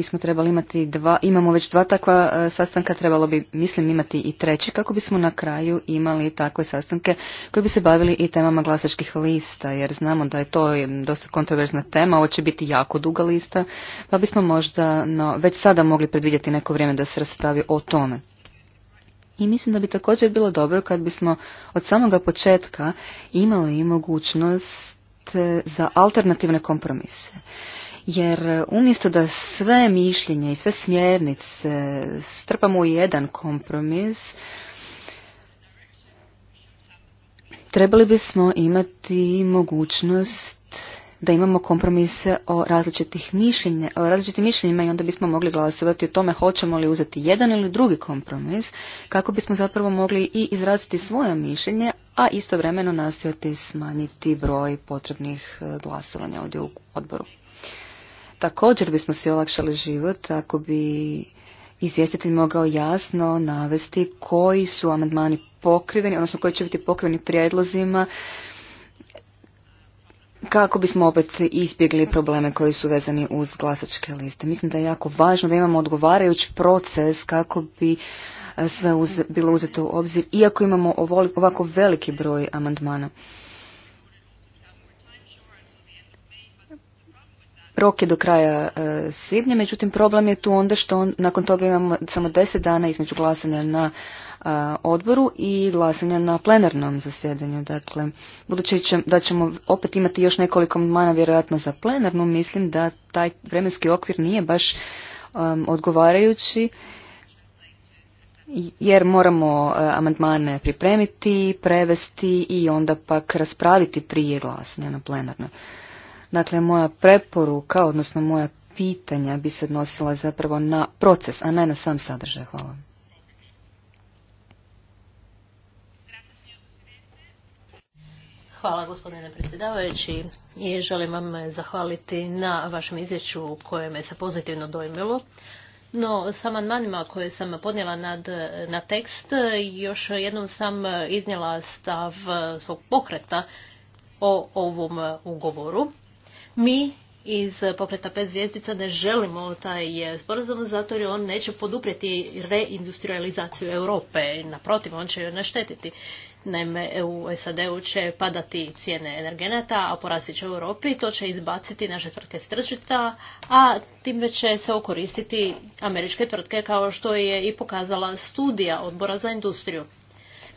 bismo trebali imati dva, imamo već dva takva e, sastanka, trebalo bi, mislim, imati i treći kako bismo na kraju imali takve sastanke koji bi se bavili i temama glasačkih lista, jer znamo da je to dosta kontroverzna tema, ovo će biti jako duga lista, pa bismo možda no, već sada mogli predvidjeti neko vrijeme da se raspravi o tome. I mislim da bi također bilo dobro kad bismo od samoga početka imali mogućnost e, za alternativne kompromise jer e, umjesto da sve mišljenje i sve smjernice strpamo u jedan kompromis, trebali bismo imati mogućnost da imamo kompromise o različitih mišljenja, o različitim mišljenjima i onda bismo mogli glasovati o tome hoćemo li uzeti jedan ili drugi kompromis kako bismo zapravo mogli i izraziti svoje mišljenje, a istovremeno nastojati smanjiti broj potrebnih e, glasovanja ovdje u odboru. Također bismo si olakšali život ako bi izvjestitelj mogao jasno navesti koji su amandmani pokriveni, odnosno koji će biti pokriveni prijedlozima kako bismo opet izbjegli probleme koji su vezani uz glasačke liste. Mislim da je jako važno da imamo odgovarajući proces kako bi e, sve bilo uzeto u obzir, iako imamo ovako veliki broj amandmana. Rok je do kraja e, svibnja, međutim problem je tu onda što on, nakon toga imamo samo deset dana između glasanja na e, odboru i glasanja na plenarnom zasjedanju. Dakle, budući da ćemo opet imati još nekoliko mana vjerojatno za plenarnu, mislim da taj vremenski okvir nije baš odgovarajući jer moramo e, amandmane pripremiti, prevesti i onda pak raspraviti prije glasanja na plenarnoj. Dakle, moja preporuka, odnosno moja pitanja bi se odnosila zapravo na proces, a ne na sam sadržaj. Hvala. Hvala gospodine predsjedavajući i želim vam zahvaliti na vašem izvješću koje me se pozitivno dojmilo. No, sa amandmanima koje sam podnijela nad, na tekst, još jednom sam iznijela stav svog pokreta o ovom ugovoru. Mi iz pokreta pet zvijezdica ne želimo taj e, sporazum zato jer on neće poduprijeti reindustrializaciju Europe. Naprotiv, on će joj naštetiti. Naime, u SAD-u će padati cijene energenata, a porasti će u Europi, to će izbaciti naše tvrtke s a time će se okoristiti američke tvrtke kao što je i pokazala studija odbora za industriju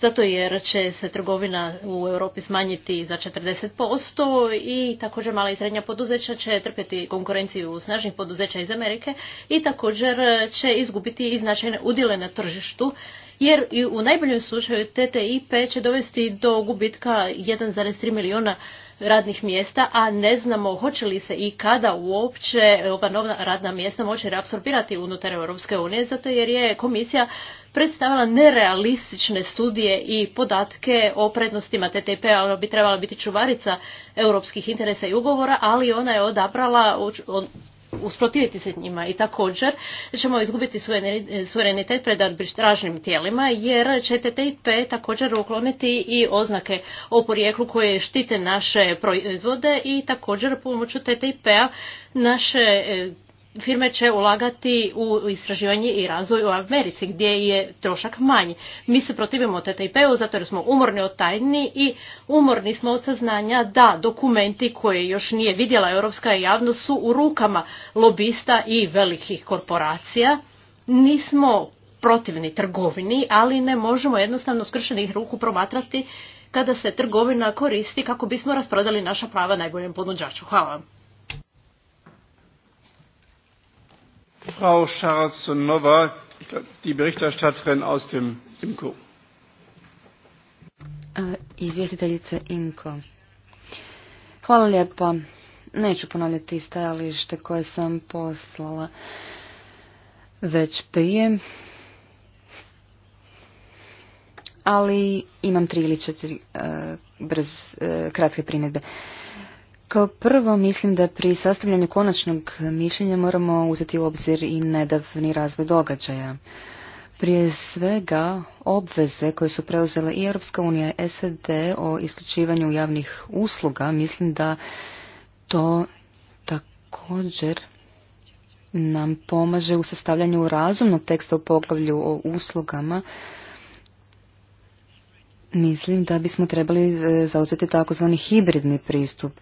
zato jer će se trgovina u Europi smanjiti za 40% i također mala i srednja poduzeća će trpjeti konkurenciju snažnih poduzeća iz Amerike i također će izgubiti i značajne udjele na tržištu jer i u najboljem slučaju TTIP će dovesti do gubitka 1,3 milijuna radnih mjesta, a ne znamo hoće li se i kada uopće ova nova radna mjesta moći reabsorbirati unutar Europske unije, zato jer je komisija predstavila nerealistične studije i podatke o prednostima TTP-a. Ona bi trebala biti čuvarica europskih interesa i ugovora, ali ona je odabrala usprotiviti se njima i također ćemo izgubiti suverenitet pred arbitražnim tijelima jer će TTIP također ukloniti i oznake o porijeklu koje štite naše proizvode i također pomoću TTIP-a naše e, firme će ulagati u istraživanje i razvoj u Americi gdje je trošak manji. Mi se protivimo TTIP-u zato jer smo umorni od tajni i umorni smo od saznanja da dokumenti koje još nije vidjela europska javnost su u rukama lobista i velikih korporacija. Nismo protivni trgovini, ali ne možemo jednostavno skršenih ruku promatrati kada se trgovina koristi kako bismo rasprodali naša prava najboljem ponuđaču. Hvala vam. Frau glaube, die Berichterstatterin aus dem IMCO. E, izvjestiteljice IMCO. Hvala lijepo Neću ponavljati stajalište koje sam poslala već prije. Ali imam tri ili četiri e, brz, e, kratke primjedbe. Kao prvo mislim da pri sastavljanju konačnog mišljenja moramo uzeti u obzir i nedavni razvoj događaja. Prije svega obveze koje su preuzele i Europska unija i SED o isključivanju javnih usluga, mislim da to također nam pomaže u sastavljanju razumnog teksta u poglavlju o uslugama. Mislim da bismo trebali e, zauzeti takozvani hibridni pristup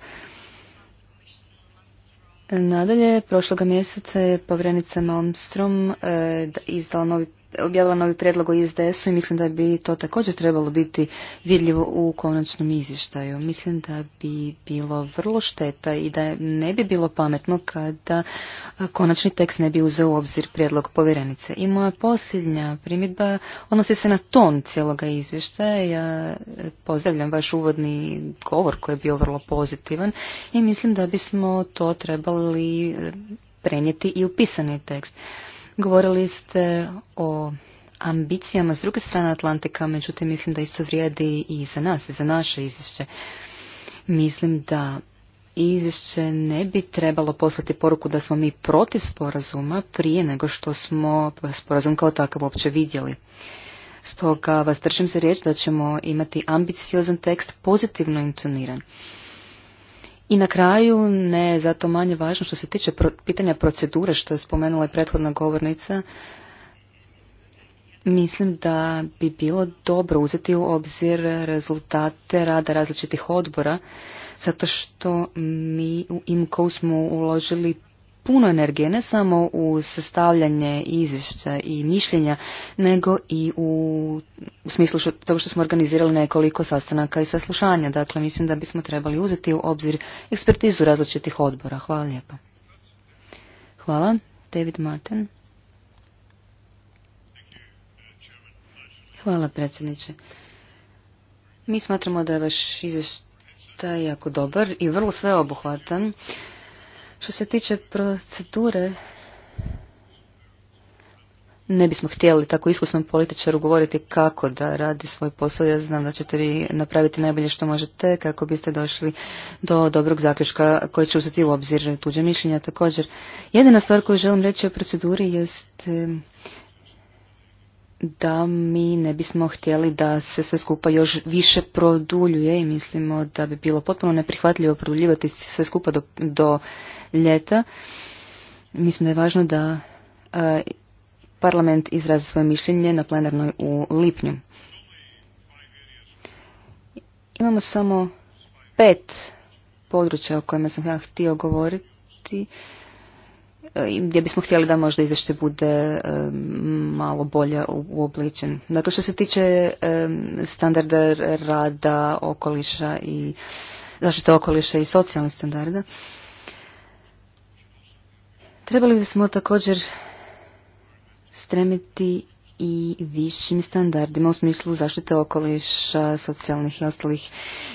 Nadalje, prošloga mjeseca je povrenica Malmström e, izdala novi objavila novi prijedlog o ISDS-u i mislim da bi to također trebalo biti vidljivo u konačnom izvještaju. Mislim da bi bilo vrlo šteta i da ne bi bilo pametno kada konačni tekst ne bi uzeo u obzir prijedlog povjerenice. I moja posljednja primjedba odnosi se na ton cijeloga izvještaja. Ja pozdravljam vaš uvodni govor koji je bio vrlo pozitivan i mislim da bismo to trebali eh, prenijeti i u pisani tekst. Govorili ste o ambicijama s druge strane Atlantika, međutim mislim da isto vrijedi i za nas i za naše izvješće. Mislim da izvješće ne bi trebalo poslati poruku da smo mi protiv sporazuma prije nego što smo sporazum kao takav uopće vidjeli. Stoga vas držim za riječ da ćemo imati ambiciozan tekst pozitivno intoniran. I na kraju, ne zato manje važno što se tiče pitanja procedure što je spomenula i prethodna govornica, mislim da bi bilo dobro uzeti u obzir rezultate rada različitih odbora zato što mi u IMCO smo uložili puno energije, ne samo u sastavljanje izvješća i mišljenja, nego i u, u smislu što, toga što smo organizirali nekoliko sastanaka i saslušanja. Dakle, mislim da bismo trebali uzeti u obzir ekspertizu različitih odbora. Hvala lijepa. Hvala. David Martin. Hvala predsjedniče. Mi smatramo da je vaš izvještaj jako dobar i vrlo sveobuhvatan. Što se tiče procedure, ne bismo htjeli tako iskusnom političaru govoriti kako da radi svoj posao. Ja znam da ćete vi napraviti najbolje što možete kako biste došli do dobrog zaključka koji će uzeti u obzir tuđe mišljenja također. Jedina stvar koju želim reći o proceduri jest da mi ne bismo htjeli da se sve skupa još više produljuje i mislimo da bi bilo potpuno neprihvatljivo produljivati sve skupa do, do ljeta. Mislim da je važno da e, parlament izrazi svoje mišljenje na plenarnoj u lipnju. Imamo samo pet područja o kojima sam ja htio govoriti e, gdje bismo htjeli da možda izvješće bude e, malo bolje uobličen. Dakle, što se tiče standarda rada, okoliša i zaštite okoliša i socijalnih standarda, Trebali bismo također stremiti i višim standardima u smislu zaštite okoliša, socijalnih i ostalih.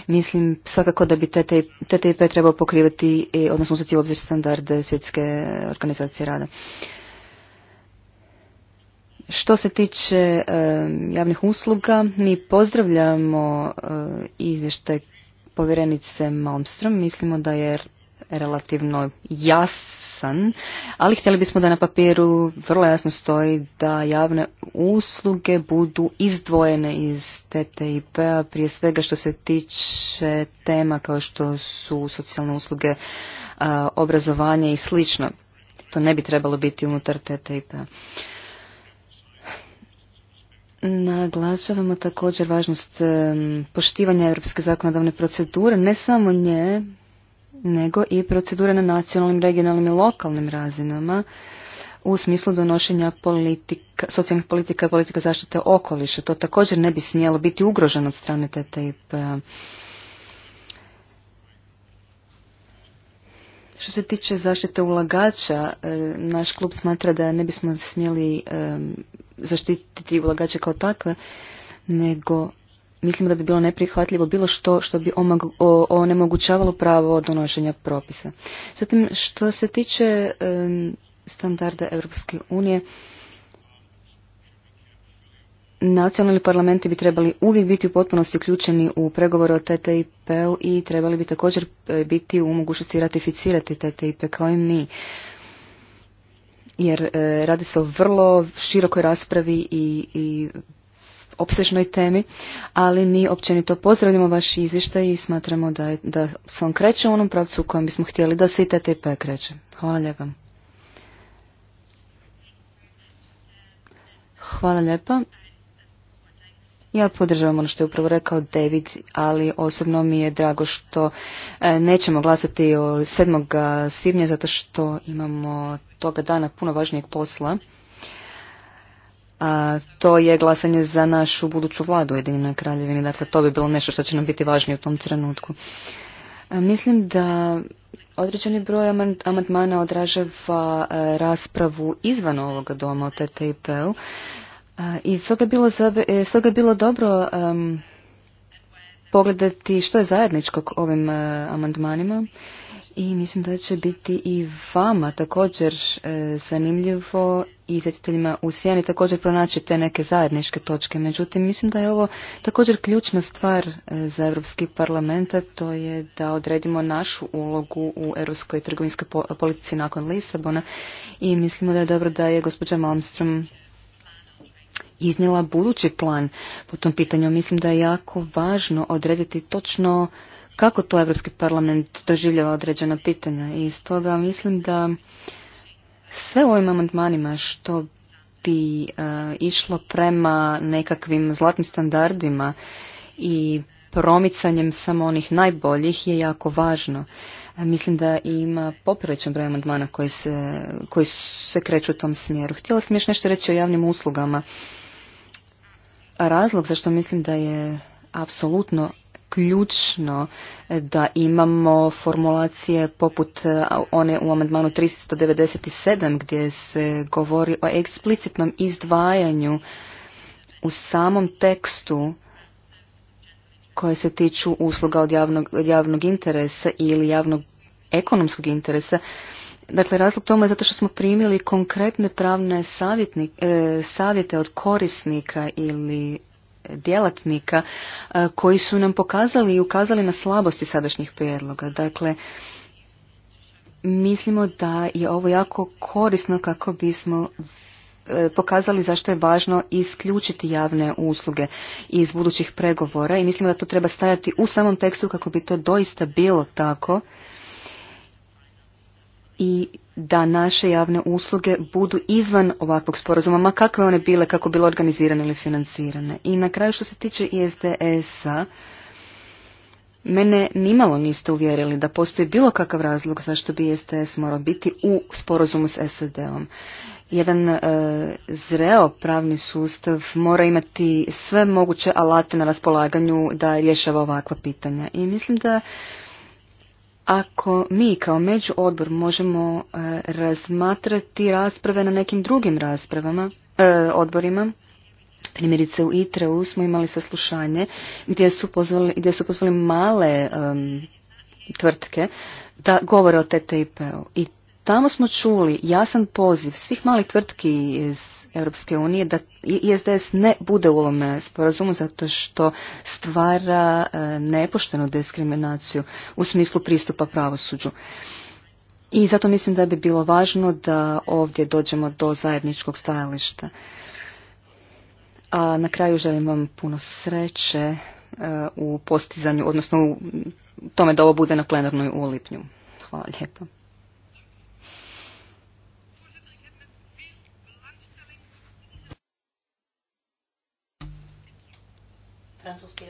Mislim svakako da bi TTIP trebao pokrivati, odnosno uzeti u obzir standarde svjetske organizacije rada. Što se tiče javnih usluga, mi pozdravljamo e, izvještaj povjerenice Malmström. Mislimo da je relativno jasan, ali htjeli bismo da na papiru vrlo jasno stoji da javne usluge budu izdvojene iz TTIP-a, prije svega što se tiče tema kao što su socijalne usluge, obrazovanje i slično. To ne bi trebalo biti unutar TTIP-a. Naglašavamo također važnost poštivanja europske zakonodavne procedure, ne samo nje, nego i procedure na nacionalnim, regionalnim i lokalnim razinama u smislu donošenja politika, socijalnih politika i politika zaštite okoliša. To također ne bi smjelo biti ugroženo od strane TTIP. P-a. Što se tiče zaštite ulagača, e, naš klub smatra da ne bismo smjeli e, zaštititi ulagače kao takve, nego Mislimo da bi bilo neprihvatljivo bilo što što bi onemogućavalo pravo donošenja propisa. Zatim, što se tiče standarda Europske unije, Nacionalni parlamenti bi trebali uvijek biti u potpunosti uključeni u pregovore o TTIP-u i trebali bi također e, biti u mogućnosti ratificirati TTIP kao i mi. Jer e, radi se o vrlo širokoj raspravi i, i opsežnoj temi, ali mi općenito pozdravljamo vaš izvještaj i smatramo da, da se on kreće u onom pravcu u kojem bismo htjeli da se i TTIP kreće. Hvala lijepa. Hvala lijepa. Ja podržavam ono što je upravo rekao David, ali osobno mi je drago što e, nećemo glasati o 7. svibnja zato što imamo toga dana puno važnijeg posla a to je glasanje za našu buduću vladu u Jedinjenoj kraljevini. Dakle, to bi bilo nešto što će nam biti važnije u tom trenutku. mislim da određeni broj amandmana odražava e, raspravu izvan ovoga doma o TTIP-u i stoga je bilo, e, dobro pogledati što je zajedničko k ovim e, amandmanima i mislim da će biti i vama također e, zanimljivo i izvjetiteljima u Sijeni također pronaći te neke zajedničke točke. Međutim, mislim da je ovo također ključna stvar e, za Europski parlament, to je da odredimo našu ulogu u europskoj trgovinskoj politici nakon Lisabona i mislimo da je dobro da je gospođa Malmström iznijela budući plan po tom pitanju. Mislim da je jako važno odrediti točno kako to Europski parlament doživljava određena pitanja i stoga mislim da sve ovim amandmanima što bi e, išlo prema nekakvim zlatnim standardima i promicanjem samo onih najboljih je jako važno. E, mislim da ima popriličan broj amandmana koji se, kreću u tom smjeru. Htjela sam još nešto reći o javnim uslugama. razlog zašto mislim da je apsolutno ključno da imamo formulacije poput one u amandmanu 397 gdje se govori o eksplicitnom izdvajanju u samom tekstu koje se tiču usluga od javnog, javnog interesa ili javnog ekonomskog interesa. Dakle, razlog tome je zato što smo primili konkretne pravne e, savjete od korisnika ili djelatnika e, koji su nam pokazali i ukazali na slabosti sadašnjih prijedloga. Dakle, mislimo da je ovo jako korisno kako bismo e, pokazali zašto je važno isključiti javne usluge iz budućih pregovora i mislimo da to treba stajati u samom tekstu kako bi to doista bilo tako i da naše javne usluge budu izvan ovakvog sporazuma, ma kakve one bile, kako bile organizirane ili financirane. I na kraju što se tiče ISDS-a, e mene nimalo niste uvjerili da postoji bilo kakav razlog zašto bi ISDS e morao biti u sporazumu s SAD-om. Jedan e, zreo pravni sustav mora imati sve moguće alate na raspolaganju da rješava ovakva pitanja. I mislim da ako mi kao međuodbor možemo e, razmatrati rasprave na nekim drugim raspravama, e, odborima, primjerice u ITREU smo imali saslušanje gdje su pozvali, gdje su male tvrtke da govore o TTIP-u i tamo smo čuli jasan poziv svih malih tvrtki iz Europske unije da ISDS ne bude u ovom sporazumu zato što stvara e, nepoštenu diskriminaciju u smislu pristupa pravosuđu. I zato mislim da bi bilo važno da ovdje dođemo do zajedničkog stajališta. A na kraju želim vam puno sreće e, u postizanju, odnosno u tome da ovo bude na plenarnoj u lipnju. Hvala lijepo. Francuski.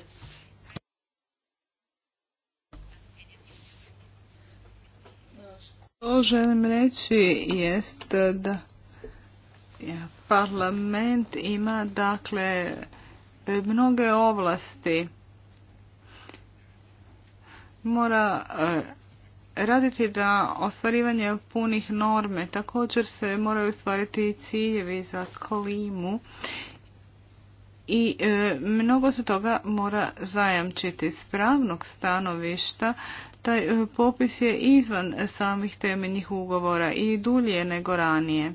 Što želim reći jest da parlament ima dakle mnoge ovlasti. Mora e, raditi da ostvarivanje punih norme također se moraju ostvariti i ciljevi za klimu i e, mnogo se toga mora zajamčiti s pravnog stanovišta. Taj e, popis je izvan samih temeljnih ugovora i dulje nego ranije.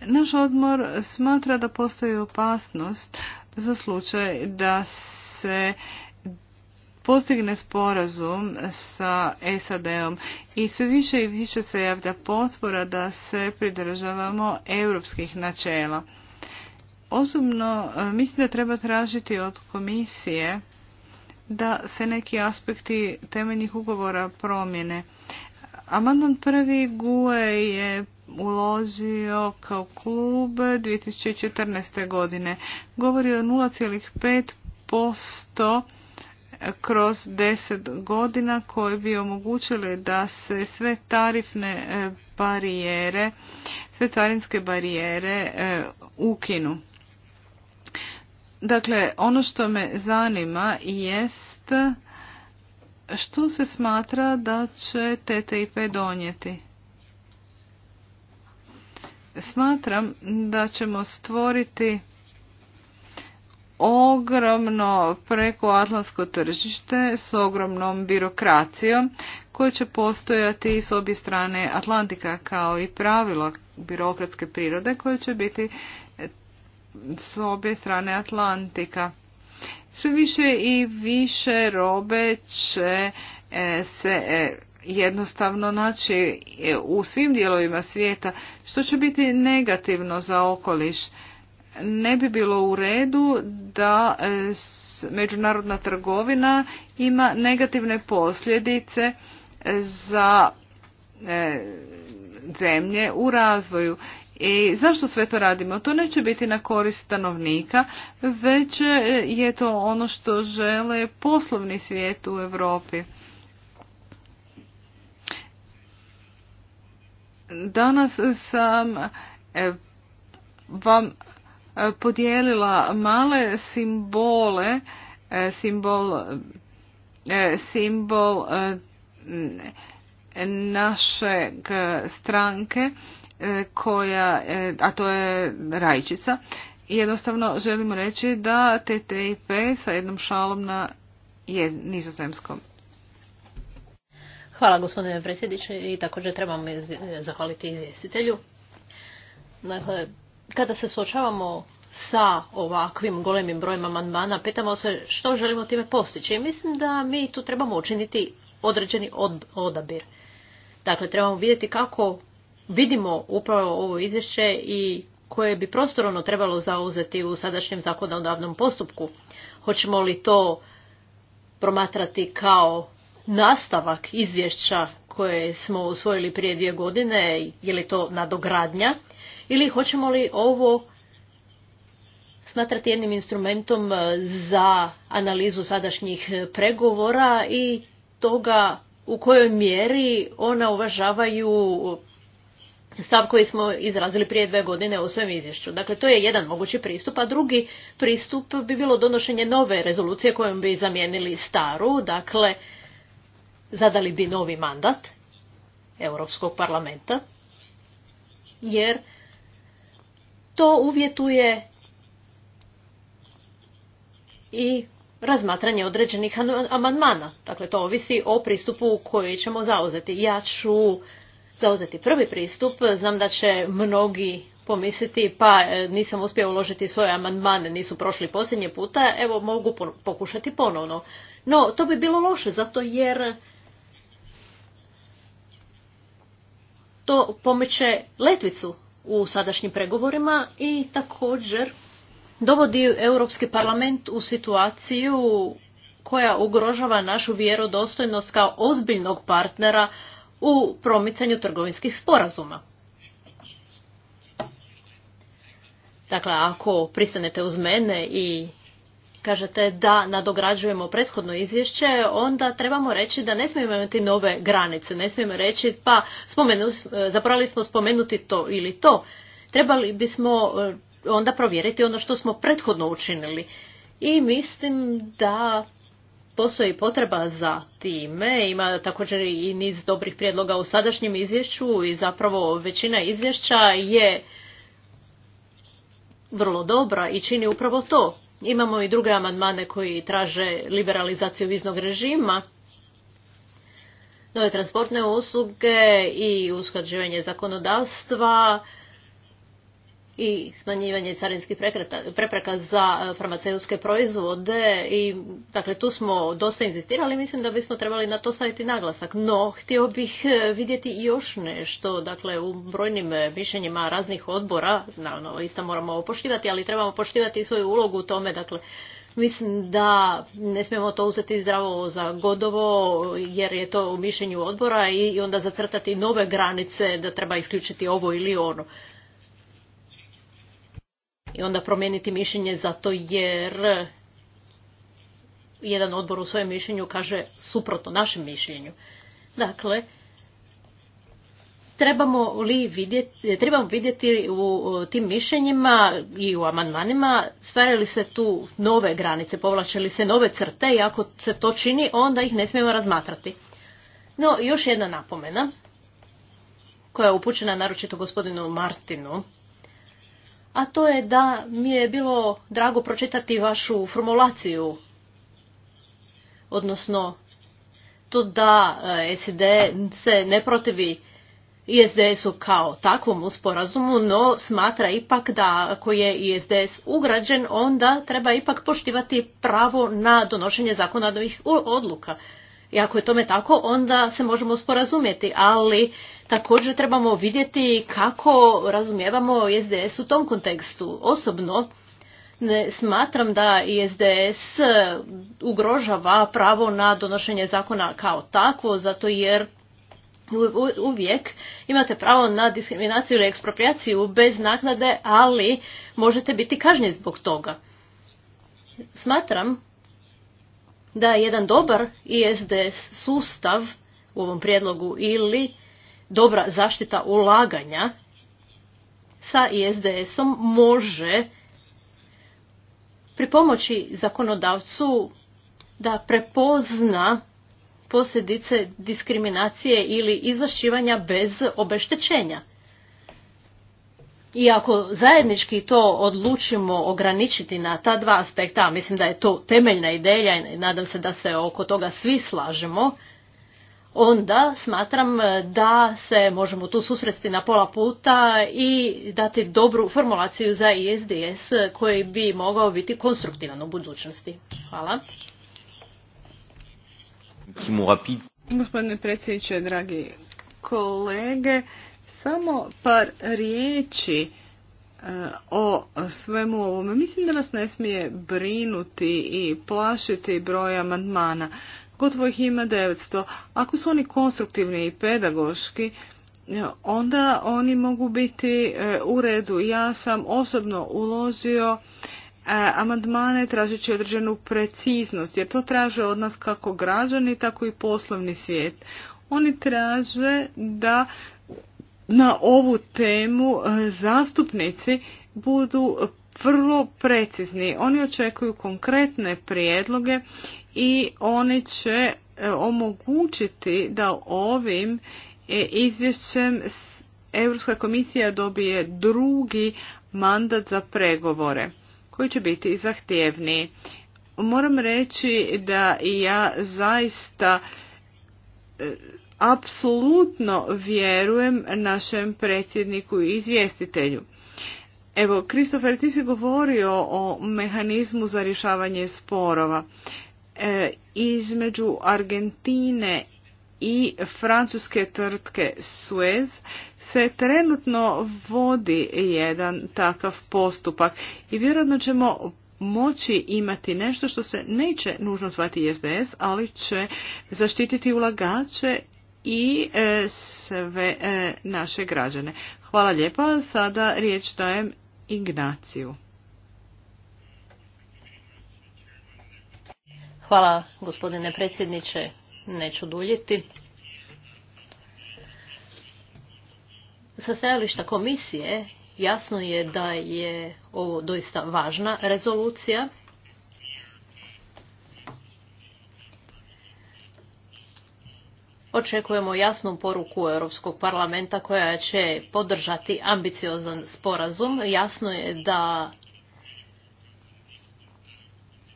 Naš odmor smatra da postoji opasnost za slučaj da se postigne sporazum sa SAD-om i sve više i više se javlja potpora da se pridržavamo europskih načela. Osobno e, mislim da treba tražiti od komisije da se neki aspekti temeljnih ugovora promjene. Amandman prvi GUE je uložio kao klub 2014. godine. Govori o 0,5% kroz 10 godina koji bi omogućili da se sve tarifne e, barijere, sve carinske barijere e, ukinu. Dakle, ono što me zanima jest što se smatra da će TTIP donijeti. Smatram da ćemo stvoriti ogromno prekoatlantsko tržište s ogromnom birokracijom koje će postojati s obje strane Atlantika kao i pravila birokratske prirode koje će biti s obje strane Atlantika. Sve više i više robe će e, se e, jednostavno naći e, u svim dijelovima svijeta, što će biti negativno za okoliš. Ne bi bilo u redu da međunarodna trgovina ima negativne posljedice za zemlje u razvoju i zašto sve to radimo? To neće biti na korist stanovnika, već e, je to ono što žele poslovni svijet u Europi. Danas sam e, vam e, podijelila male simbole, simbol, simbol našeg stranke E, koja, e, a to je rajčica. jednostavno želimo reći da TTIP sa jednom šalom na nizozemskom. Hvala gospodine predsjedniče i također trebamo zahvaliti izvjestitelju. Dakle, kada se suočavamo sa ovakvim golemim brojem amandmana, pitamo se što želimo time postići. I mislim da mi tu trebamo učiniti određeni odabir. Dakle, trebamo vidjeti kako vidimo upravo ovo izvješće i koje bi prostorno trebalo zauzeti u sadašnjem zakonodavnom postupku. Hoćemo li to promatrati kao nastavak izvješća koje smo usvojili prije dvije godine, je li to nadogradnja, ili hoćemo li ovo smatrati jednim instrumentom za analizu sadašnjih pregovora i toga u kojoj mjeri ona uvažavaju stav koji smo izrazili prije dve godine u svojem izvješću. Dakle, to je jedan mogući pristup, a drugi pristup bi bilo donošenje nove rezolucije kojom bi zamijenili staru, dakle, zadali bi novi mandat Europskog parlamenta, jer to uvjetuje i razmatranje određenih amandmana. Dakle, to ovisi o pristupu koji ćemo zauzeti. Ja ću zauzeti prvi pristup. Znam da će mnogi pomisliti pa e, nisam uspio uložiti svoje amandmane, nisu prošli posljednje puta, evo mogu pokušati ponovno. No, to bi bilo loše, zato jer to pomeće letvicu u sadašnjim pregovorima i također dovodi Europski parlament u situaciju koja ugrožava našu vjerodostojnost kao ozbiljnog partnera u promicanju trgovinskih sporazuma. Dakle, ako pristanete uz mene i kažete da nadograđujemo prethodno izvješće, onda trebamo reći da ne smijemo imati nove granice, ne smijemo reći pa zapravili smo spomenuti to ili to. Trebali bismo e, onda provjeriti ono što smo prethodno učinili. I mislim da postoji potreba za time. Ima također i niz dobrih prijedloga u sadašnjem izvješću i zapravo većina izvješća je vrlo dobra i čini upravo to. Imamo i druge amandmane koji traže liberalizaciju viznog režima, nove transportne usluge i usklađivanje zakonodavstva, i smanjivanje carinskih prepreka za e, farmaceutske proizvode i dakle tu smo dosta inzistirali, mislim da bismo trebali na to staviti naglasak. No, htio bih e, vidjeti još nešto, dakle u brojnim e, mišljenjima raznih odbora, naravno isto moramo poštivati, ali trebamo poštivati i svoju ulogu u tome, dakle Mislim da ne smijemo to uzeti zdravo za godovo jer je to u mišljenju odbora i onda zacrtati nove granice da treba isključiti ovo ili ono i onda promijeniti mišljenje zato jer jedan odbor u svojem mišljenju kaže suprotno našem mišljenju. Dakle, trebamo li vidjeti, trebamo vidjeti u tim mišljenjima i u amandmanima stvaraju li se tu nove granice, povlače li se nove crte i ako se to čini onda ih ne smijemo razmatrati. No, još jedna napomena koja je upućena naročito gospodinu Martinu a to je da mi je bilo drago pročitati vašu formulaciju, odnosno to da e, SED se ne protivi ISDS-u kao takvom u sporazumu, no smatra ipak da ako je ISDS ugrađen, onda treba ipak poštivati pravo na donošenje zakonodavnih odluka. I ako je tome tako, onda se možemo sporazumjeti, ali također trebamo vidjeti kako razumijevamo SDS u tom kontekstu. Osobno ne smatram da SDS ugrožava pravo na donošenje zakona kao takvo, zato jer uvijek imate pravo na diskriminaciju ili ekspropriaciju bez naknade, ali možete biti kažnjeni zbog toga. Smatram da jedan dobar ISDS sustav u ovom prijedlogu ili dobra zaštita ulaganja sa ISDS-om može pripomoći zakonodavcu da prepozna posljedice diskriminacije ili izvlašćivanja bez obeštećenja. I ako zajednički to odlučimo ograničiti na ta dva aspekta, mislim da je to temeljna ideja i nadam se da se oko toga svi slažemo, onda smatram e, da se možemo tu susresti na pola puta i dati dobru formulaciju za ISDS koji bi mogao biti konstruktivan u budućnosti. Hvala. Gospodine predsjedniče, dragi kolege, samo par riječi e, o svemu ovome. Mislim da nas ne smije brinuti i plašiti broj amandmana. Gotovo ih ima 900. Ako su oni konstruktivni i pedagoški, e, onda oni mogu biti e, u redu. Ja sam osobno uložio amandmane tražeći određenu preciznost, jer to traže od nas kako građani, tako i poslovni svijet. Oni traže da na ovu temu e, zastupnici budu vrlo precizni. Oni očekuju konkretne prijedloge i oni će e, omogućiti da ovim e, izvješćem Europska komisija dobije drugi mandat za pregovore koji će biti zahtjevniji. Moram reći da ja zaista apsolutno vjerujem našem predsjedniku i izvjestitelju. Evo, Kristofer, ti si govorio o mehanizmu za rješavanje sporova. E, između Argentine i francuske tvrtke Suez se trenutno vodi jedan takav postupak i vjerojatno ćemo moći imati nešto što se neće nužno zvati SDS, ali će zaštititi ulagače i e, sve e, naše građane. Hvala lijepa. Sada riječ dajem Ignaciju. Hvala gospodine predsjedniče. Neću duljiti. Sa stajališta komisije jasno je da je ovo doista važna rezolucija Očekujemo jasnu poruku Europskog parlamenta koja će podržati ambiciozan sporazum. Jasno je da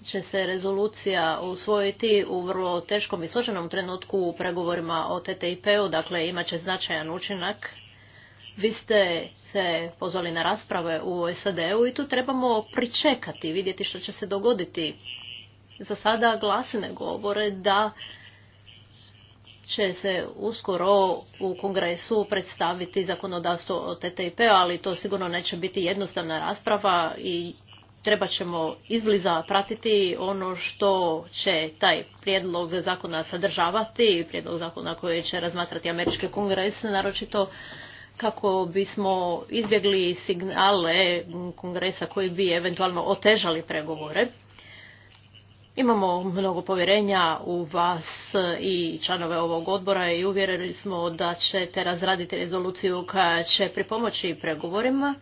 će se rezolucija usvojiti u vrlo teškom i složenom trenutku u pregovorima o TTIP-u, dakle imat će značajan učinak. Vi ste se pozvali na rasprave u SAD-u i tu trebamo pričekati, vidjeti što će se dogoditi. Za sada glasine govore da će se uskoro u kongresu predstaviti zakonodavstvo o TTIP, ali to sigurno neće biti jednostavna rasprava i treba ćemo izbliza pratiti ono što će taj prijedlog zakona sadržavati, prijedlog zakona koji će razmatrati američki kongres, naročito kako bismo izbjegli signale kongresa koji bi eventualno otežali pregovore. Imamo mnogo povjerenja u vas i članove ovog odbora i uvjereni smo da ćete razraditi rezoluciju koja će pripomoći pregovorima.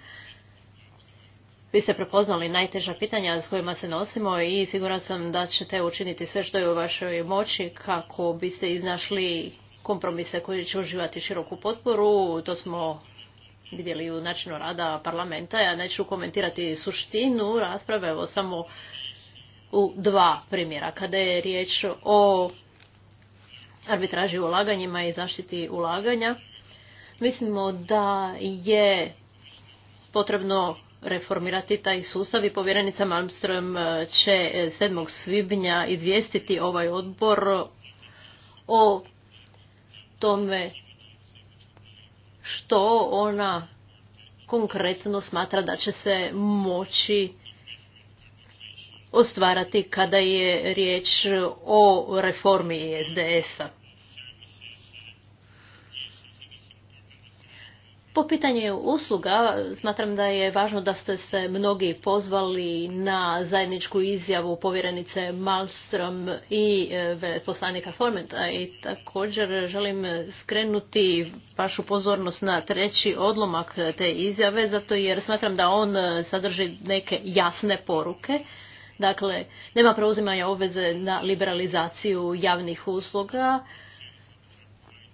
Vi ste prepoznali najteža pitanja s kojima se nosimo i siguran sam da ćete učiniti sve što je u vašoj moći kako biste iznašli kompromise koji će uživati široku potporu. To smo vidjeli u načinu rada parlamenta. Ja neću komentirati suštinu rasprave, evo samo u dva primjera. Kada je riječ o arbitraži ulaganjima i zaštiti ulaganja, mislimo da je potrebno reformirati taj sustav i povjerenica Malmström e, će 7. E, svibnja izvijestiti ovaj odbor o tome što ona konkretno smatra da će se moći ostvarati kada je riječ o reformi SDS-a. Po pitanju usluga, smatram da je važno da ste se mnogi pozvali na zajedničku izjavu povjerenice Malmström i e, poslanika Formenta i također želim skrenuti vašu pozornost na treći odlomak te izjave, zato jer smatram da on sadrži neke jasne poruke Dakle, nema preuzimanja obveze na liberalizaciju javnih usluga,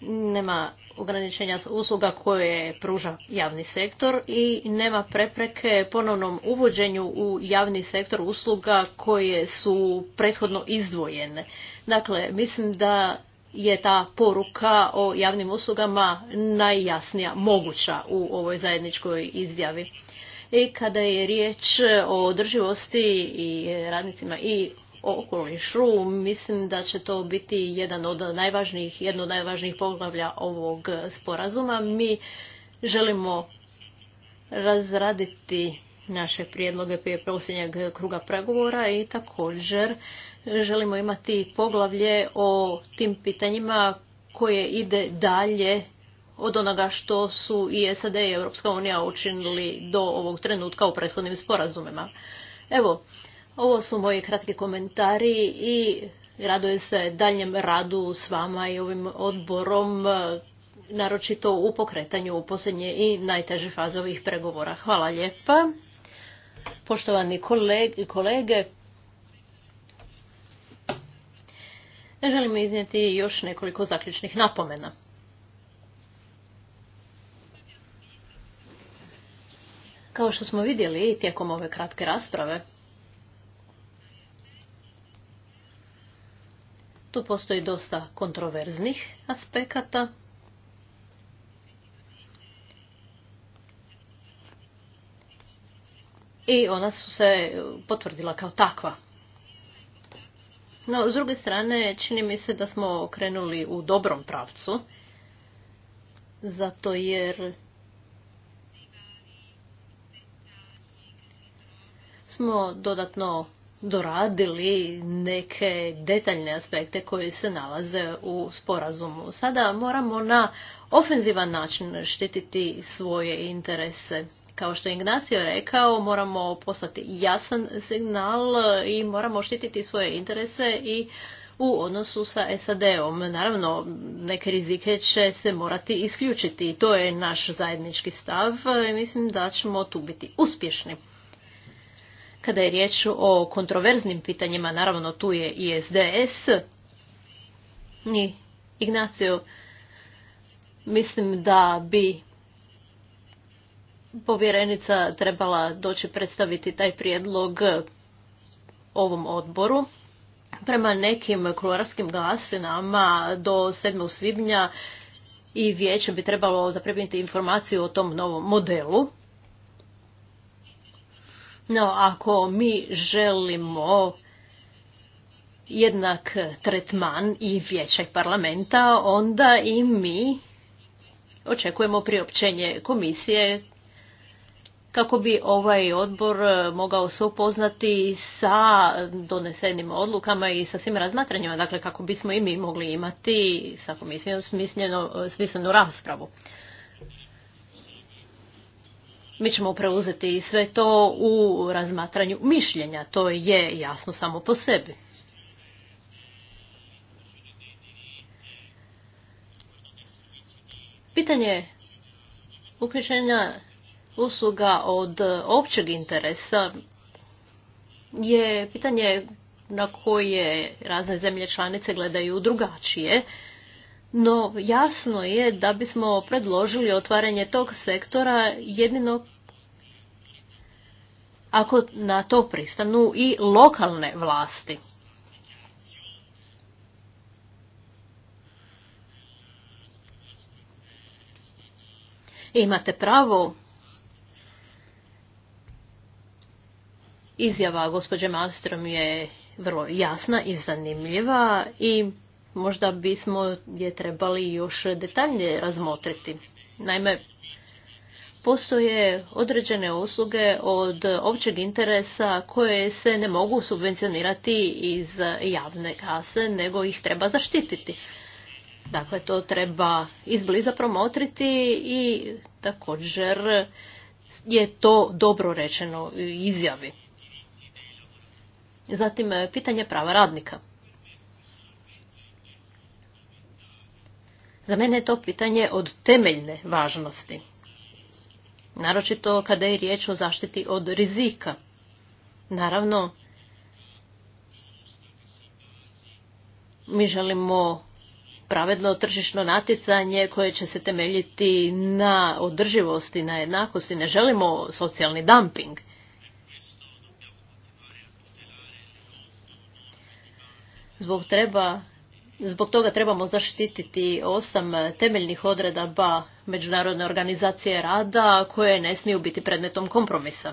nema ograničenja usluga koje pruža javni sektor i nema prepreke ponovnom uvođenju u javni sektor usluga koje su prethodno izdvojene. Dakle, mislim da je ta poruka o javnim uslugama najjasnija moguća u ovoj zajedničkoj izjavi i kada je riječ o održivosti i radnicima i o okolišu, mislim da će to biti jedan od najvažnijih, jedno od najvažnijih poglavlja ovog sporazuma. Mi želimo razraditi naše prijedloge prije posljednjeg kruga pregovora i također želimo imati poglavlje o tim pitanjima koje ide dalje od onoga što su i SAD i Europska unija učinili do ovog trenutka u prethodnim sporazumima. Evo, ovo su moji kratki komentari i radujem se daljem radu s vama i ovim odborom, naročito u pokretanju u posljednje i najteže faze ovih pregovora. Hvala lijepa. Poštovani kolege, kolege želim iznijeti još nekoliko zaključnih napomena. Kao što smo vidjeli tijekom ove kratke rasprave, tu postoji dosta kontroverznih aspekata. I ona su se potvrdila kao takva. No, s druge strane, čini mi se da smo krenuli u dobrom pravcu, zato jer smo dodatno doradili neke detaljne aspekte koji se nalaze u sporazumu. Sada moramo na ofenzivan način štititi svoje interese. Kao što je Ignacio rekao, moramo poslati jasan signal i moramo štititi svoje interese i u odnosu sa SAD-om. Naravno, neke rizike će se morati isključiti i to je naš zajednički stav i mislim da ćemo tu biti uspješni. Kada je riječ o kontroverznim pitanjima, naravno tu je i SDS. I Ignacio, mislim da bi povjerenica trebala doći predstaviti taj prijedlog ovom odboru. Prema nekim klorarskim glasinama do 7. svibnja i vijeće bi trebalo zaprimiti informaciju o tom novom modelu. No, ako mi želimo jednak tretman i vječaj parlamenta, onda i mi očekujemo priopćenje komisije kako bi ovaj odbor mogao se upoznati sa donesenim odlukama i sa svim razmatranjima, dakle kako bismo i mi mogli imati sa komisijom smislenu raspravu. Mi ćemo preuzeti sve to u razmatranju mišljenja, to je jasno samo po sebi. Pitanje uključenja usluga od općeg interesa je pitanje na koje razne zemlje članice gledaju drugačije no jasno je da bismo predložili otvaranje tog sektora jedino ako na to pristanu i lokalne vlasti. Imate pravo izjava gospođe Malmström je vrlo jasna i zanimljiva i možda bismo je trebali još detaljnije razmotriti. Naime, postoje određene usluge od općeg interesa koje se ne mogu subvencionirati iz javne kase, nego ih treba zaštititi. Dakle, to treba izbliza promotriti i također je to dobro rečeno izjavi. Zatim, pitanje prava radnika. Za mene je to pitanje od temeljne važnosti. Naročito kada je riječ o zaštiti od rizika. Naravno, mi želimo pravedno tržišno natjecanje koje će se temeljiti na održivosti, na jednakosti. Ne želimo socijalni dumping. Zbog treba Zbog toga trebamo zaštititi osam temeljnih odredaba Međunarodne organizacije rada koje ne smiju biti predmetom kompromisa.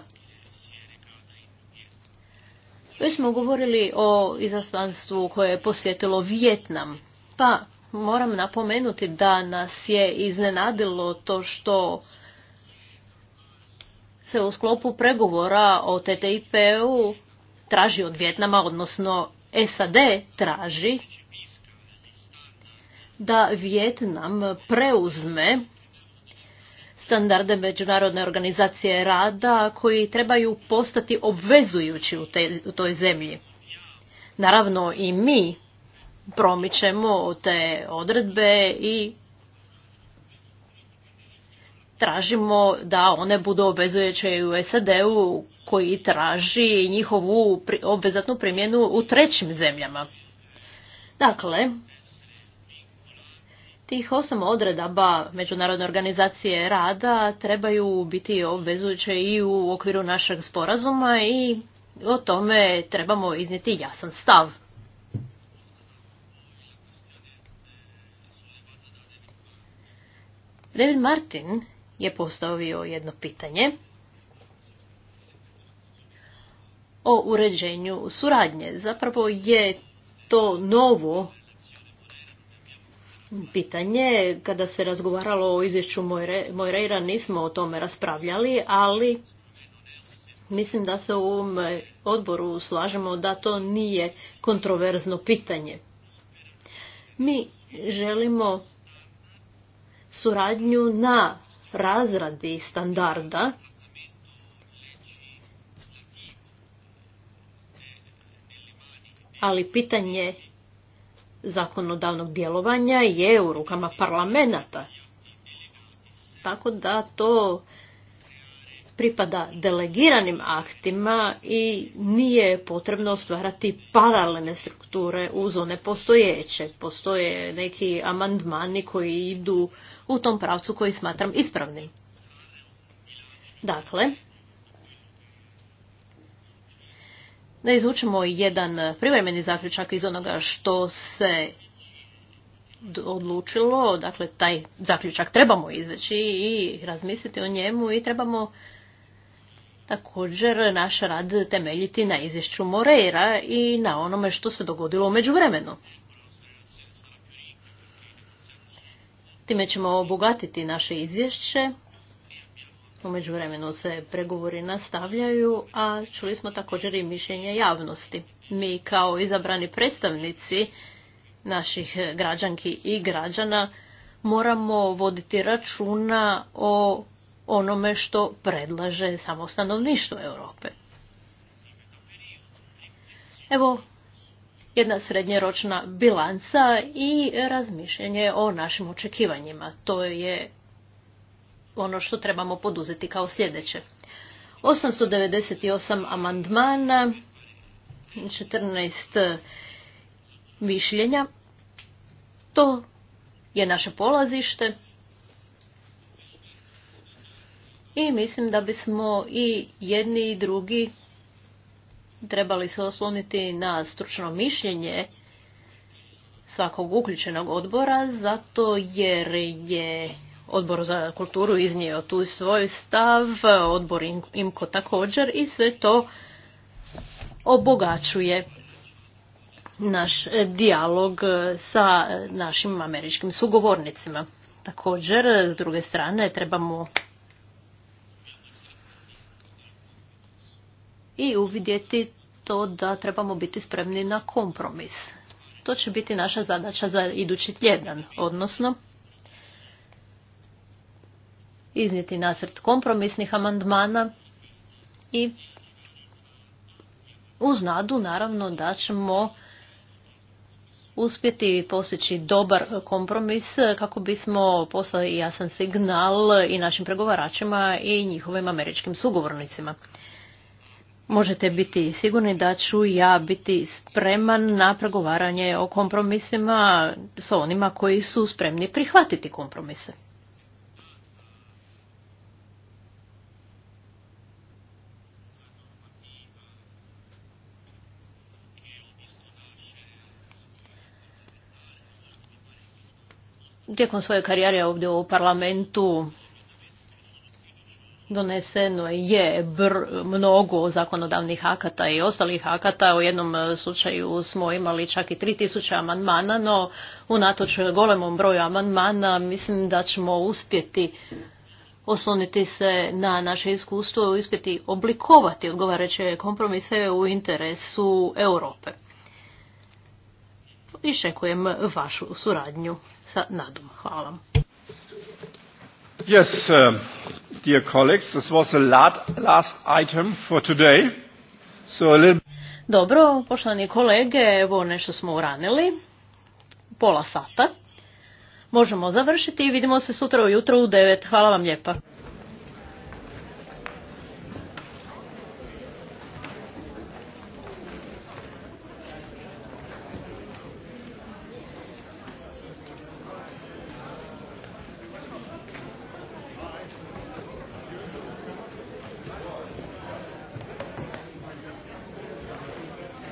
Već smo govorili o izaslanstvu koje je posjetilo Vjetnam. Pa moram napomenuti da nas je iznenadilo to što se u sklopu pregovora o TTIP-u traži od Vjetnama, odnosno SAD traži da Vjetnam preuzme standarde Međunarodne organizacije rada koji trebaju postati obvezujući u, toj zemlji. Naravno i mi promičemo te odredbe i tražimo da one budu obvezujuće i u SAD-u koji traži njihovu obvezatnu primjenu u trećim zemljama. Dakle, Tih osam odredaba Međunarodne organizacije rada trebaju biti obvezujuće i u okviru našeg sporazuma i o tome trebamo iznijeti jasan stav. David Martin je postavio jedno pitanje o uređenju suradnje. Zapravo je to novo pitanje. Kada se razgovaralo o izvješću Mojreira nismo o tome raspravljali, ali mislim da se u ovom odboru slažemo da to nije kontroverzno pitanje. Mi želimo suradnju na razradi standarda ali pitanje zakonodavnog djelovanja je u rukama parlamenta. Tako da to pripada delegiranim aktima i nije potrebno stvarati paralelne strukture uz one postojeće. Postoje neki amandmani koji idu u tom pravcu koji smatram ispravnim. Dakle, da izvučemo jedan eh, privremeni zaključak iz onoga što se odlučilo, dakle taj zaključak trebamo izveći i razmisliti o njemu i trebamo također naš rad temeljiti na izvješću Moreira i na onome što se dogodilo u vremenu. Time ćemo obogatiti naše izvješće u vremenu se pregovori nastavljaju, a čuli smo također i mišljenje javnosti. Mi kao izabrani predstavnici naših građanki i građana moramo voditi računa o onome što predlaže samo stanovništvo Europe. Evo jedna srednjeročna bilanca i razmišljanje o našim očekivanjima. To je ono što trebamo poduzeti kao sljedeće. 898 amandmana, 14 mišljenja. To je naše polazište. I mislim da bismo i jedni i drugi trebali se osloniti na stručno mišljenje svakog uključenog odbora, zato jer je Odbor za kulturu iznio tu svoj stav, odbor IMKO također i sve to obogaćuje naš e, dijalog e, sa našim američkim sugovornicima. Također, e, s druge strane, trebamo i uvidjeti to da trebamo biti spremni na kompromis. To će biti naša zadaća za idući tjedan, odnosno iznijeti nacrt kompromisnih amandmana i uz nadu naravno da ćemo uspjeti postići dobar kompromis kako bismo poslali jasan signal i našim pregovaračima i njihovim američkim sugovornicima. Možete biti sigurni da ću ja biti spreman na pregovaranje o kompromisima s onima koji su spremni prihvatiti kompromise. tijekom svoje karijere ovdje u parlamentu doneseno je br mnogo zakonodavnih akata i ostalih akata. U jednom e, slučaju smo imali čak i 3000 amandmana, no unatoč golemom broju amandmana mislim da ćemo uspjeti osloniti se na naše iskustvo i uspjeti oblikovati odgovarajuće kompromise u interesu Europe. Iščekujem vašu suradnju sa nadom. Hvala. Yes, uh, dear colleagues, this was the last item for today. So a little... Dobro, poštovani kolege, evo nešto smo uranili. Pola sata. Možemo završiti i vidimo se sutra ujutro u 9. Hvala vam lijepa.